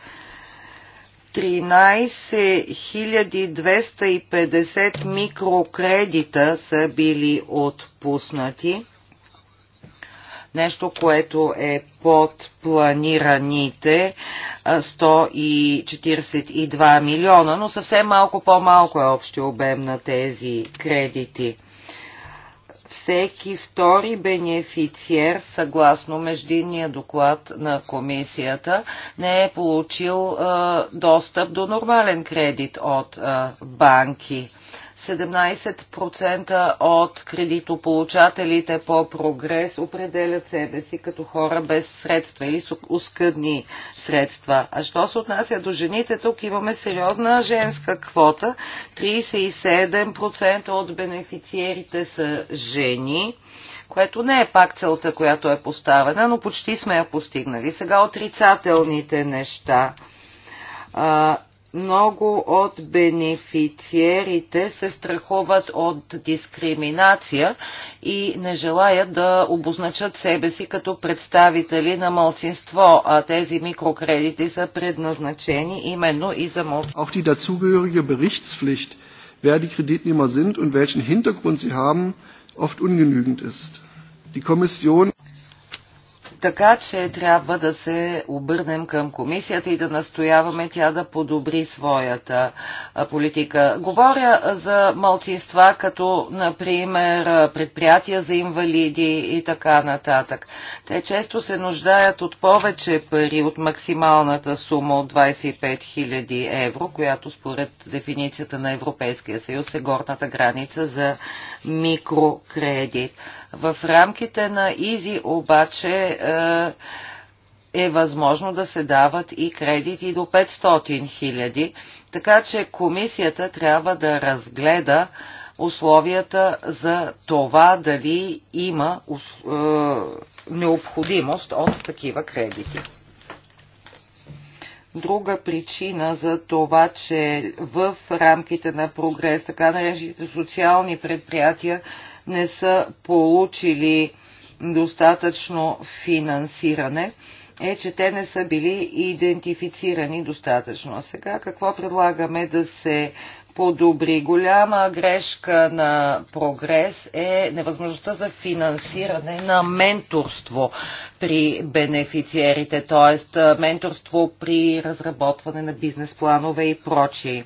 13 250 микрокредита са били отпуснати. Нещо, което е под планираните 142 е, милиона, но съвсем малко по-малко е общия обем на тези кредити всеки втори бенефициер, съгласно междинния доклад на комисията, не е получил а, достъп до нормален кредит от а, банки. 17% от кредитополучателите по прогрес определят себе си като хора без средства или с оскъдни средства. А що се отнася до жените, тук имаме сериозна женска квота. 37% от бенефициерите са жени което не е пак целта, която е поставена, но почти сме я постигнали. Сега отрицателните неща. Много от бенефициерите се страхуват от дискриминация и не желаят да обозначат себе си като представители на малцинство, а тези микрокредити са предназначени именно и за малцинство. Auch die dazugehörige Berichtspflicht, wer die Kreditnehmer sind und welchen Hintergrund sie haben, oft ungenügend ist. Die Kommission така че трябва да се обърнем към комисията и да настояваме тя да подобри своята политика. Говоря за малцинства, като например предприятия за инвалиди и така нататък. Те често се нуждаят от повече пари от максималната сума от 25 000 евро, която според дефиницията на Европейския съюз е горната граница за микрокредит. В рамките на ИЗИ обаче е, е възможно да се дават и кредити до 500 хиляди, така че комисията трябва да разгледа условията за това дали има е, необходимост от такива кредити. Друга причина за това, че в рамките на прогрес така наречените социални предприятия не са получили достатъчно финансиране, е, че те не са били идентифицирани достатъчно. А сега какво предлагаме да се подобри. Голяма грешка на прогрес е невъзможността за финансиране на менторство при бенефициерите, т.е. менторство при разработване на бизнес планове и прочие.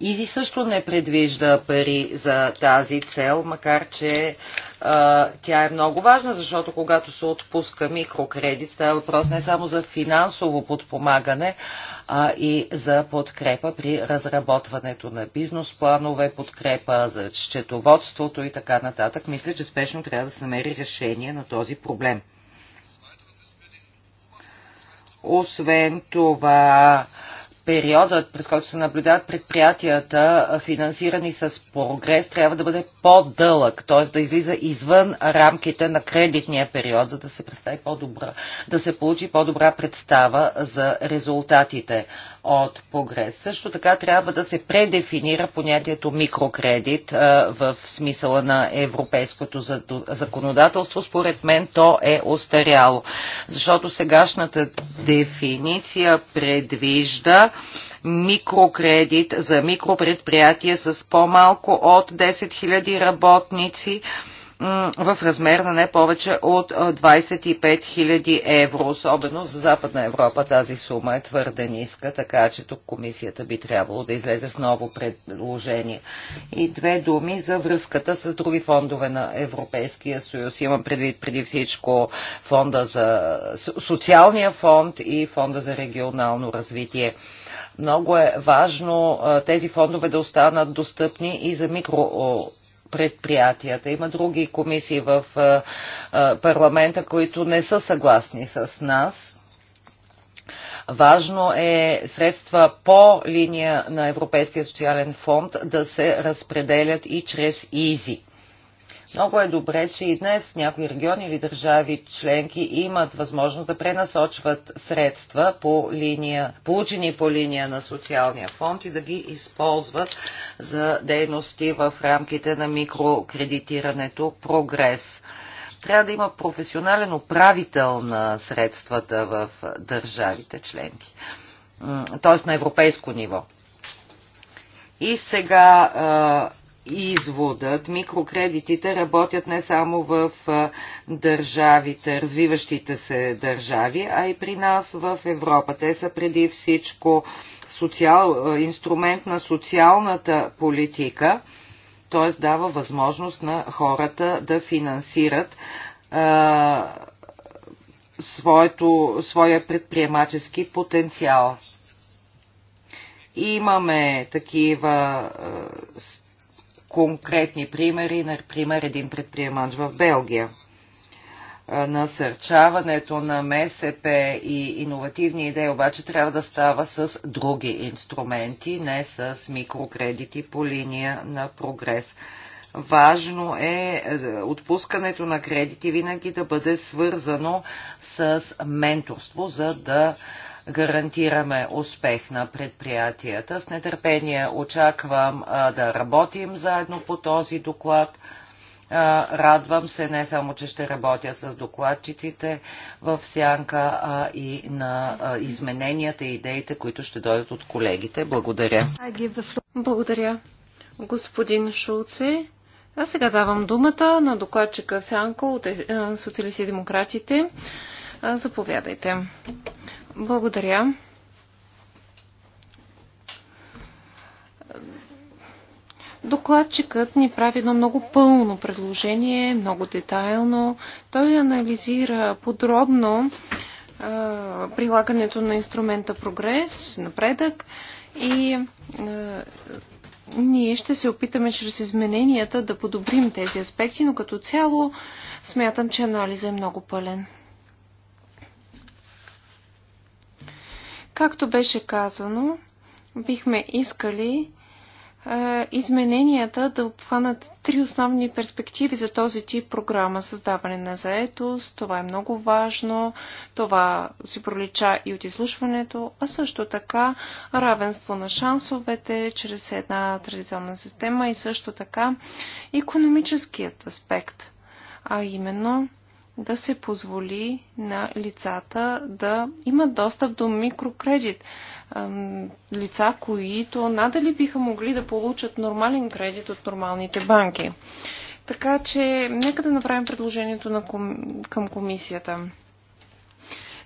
Изи също не предвижда пари за тази цел, макар че а, тя е много важна, защото когато се отпуска микрокредит, става въпрос не само за финансово подпомагане, а и за подкрепа при разработването на бизнес планове, подкрепа за счетоводството и така нататък. Мисля, че спешно трябва да се намери решение на този проблем. Освен това, периодът, през който се наблюдават предприятията, финансирани с прогрес, трябва да бъде по-дълъг, т.е. да излиза извън рамките на кредитния период, за да се представи по-добра, да се получи по-добра представа за резултатите от прогрес. Също така трябва да се предефинира понятието микрокредит в смисъла на европейското законодателство. Според мен то е остаряло, защото сегашната дефиниция предвижда микрокредит за микропредприятия с по-малко от 10 000 работници – в размер на не повече от 25 000 евро. Особено за Западна Европа тази сума е твърде ниска, така че тук комисията би трябвало да излезе с ново предложение. И две думи за връзката с други фондове на Европейския съюз. Имам предвид преди всичко фонда за социалния фонд и фонда за регионално развитие. Много е важно тези фондове да останат достъпни и за микро предприятията. Има други комисии в парламента, които не са съгласни с нас. Важно е средства по линия на Европейския социален фонд да се разпределят и чрез ИЗИ. Много е добре, че и днес някои региони или държави членки имат възможност да пренасочват средства по линия, получени по линия на социалния фонд и да ги използват за дейности в рамките на микрокредитирането прогрес трябва да има професионален управител на средствата в държавите членки, т.е. на европейско ниво. И сега изводът. Микрокредитите работят не само в държавите, развиващите се държави, а и при нас в Европа. Те са преди всичко социал, инструмент на социалната политика, т.е. дава възможност на хората да финансират а, своето, своя предприемачески потенциал. Имаме такива конкретни примери, например един предприемач в Белгия. Насърчаването на МСП и иновативни идеи обаче трябва да става с други инструменти, не с микрокредити по линия на прогрес. Важно е, е отпускането на кредити винаги да бъде свързано с менторство, за да гарантираме успех на предприятията. С нетърпение очаквам а, да работим заедно по този доклад. А, радвам се не само, че ще работя с докладчиците в сянка, а и на а, измененията и идеите, които ще дойдат от колегите. Благодаря. Благодаря. Господин Шулце, а сега давам думата на докладчика Сянко от е, Социалисти и демократите. Заповядайте. Благодаря. Докладчикът ни прави едно много пълно предложение, много детайлно. Той анализира подробно а, прилагането на инструмента прогрес, напредък и а, ние ще се опитаме чрез измененията да подобрим тези аспекти, но като цяло смятам, че анализът е много пълен. Както беше казано, бихме искали е, измененията да обхванат три основни перспективи за този тип програма. Създаване на заетост, това е много важно, това си пролича и от изслушването, а също така равенство на шансовете чрез една традиционна система и също така економическият аспект, а именно да се позволи на лицата да имат достъп до микрокредит. Лица, които надали биха могли да получат нормален кредит от нормалните банки. Така че, нека да направим предложението на ком... към комисията.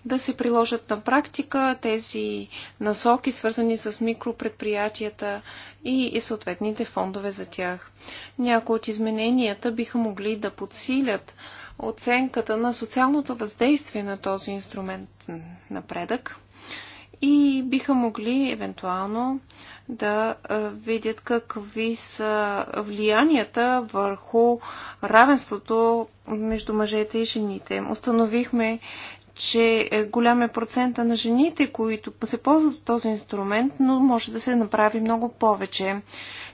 Да се приложат на практика тези насоки, свързани с микропредприятията и, и съответните фондове за тях. Някои от измененията биха могли да подсилят оценката на социалното въздействие на този инструмент напредък и биха могли евентуално да видят какви са влиянията върху равенството между мъжете и жените. Установихме, че е, голям е процента на жените, които се ползват от този инструмент, но може да се направи много повече.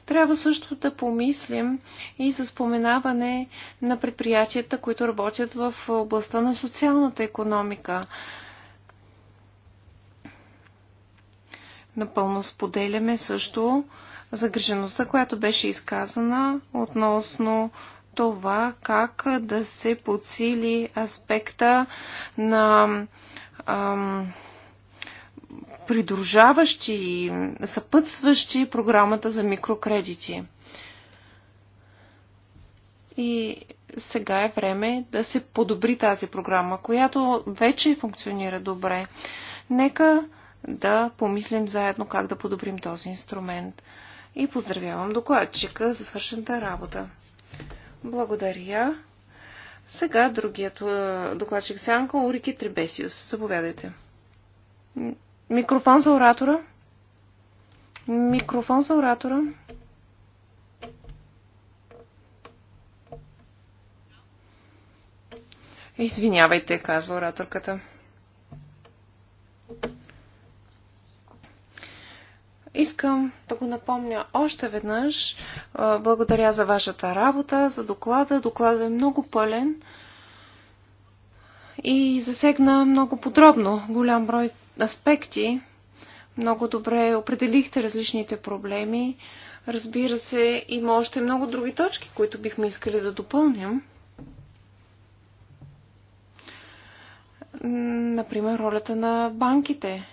Трябва също да помислим и за споменаване на предприятията, които работят в областта на социалната економика. Напълно споделяме също загрижеността, която беше изказана относно това как да се подсили аспекта на ам, придружаващи, и съпътстващи програмата за микрокредити. И сега е време да се подобри тази програма, която вече функционира добре. Нека да помислим заедно как да подобрим този инструмент. И поздравявам докладчика за свършената работа. Благодаря. Сега другият докладчик Сянка, Урики Требесиус. Заповядайте. Микрофон за оратора. Микрофон за оратора. Извинявайте, казва ораторката. Искам да го напомня още веднъж. Благодаря за вашата работа, за доклада. Докладът е много пълен и засегна много подробно голям брой аспекти. Много добре определихте различните проблеми. Разбира се, има още много други точки, които бихме искали да допълням. Например, ролята на банките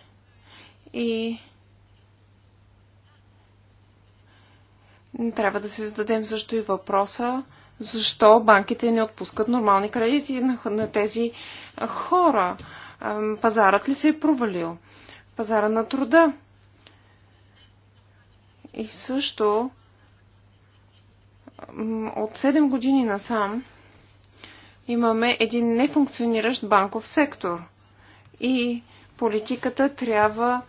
и трябва да се зададем също и въпроса защо банките не отпускат нормални кредити на тези хора. Пазарът ли се е провалил? Пазара на труда. И също от 7 години насам имаме един нефункциониращ банков сектор. И политиката трябва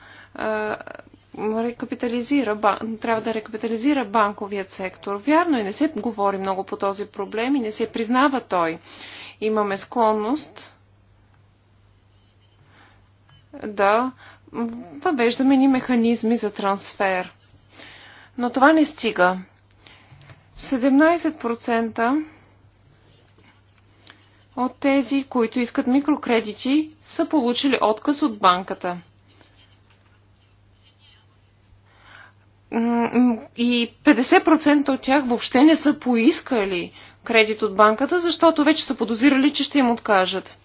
рекапитализира, трябва да рекапитализира банковият сектор. Вярно и е, не се говори много по този проблем и не се признава той. Имаме склонност да въвеждаме ни механизми за трансфер. Но това не стига. 17% от тези, които искат микрокредити, са получили отказ от банката. И 50% от тях въобще не са поискали кредит от банката, защото вече са подозирали, че ще им откажат.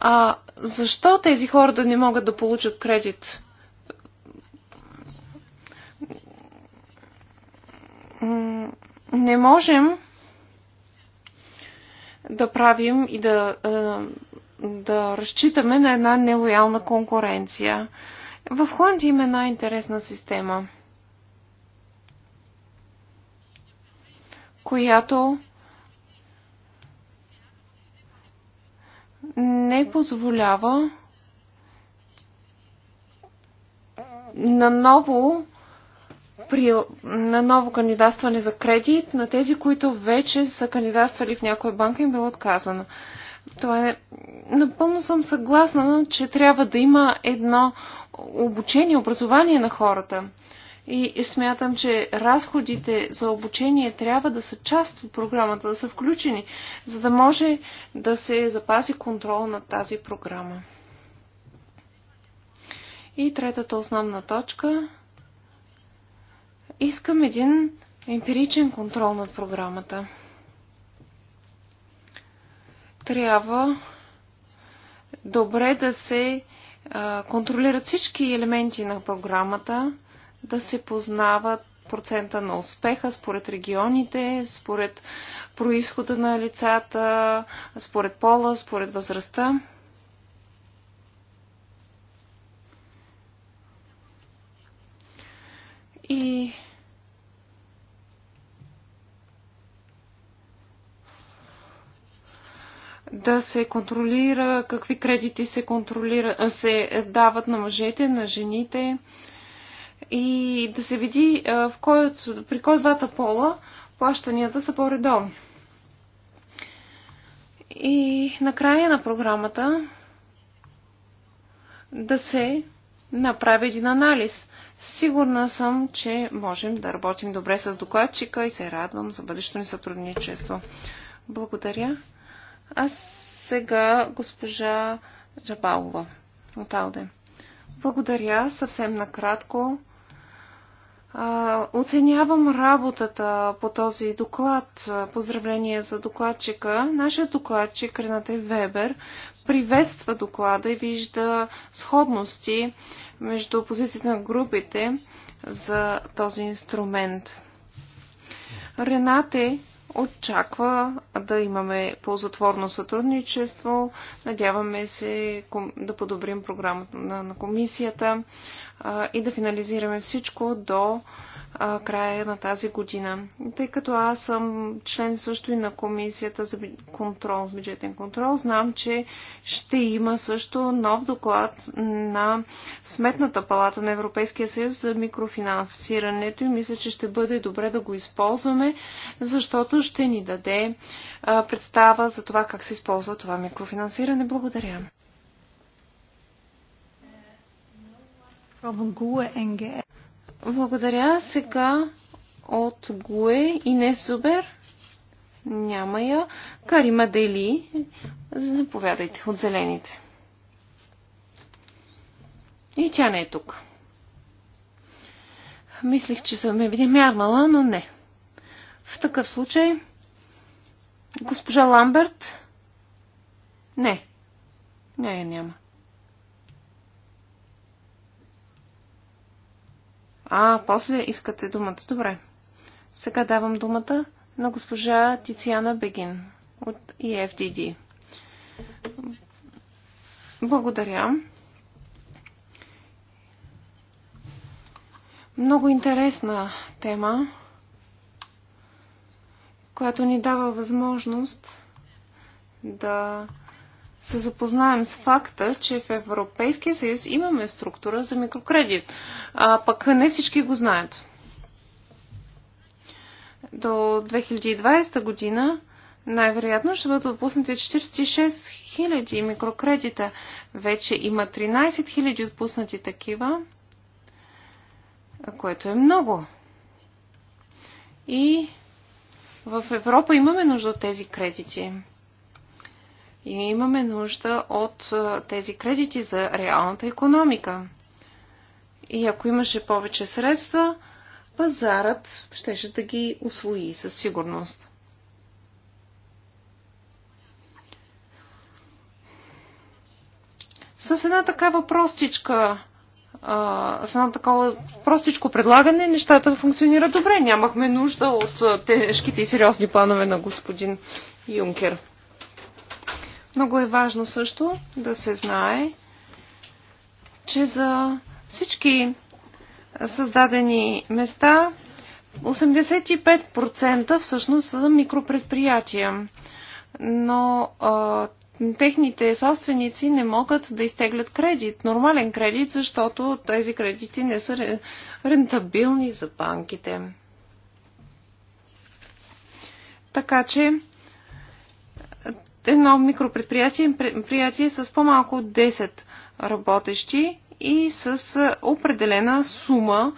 А защо тези хора да не могат да получат кредит? Не можем да правим и да, да разчитаме на една нелоялна конкуренция. В Холандия има една интересна система, която не позволява наново при, на ново кандидатстване за кредит на тези, които вече са кандидатствали в някоя банка и било отказано. Това е... Напълно съм съгласна, че трябва да има едно обучение, образование на хората. И смятам, че разходите за обучение трябва да са част от програмата, да са включени, за да може да се запази контрол на тази програма. И третата основна точка. Искам един емпиричен контрол над програмата. Трябва добре да се контролират всички елементи на програмата, да се познават процента на успеха според регионите, според происхода на лицата, според пола, според възрастта. И да се контролира какви кредити се, контролира, се дават на мъжете, на жените и да се види в кой от, при кой от двата пола плащанията са по-редовни. И накрая на програмата да се направи един анализ. Сигурна съм, че можем да работим добре с докладчика и се радвам за бъдещето ни сътрудничество. Благодаря. А сега госпожа Джабалова от Алде. Благодаря съвсем накратко. Оценявам работата по този доклад. Поздравление за докладчика. Нашият докладчик Рената Вебер приветства доклада и вижда сходности между позициите на групите за този инструмент. Ренате очаква да имаме ползотворно сътрудничество. Надяваме се да подобрим програмата на комисията и да финализираме всичко до края на тази година. Тъй като аз съм член също и на комисията за контрол, бюджетен контрол, знам, че ще има също нов доклад на Сметната палата на Европейския съюз за микрофинансирането и мисля, че ще бъде добре да го използваме, защото ще ни даде представа за това как се използва това микрофинансиране. Благодаря. Благодаря. Сега от Гуе и Несубер. Няма я. Карима Дели. Заповядайте от зелените. И тя не е тук. Мислих, че съм ме вярнала, но не. В такъв случай, госпожа Ламберт? Не. Не, няма. А, после искате думата. Добре. Сега давам думата на госпожа Тициана Бегин от EFDD. Благодаря. Много интересна тема, която ни дава възможност да се запознаем с факта, че в Европейския съюз имаме структура за микрокредит, а пък не всички го знаят. До 2020 година най-вероятно ще бъдат отпуснати 46 000 микрокредита. Вече има 13 000 отпуснати такива, което е много. И в Европа имаме нужда от тези кредити. И имаме нужда от тези кредити за реалната економика. И ако имаше повече средства, пазарът щеше да ги освои със сигурност. С една такава простичка с едно такова простичко предлагане нещата функционират добре. Нямахме нужда от тежките и сериозни планове на господин Юнкер. Много е важно също да се знае, че за всички създадени места 85% всъщност са микропредприятия, но а, техните собственици не могат да изтеглят кредит, нормален кредит, защото тези кредити не са рентабилни за банките. Така че едно микропредприятие, предприятие с по-малко от 10 работещи и с определена сума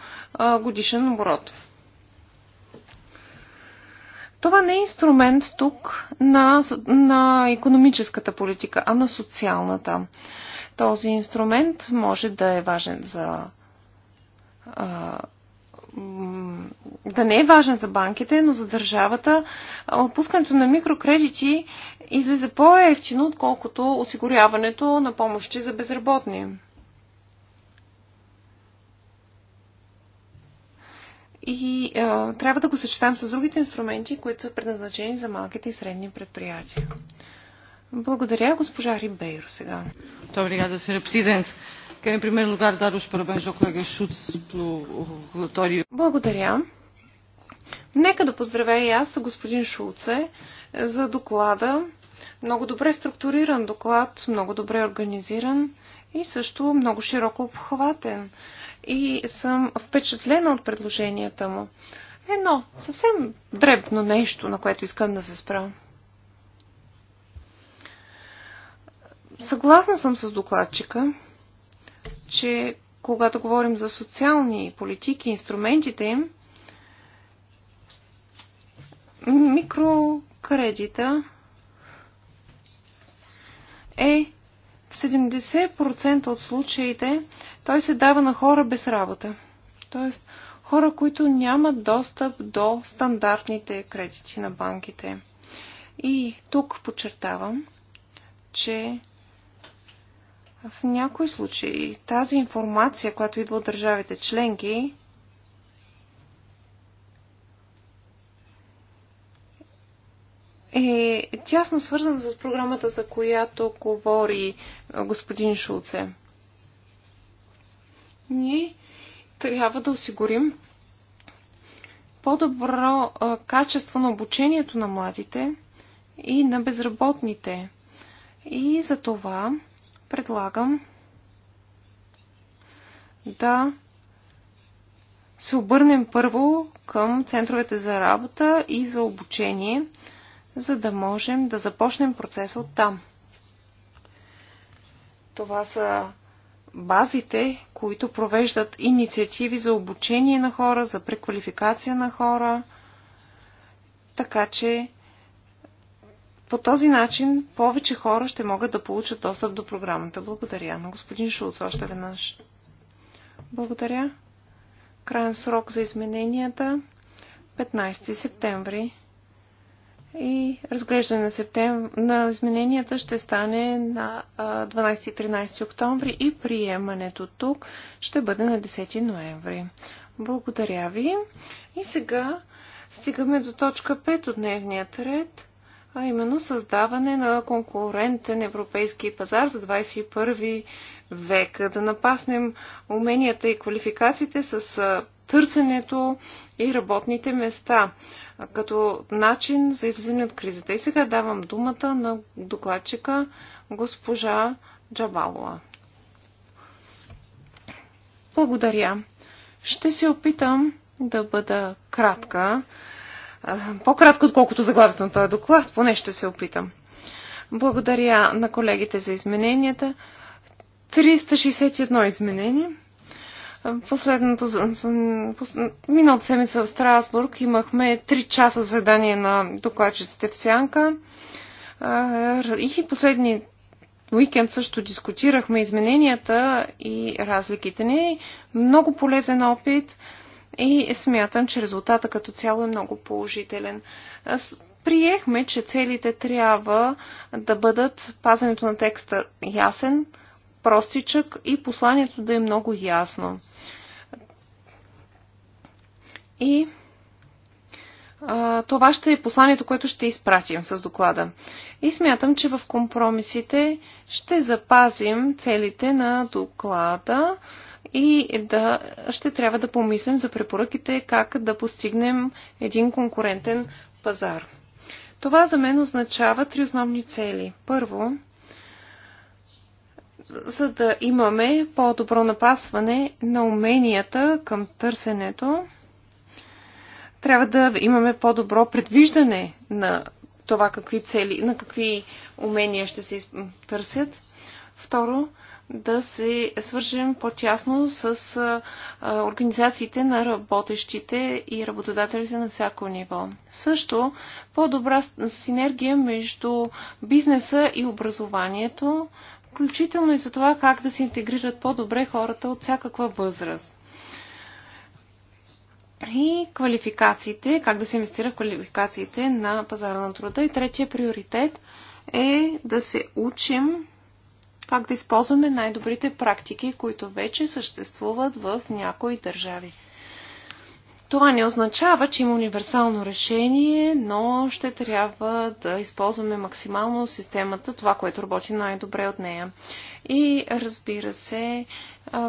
годишен оборот. Това не е инструмент тук на, на економическата политика, а на социалната. Този инструмент може да е важен за да не е важен за банките, но за държавата, отпускането на микрокредити излиза по-ефтино, отколкото осигуряването на помощи за безработни. И е, трябва да го съчетаем с другите инструменти, които са предназначени за малките и средни предприятия. Благодаря, госпожа Рибейро сега. Добре, да се е, Благодаря. Нека да поздравя и аз господин Шулце за доклада. Много добре структуриран доклад, много добре организиран и също много широко обхватен. И съм впечатлена от предложенията му. Едно съвсем дребно нещо, на което искам да се спра. Съгласна съм с докладчика, че когато говорим за социални политики, инструментите им, микрокредита е в 70% от случаите той се дава на хора без работа. Тоест, хора, които нямат достъп до стандартните кредити на банките. И тук подчертавам, че в някои случаи тази информация, която идва от държавите членки, е тясно свързана с програмата, за която говори господин Шулце. Ние трябва да осигурим по-добро качество на обучението на младите и на безработните. И за това предлагам да се обърнем първо към центровете за работа и за обучение, за да можем да започнем процеса от там. Това са базите, които провеждат инициативи за обучение на хора, за преквалификация на хора, така че по този начин повече хора ще могат да получат достъп до програмата. Благодаря на господин Шулц още веднъж. Благодаря. Крайен срок за измененията 15 септември. И разглеждане на, септем... на измененията ще стане на 12-13 октомври и приемането тук ще бъде на 10 ноември. Благодаря ви. И сега стигаме до точка 5 от дневният ред а именно създаване на конкурентен европейски пазар за 21 век, да напаснем уменията и квалификациите с търсенето и работните места като начин за излизане от кризата. И сега давам думата на докладчика госпожа Джабалова. Благодаря. Ще се опитам да бъда кратка по-кратко, отколкото заглавието на този доклад, поне ще се опитам. Благодаря на колегите за измененията. 361 изменение. Последното, миналата седмица в Страсбург имахме 3 часа задание на докладчиците в Сянка. И последни уикенд също дискутирахме измененията и разликите ни. Много полезен опит и смятам, че резултата като цяло е много положителен. Приехме, че целите трябва да бъдат пазенето на текста ясен, простичък и посланието да е много ясно. И а, това ще е посланието, което ще изпратим с доклада. И смятам, че в компромисите ще запазим целите на доклада, и да, ще трябва да помислим за препоръките как да постигнем един конкурентен пазар. Това за мен означава три основни цели. Първо, за да имаме по-добро напасване на уменията към търсенето, трябва да имаме по-добро предвиждане на това какви цели, на какви умения ще се търсят. Второ, да се свържем по-тясно с организациите на работещите и работодателите на всяко ниво. Също по-добра синергия между бизнеса и образованието, включително и за това как да се интегрират по-добре хората от всякаква възраст. И квалификациите, как да се инвестира в квалификациите на пазара на труда. И третия приоритет е да се учим как да използваме най-добрите практики, които вече съществуват в някои държави. Това не означава, че има универсално решение, но ще трябва да използваме максимално системата, това, което работи най-добре от нея. И разбира се,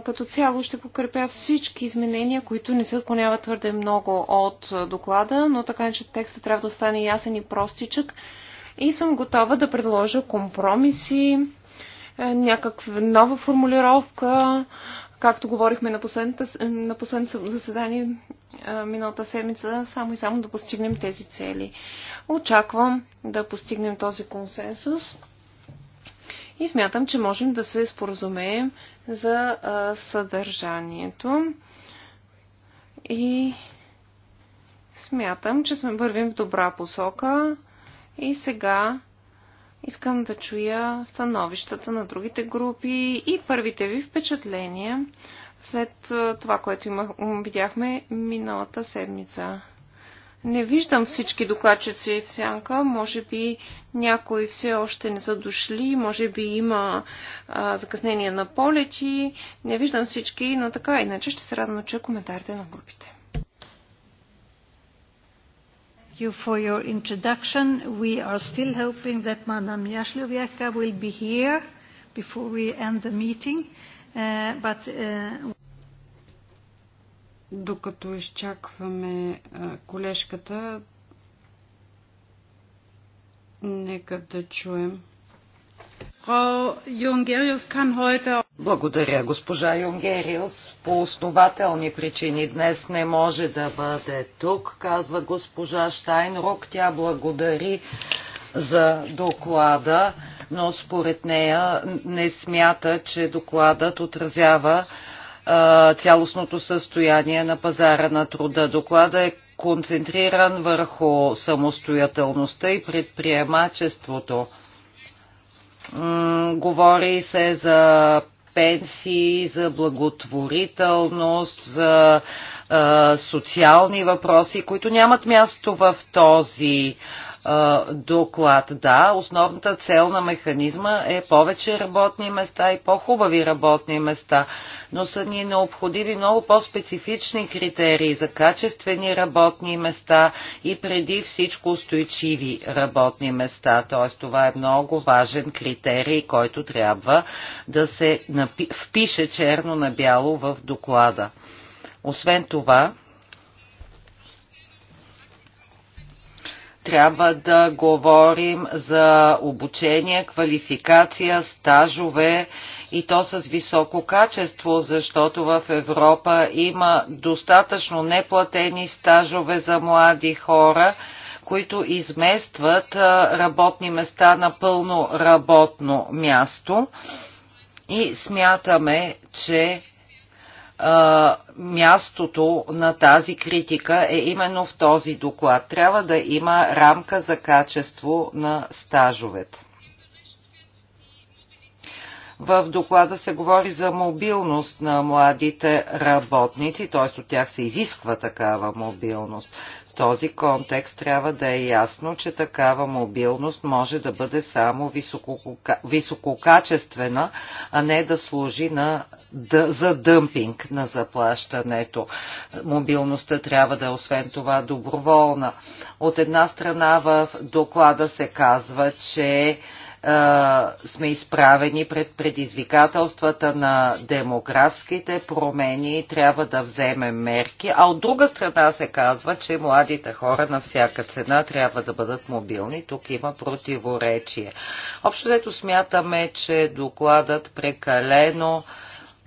като цяло ще покрепя всички изменения, които не се отклоняват твърде много от доклада, но така че текстът трябва да остане ясен и простичък. И съм готова да предложа компромиси, е, някаква нова формулировка, както говорихме на последното, на последното заседание е, миналата седмица, само и само да постигнем тези цели. Очаквам да постигнем този консенсус и смятам, че можем да се споразумеем за е, съдържанието. И смятам, че сме вървим в добра посока. И сега Искам да чуя становищата на другите групи и първите ви впечатления след това, което имах, видяхме миналата седмица. Не виждам всички докладчици в сянка. Може би някои все още не са дошли, може би има а, закъснение на полети. Не виждам всички, но така иначе ще се радвам, че коментарите на групите you for your introduction. We are still hoping that Madam Jaslowiecka will be here before we end the meeting. Uh, but, uh... Докато изчакваме колежката, нека да чуем. Frau Jungerius kann heute благодаря, госпожа Юнгериус. По основателни причини днес не може да бъде тук, казва госпожа Штайнрук. Тя благодари за доклада, но според нея не смята, че докладът отразява а, цялостното състояние на пазара на труда. Докладът е концентриран върху самостоятелността и предприемачеството говори се за пенсии, за благотворителност, за социални въпроси, които нямат място в този доклад. Да, основната цел на механизма е повече работни места и по-хубави работни места, но са ни необходими много по-специфични критерии за качествени работни места и преди всичко устойчиви работни места. Т.е. това е много важен критерий, който трябва да се впише черно на бяло в доклада. Освен това, трябва да говорим за обучение, квалификация, стажове и то с високо качество, защото в Европа има достатъчно неплатени стажове за млади хора, които изместват работни места на пълно работно място. И смятаме, че мястото на тази критика е именно в този доклад. Трябва да има рамка за качество на стажовете. В доклада се говори за мобилност на младите работници, т.е. от тях се изисква такава мобилност този контекст трябва да е ясно, че такава мобилност може да бъде само високока... висококачествена, а не да служи на, да, за дъмпинг на заплащането. Мобилността трябва да е освен това доброволна. От една страна в доклада се казва, че сме изправени пред предизвикателствата на демографските промени и трябва да вземем мерки, а от друга страна се казва, че младите хора на всяка цена трябва да бъдат мобилни. Тук има противоречие. Общо взето смятаме, че докладът прекалено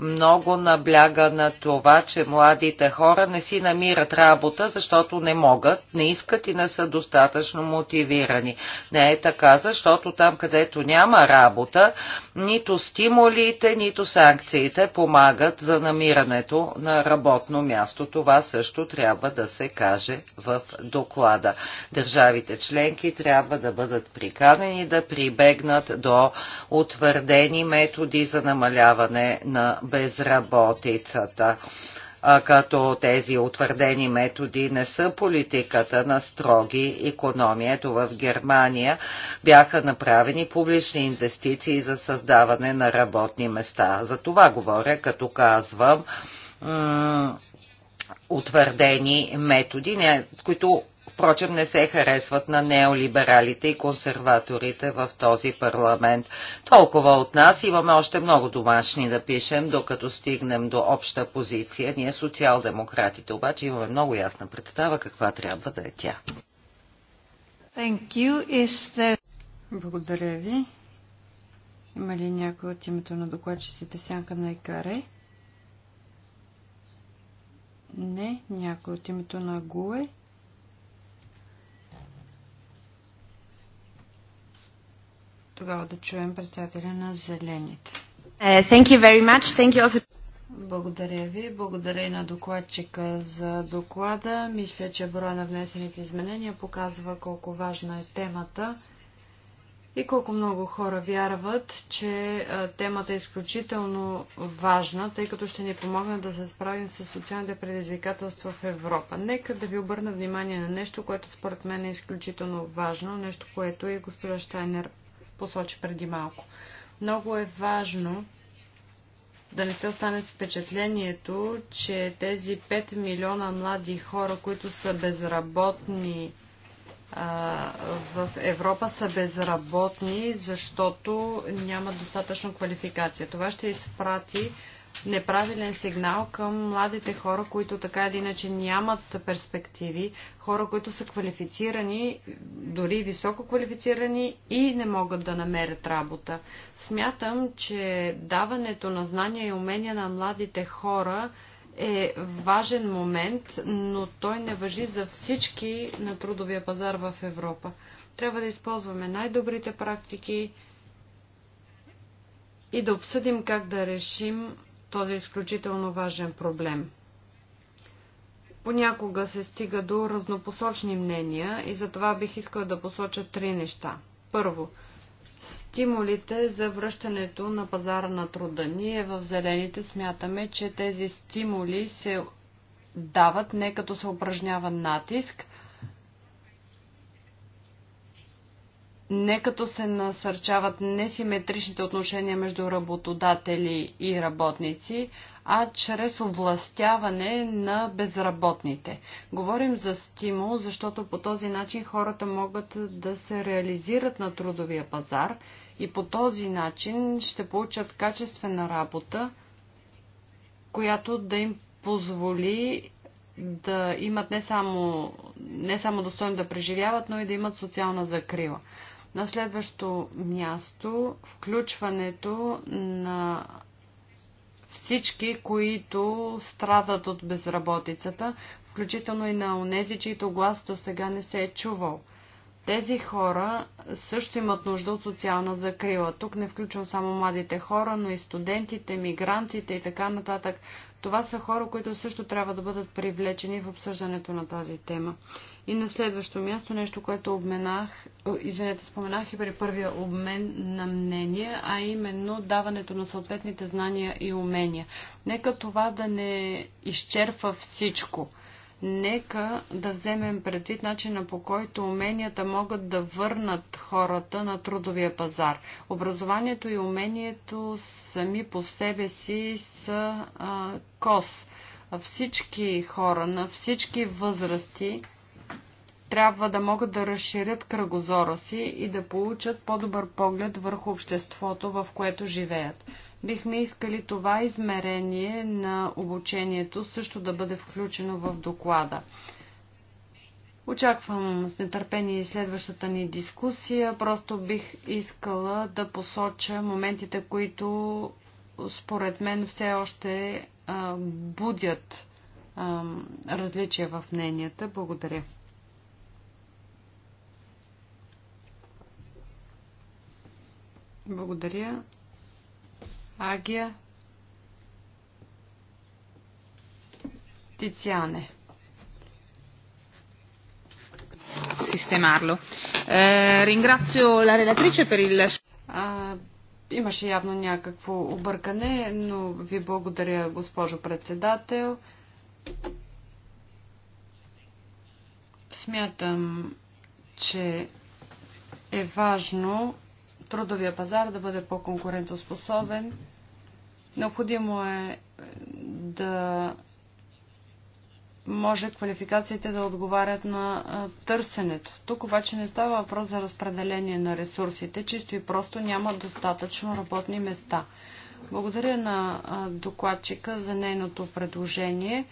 много набляга на това, че младите хора не си намират работа, защото не могат, не искат и не са достатъчно мотивирани. Не е така, защото там, където няма работа, нито стимулите, нито санкциите помагат за намирането на работно място. Това също трябва да се каже в доклада. Държавите членки трябва да бъдат приканени да прибегнат до утвърдени методи за намаляване на безработицата а като тези утвърдени методи не са политиката на строги економието в Германия, бяха направени публични инвестиции за създаване на работни места. За това говоря, като казвам утвърдени методи, които впрочем не се харесват на неолибералите и консерваторите в този парламент. Толкова от нас имаме още много домашни да пишем, докато стигнем до обща позиция. Ние социал-демократите обаче имаме много ясна представа каква трябва да е тя. Thank you. Is there... Благодаря ви. Има ли някой от името на докладчиците сянка на Икаре? Не. Някой от името на Гуе? Тогава да чуем представителя на зелените. Е, thank you very much. Thank you also... Благодаря ви. Благодаря и на докладчика за доклада. Мисля, че броя на внесените изменения показва колко важна е темата и колко много хора вярват, че темата е изключително важна, тъй като ще ни помогне да се справим с социалните предизвикателства в Европа. Нека да ви обърна внимание на нещо, което според мен е изключително важно, нещо, което и госпожа Штайнер посочи преди малко. Много е важно да не се остане с впечатлението, че тези 5 милиона млади хора, които са безработни а, в Европа, са безработни, защото няма достатъчно квалификация. Това ще изпрати неправилен сигнал към младите хора, които така или иначе нямат перспективи, хора, които са квалифицирани, дори високо квалифицирани и не могат да намерят работа. Смятам, че даването на знания и умения на младите хора е важен момент, но той не въжи за всички на трудовия пазар в Европа. Трябва да използваме най-добрите практики и да обсъдим как да решим този изключително важен проблем. Понякога се стига до разнопосочни мнения и затова бих искала да посоча три неща. Първо, стимулите за връщането на пазара на труда. Ние в Зелените смятаме, че тези стимули се дават не като се упражнява натиск, не като се насърчават несиметричните отношения между работодатели и работници, а чрез овластяване на безработните. Говорим за стимул, защото по този начин хората могат да се реализират на трудовия пазар и по този начин ще получат качествена работа, която да им позволи да имат не само, не само достойно да преживяват, но и да имат социална закрила. На следващо място включването на всички, които страдат от безработицата, включително и на онези, чието глас до сега не се е чувал – тези хора също имат нужда от социална закрила. Тук не включвам само младите хора, но и студентите, мигрантите и така нататък. Това са хора, които също трябва да бъдат привлечени в обсъждането на тази тема. И на следващо място нещо, което обменах, извинете, споменах и при първия обмен на мнение, а именно даването на съответните знания и умения. Нека това да не изчерпва всичко – Нека да вземем предвид начина по който уменията могат да върнат хората на трудовия пазар. Образованието и умението сами по себе си са а, кос. Всички хора на всички възрасти трябва да могат да разширят кръгозора си и да получат по-добър поглед върху обществото, в което живеят. Бихме искали това измерение на обучението също да бъде включено в доклада. Очаквам с нетърпение следващата ни дискусия. Просто бих искала да посоча моментите, които според мен все още а, будят а, различия в мненията. Благодаря. Благодаря. Агия. Tiziane. Системарло. Eh, ringrazio la relatrice per il... имаше явно някакво объркане, но ви благодаря, госпожо председател. Смятам, че е важно трудовия пазар да бъде по-конкурентоспособен. Необходимо е, е да може квалификациите да отговарят на търсенето. Тук обаче не става въпрос за разпределение на ресурсите, чисто и просто няма достатъчно работни места. Благодаря на докладчика за нейното предложение.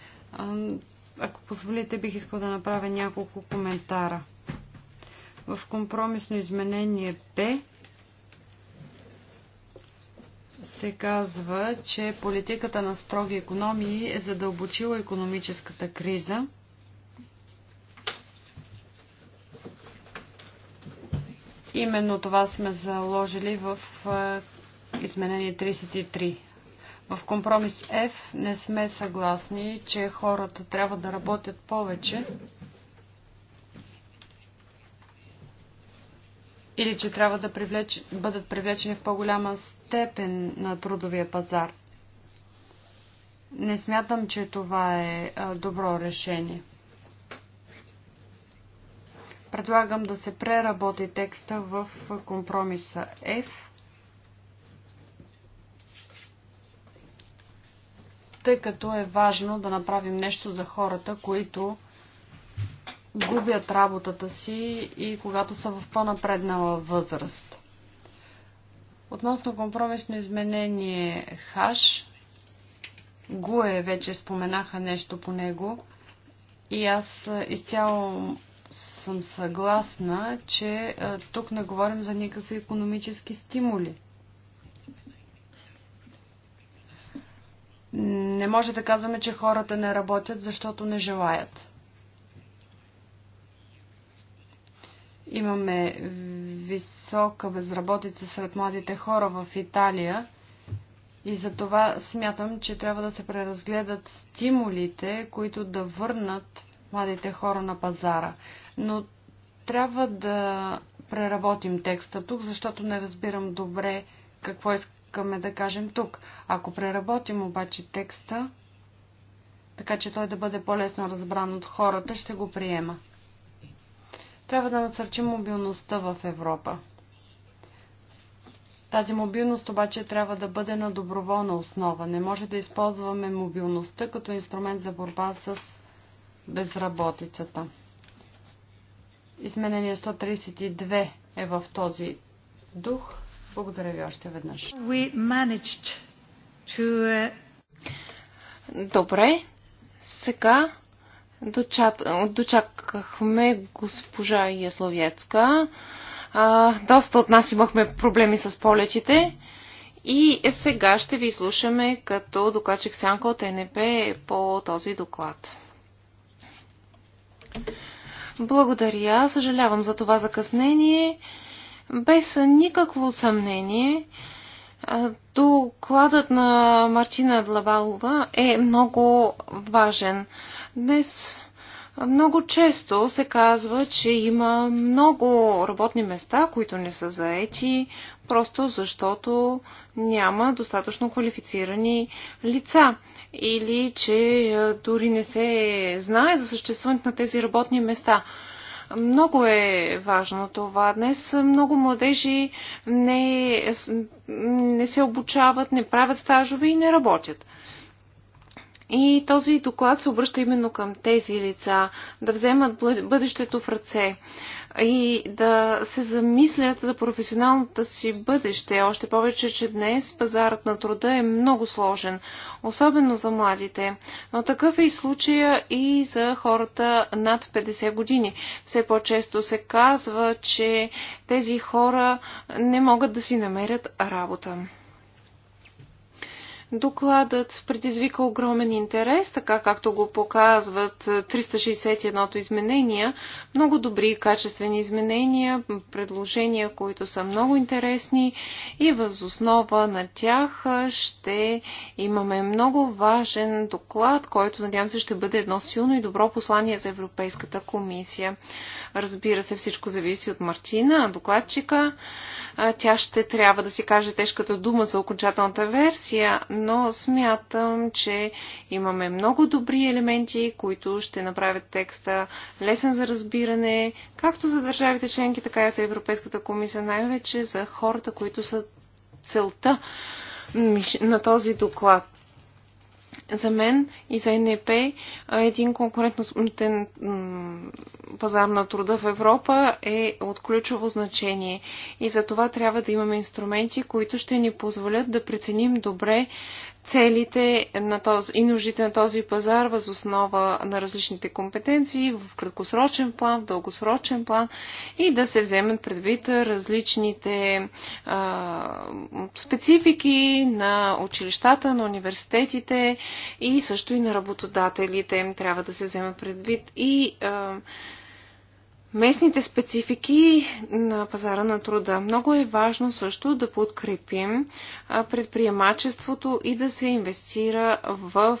Ако позволите, бих искал да направя няколко коментара. В компромисно изменение П се казва, че политиката на строги економии е задълбочила економическата криза. Именно това сме заложили в изменение 33. В компромис F не сме съгласни, че хората трябва да работят повече, или че трябва да привлеч... бъдат привлечени в по-голяма степен на трудовия пазар. Не смятам, че това е добро решение. Предлагам да се преработи текста в компромиса F, тъй като е важно да направим нещо за хората, които губят работата си и когато са в по-напреднала възраст. Относно компромисно изменение ХАШ, Гуе вече споменаха нещо по него и аз изцяло съм съгласна, че тук не говорим за никакви економически стимули. Не може да казваме, че хората не работят, защото не желаят. Имаме висока безработица сред младите хора в Италия и за това смятам, че трябва да се преразгледат стимулите, които да върнат младите хора на пазара. Но трябва да преработим текста тук, защото не разбирам добре какво искаме да кажем тук. Ако преработим обаче текста, така че той да бъде по-лесно разбран от хората, ще го приема. Трябва да насърчим мобилността в Европа. Тази мобилност обаче трябва да бъде на доброволна основа. Не може да използваме мобилността като инструмент за борба с безработицата. Изменение 132 е в този дух. Благодаря ви още веднъж. Uh, Добре. Сега Дочат, дочакахме госпожа Ясловецка. А, доста от нас имахме проблеми с полетите. И сега ще ви слушаме като докладчик Сянка от НП по този доклад. Благодаря. Съжалявам за това закъснение. Без никакво съмнение, докладът на Мартина Длабалова е много важен. Днес много често се казва, че има много работни места, които не са заети, просто защото няма достатъчно квалифицирани лица или че е, дори не се знае за съществуването на тези работни места. Много е важно това. Днес много младежи не, е не се обучават, не правят стажове и не работят. И този доклад се обръща именно към тези лица, да вземат бъдещето в ръце и да се замислят за професионалната си бъдеще. Още повече, че днес пазарът на труда е много сложен, особено за младите. Но такъв е и случая и за хората над 50 години. Все по-често се казва, че тези хора не могат да си намерят работа. Докладът предизвика огромен интерес, така както го показват 361-то е, изменения. Много добри и качествени изменения, предложения, които са много интересни и възоснова на тях е, ще имаме много важен доклад, който надявам се ще бъде едно силно и добро послание за Европейската комисия. Разбира се, всичко зависи от Мартина, докладчика. Е, тя ще трябва да си каже тежката дума за окончателната версия, но смятам, че имаме много добри елементи, които ще направят текста лесен за разбиране, както за държавите членки, така и за Европейската комисия, най-вече за хората, които са целта на този доклад за мен и за НЕП един конкурентно пазар на труда в Европа е от ключово значение. И за това трябва да имаме инструменти, които ще ни позволят да преценим добре целите на този, и нуждите на този пазар въз основа на различните компетенции в краткосрочен план, в дългосрочен план и да се вземат предвид различните а, специфики на училищата, на университетите и също и на работодателите. Трябва да се вземат предвид и а, местните специфики на пазара на труда. Много е важно също да подкрепим предприемачеството и да се инвестира в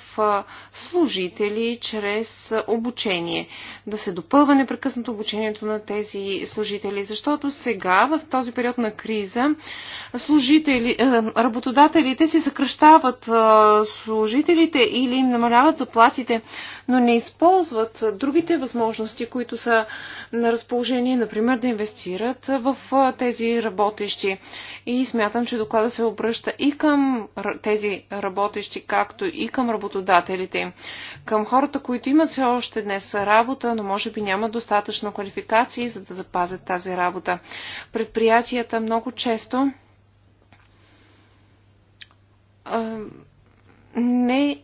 служители чрез обучение. Да се допълва непрекъснато обучението на тези служители, защото сега в този период на криза служители, работодателите си съкръщават служителите или им намаляват заплатите но не използват другите възможности, които са на разположение, например да инвестират в тези работещи. И смятам, че доклада се обръща и към тези работещи, както и към работодателите Към хората, които имат все още днес работа, но може би нямат достатъчно квалификации, за да запазят тази работа. Предприятията много често не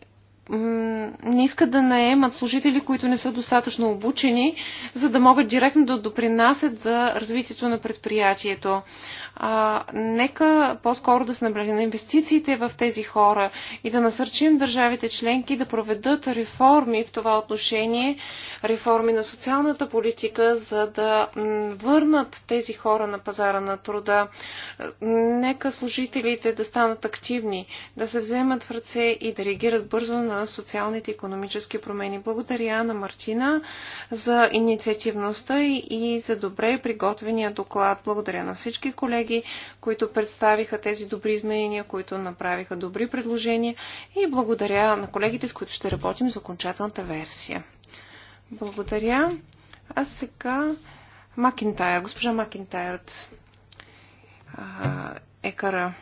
не искат да наемат служители, които не са достатъчно обучени, за да могат директно да допринасят за развитието на предприятието. А, нека по-скоро да се набрали на инвестициите в тези хора и да насърчим държавите членки да проведат реформи в това отношение, реформи на социалната политика, за да върнат тези хора на пазара на труда. Нека служителите да станат активни, да се вземат в ръце и да реагират бързо на на социалните и економически промени. Благодаря на Мартина за инициативността и за добре приготвения доклад. Благодаря на всички колеги, които представиха тези добри изменения, които направиха добри предложения и благодаря на колегите, с които ще работим за окончателната версия. Благодаря. А сега Макинтайр, госпожа Макинтайр от екара.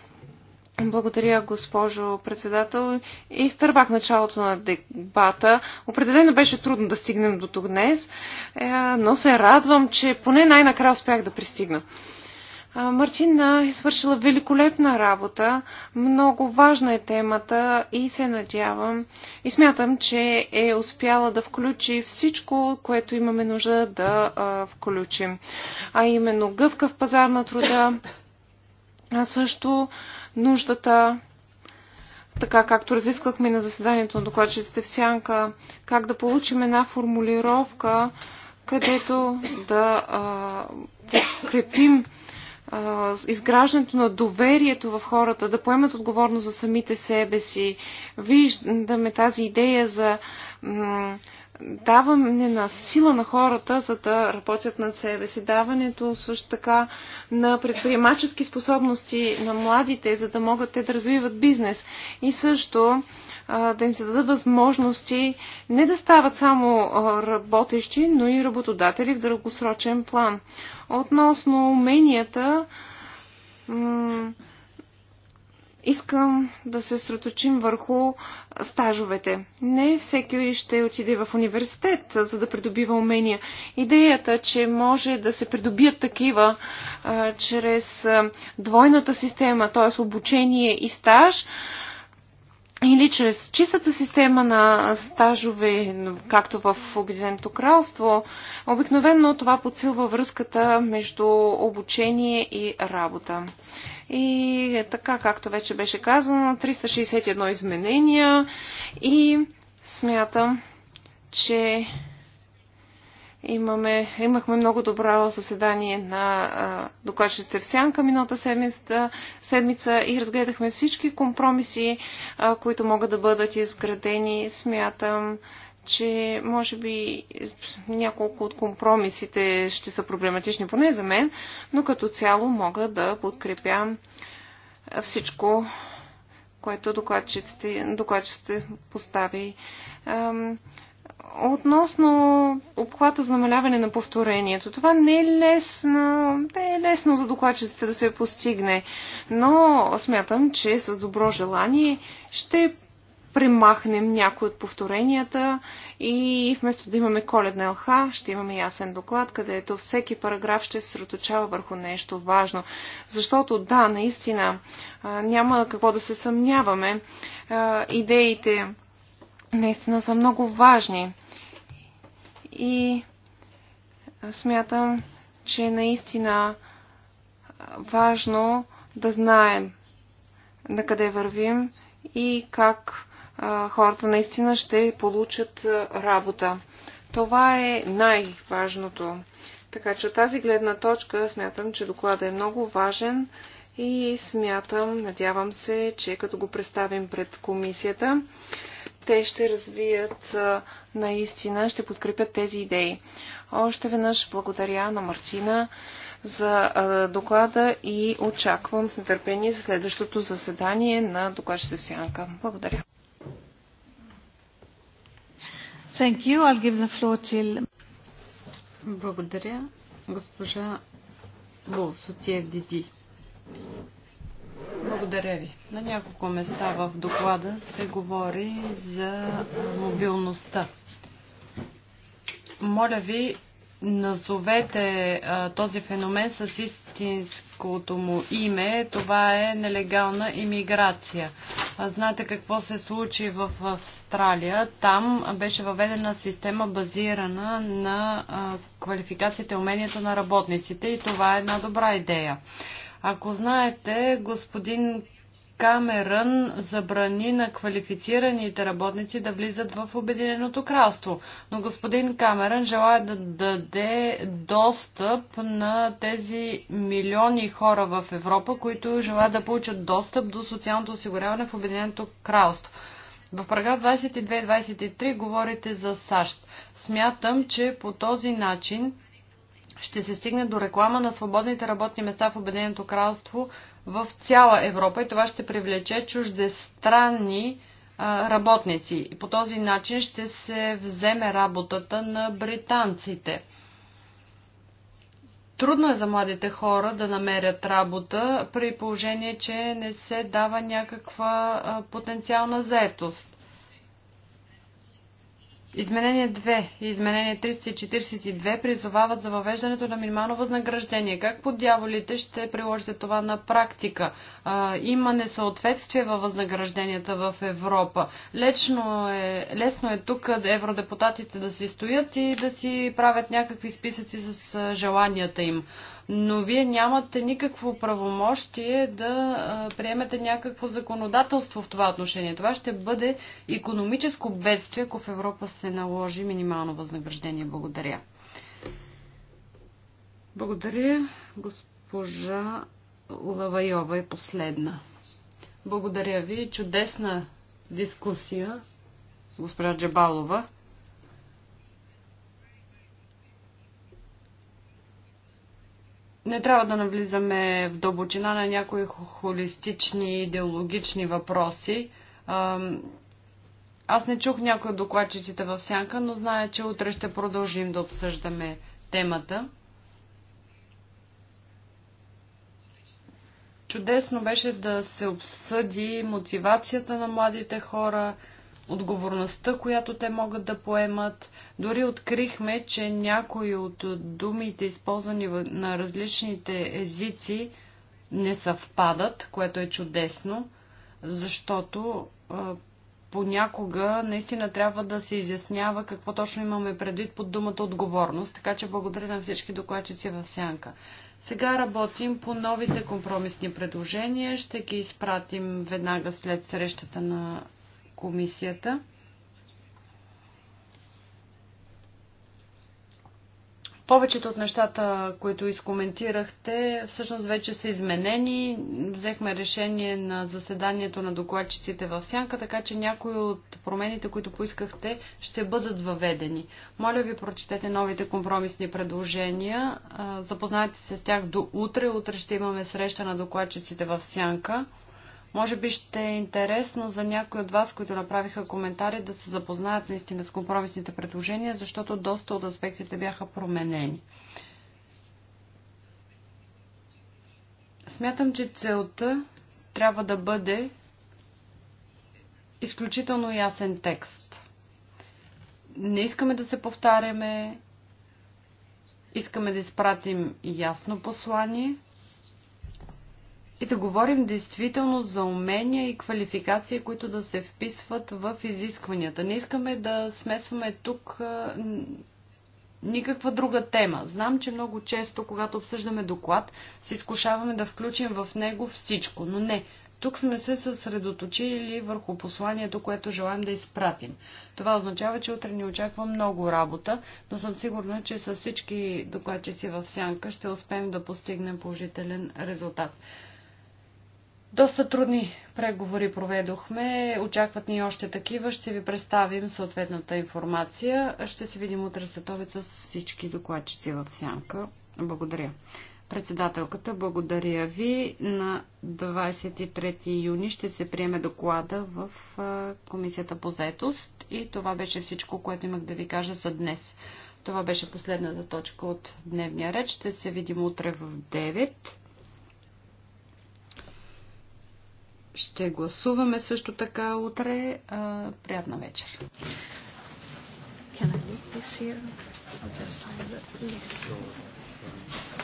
Благодаря, госпожо председател. Изтървах началото на дебата. Определено беше трудно да стигнем до тук днес, е, но се радвам, че поне най-накрая успях да пристигна. Мартина е свършила великолепна работа. Много важна е темата и се надявам и смятам, че е успяла да включи всичко, което имаме нужда да включим. А именно гъвкав пазар на труда, а също нуждата, така както разисквахме на заседанието на докладчиците в Сянка, как да получим една формулировка, където да а, подкрепим изграждането на доверието в хората, да поемат отговорност за самите себе си. Виждаме тази идея за даване на сила на хората, за да работят над себе си, даването също така на предприемачески способности на младите, за да могат те да развиват бизнес и също да им се дадат възможности не да стават само работещи, но и работодатели в дългосрочен план. Относно уменията, Искам да се сръточим върху стажовете. Не всеки ще отиде в университет, за да придобива умения. Идеята, че може да се придобият такива а, чрез а, двойната система, т.е. обучение и стаж, или чрез чистата система на стажове, както в Обединеното кралство, обикновено това подсилва връзката между обучение и работа. И е така, както вече беше казано, 361 изменения и смятам, че имаме, имахме много добро заседание на докладчите в Сянка миналата седмица, седмица и разгледахме всички компромиси, а, които могат да бъдат изградени. Смятам, че може би няколко от компромисите ще са проблематични, поне за мен, но като цяло мога да подкрепя всичко, което докладчиците, докладчиците постави. Относно обхвата за намаляване на повторението, това не е лесно, не е лесно за докладчиците да се постигне, но смятам, че с добро желание ще премахнем някои от повторенията и вместо да имаме коледна ЛХ, ще имаме ясен доклад, където всеки параграф ще се сръточава върху нещо важно. Защото да, наистина няма какво да се съмняваме. Идеите наистина са много важни. И смятам, че наистина важно да знаем на къде вървим и как хората наистина ще получат работа. Това е най-важното. Така че от тази гледна точка смятам, че докладът е много важен и смятам, надявам се, че като го представим пред комисията, те ще развият наистина, ще подкрепят тези идеи. Още веднъж благодаря на Мартина за доклада и очаквам с нетърпение за следващото заседание на докладчите Сянка. Благодаря. Thank you. I'll give the floor till... Благодаря. Госпожа Лосотиев Диди. Благодаря ви. На няколко места в доклада се говори за мобилността. Моля ви, назовете а, този феномен с истинското му име, това е нелегална иммиграция. А, знаете какво се случи в Австралия? Там беше въведена система базирана на а, квалификациите и уменията на работниците и това е една добра идея. Ако знаете, господин Камерън забрани на квалифицираните работници да влизат в Обединеното кралство, но господин Камерън желая да даде достъп на тези милиони хора в Европа, които желаят да получат достъп до социалното осигуряване в Обединеното кралство. В параграф 22 23 говорите за САЩ. Смятам, че по този начин ще се стигне до реклама на свободните работни места в Обединеното кралство в цяла Европа и това ще привлече чуждестранни работници. По този начин ще се вземе работата на британците. Трудно е за младите хора да намерят работа при положение, че не се дава някаква потенциална заетост. Изменение 2 и изменение 342 призовават за въвеждането на минимално възнаграждение. Как под дяволите ще приложите това на практика? А, има несъответствие във възнагражденията в Европа. Лечно е, лесно е тук евродепутатите да си стоят и да си правят някакви списъци с желанията им но вие нямате никакво правомощие да приемете някакво законодателство в това отношение. Това ще бъде економическо бедствие, ако в Европа се наложи минимално възнаграждение. Благодаря. Благодаря, госпожа Лавайова е последна. Благодаря ви. Чудесна дискусия, госпожа Джабалова. не трябва да навлизаме в дълбочина на някои холистични идеологични въпроси. Аз не чух някои от докладчиците в сянка, но зная, че утре ще продължим да обсъждаме темата. Чудесно беше да се обсъди мотивацията на младите хора, отговорността, която те могат да поемат. Дори открихме, че някои от думите, използвани на различните езици, не съвпадат, което е чудесно, защото понякога наистина трябва да се изяснява какво точно имаме предвид под думата отговорност, така че благодаря на всички докладчици в сянка. Сега работим по новите компромисни предложения. Ще ги изпратим веднага след срещата на комисията. Повечето от нещата, които изкоментирахте, всъщност вече са изменени. Взехме решение на заседанието на докладчиците в Сянка, така че някои от промените, които поискахте, ще бъдат въведени. Моля ви, прочетете новите компромисни предложения. Запознайте се с тях до утре. Утре ще имаме среща на докладчиците в Сянка. Може би ще е интересно за някои от вас, които направиха коментари, да се запознаят наистина с компромисните предложения, защото доста от аспектите бяха променени. Смятам, че целта трябва да бъде изключително ясен текст. Не искаме да се повтаряме, искаме да изпратим ясно послание – и да говорим действително за умения и квалификации, които да се вписват в изискванията. Не искаме да смесваме тук никаква друга тема. Знам, че много често, когато обсъждаме доклад, се изкушаваме да включим в него всичко, но не. Тук сме се съсредоточили върху посланието, което желаем да изпратим. Това означава, че утре ни очаква много работа, но съм сигурна, че с всички докладчици в сянка ще успеем да постигнем положителен резултат. Доста трудни преговори проведохме. Очакват ни още такива. Ще ви представим съответната информация. Ще се видим утре след с всички докладчици в сянка. Благодаря. Председателката, благодаря ви. На 23 юни ще се приеме доклада в Комисията по заетост. И това беше всичко, което имах да ви кажа за днес. Това беше последната точка от дневния реч. Ще се видим утре в 9. Ще гласуваме също така утре. А, приятна вечер. Can I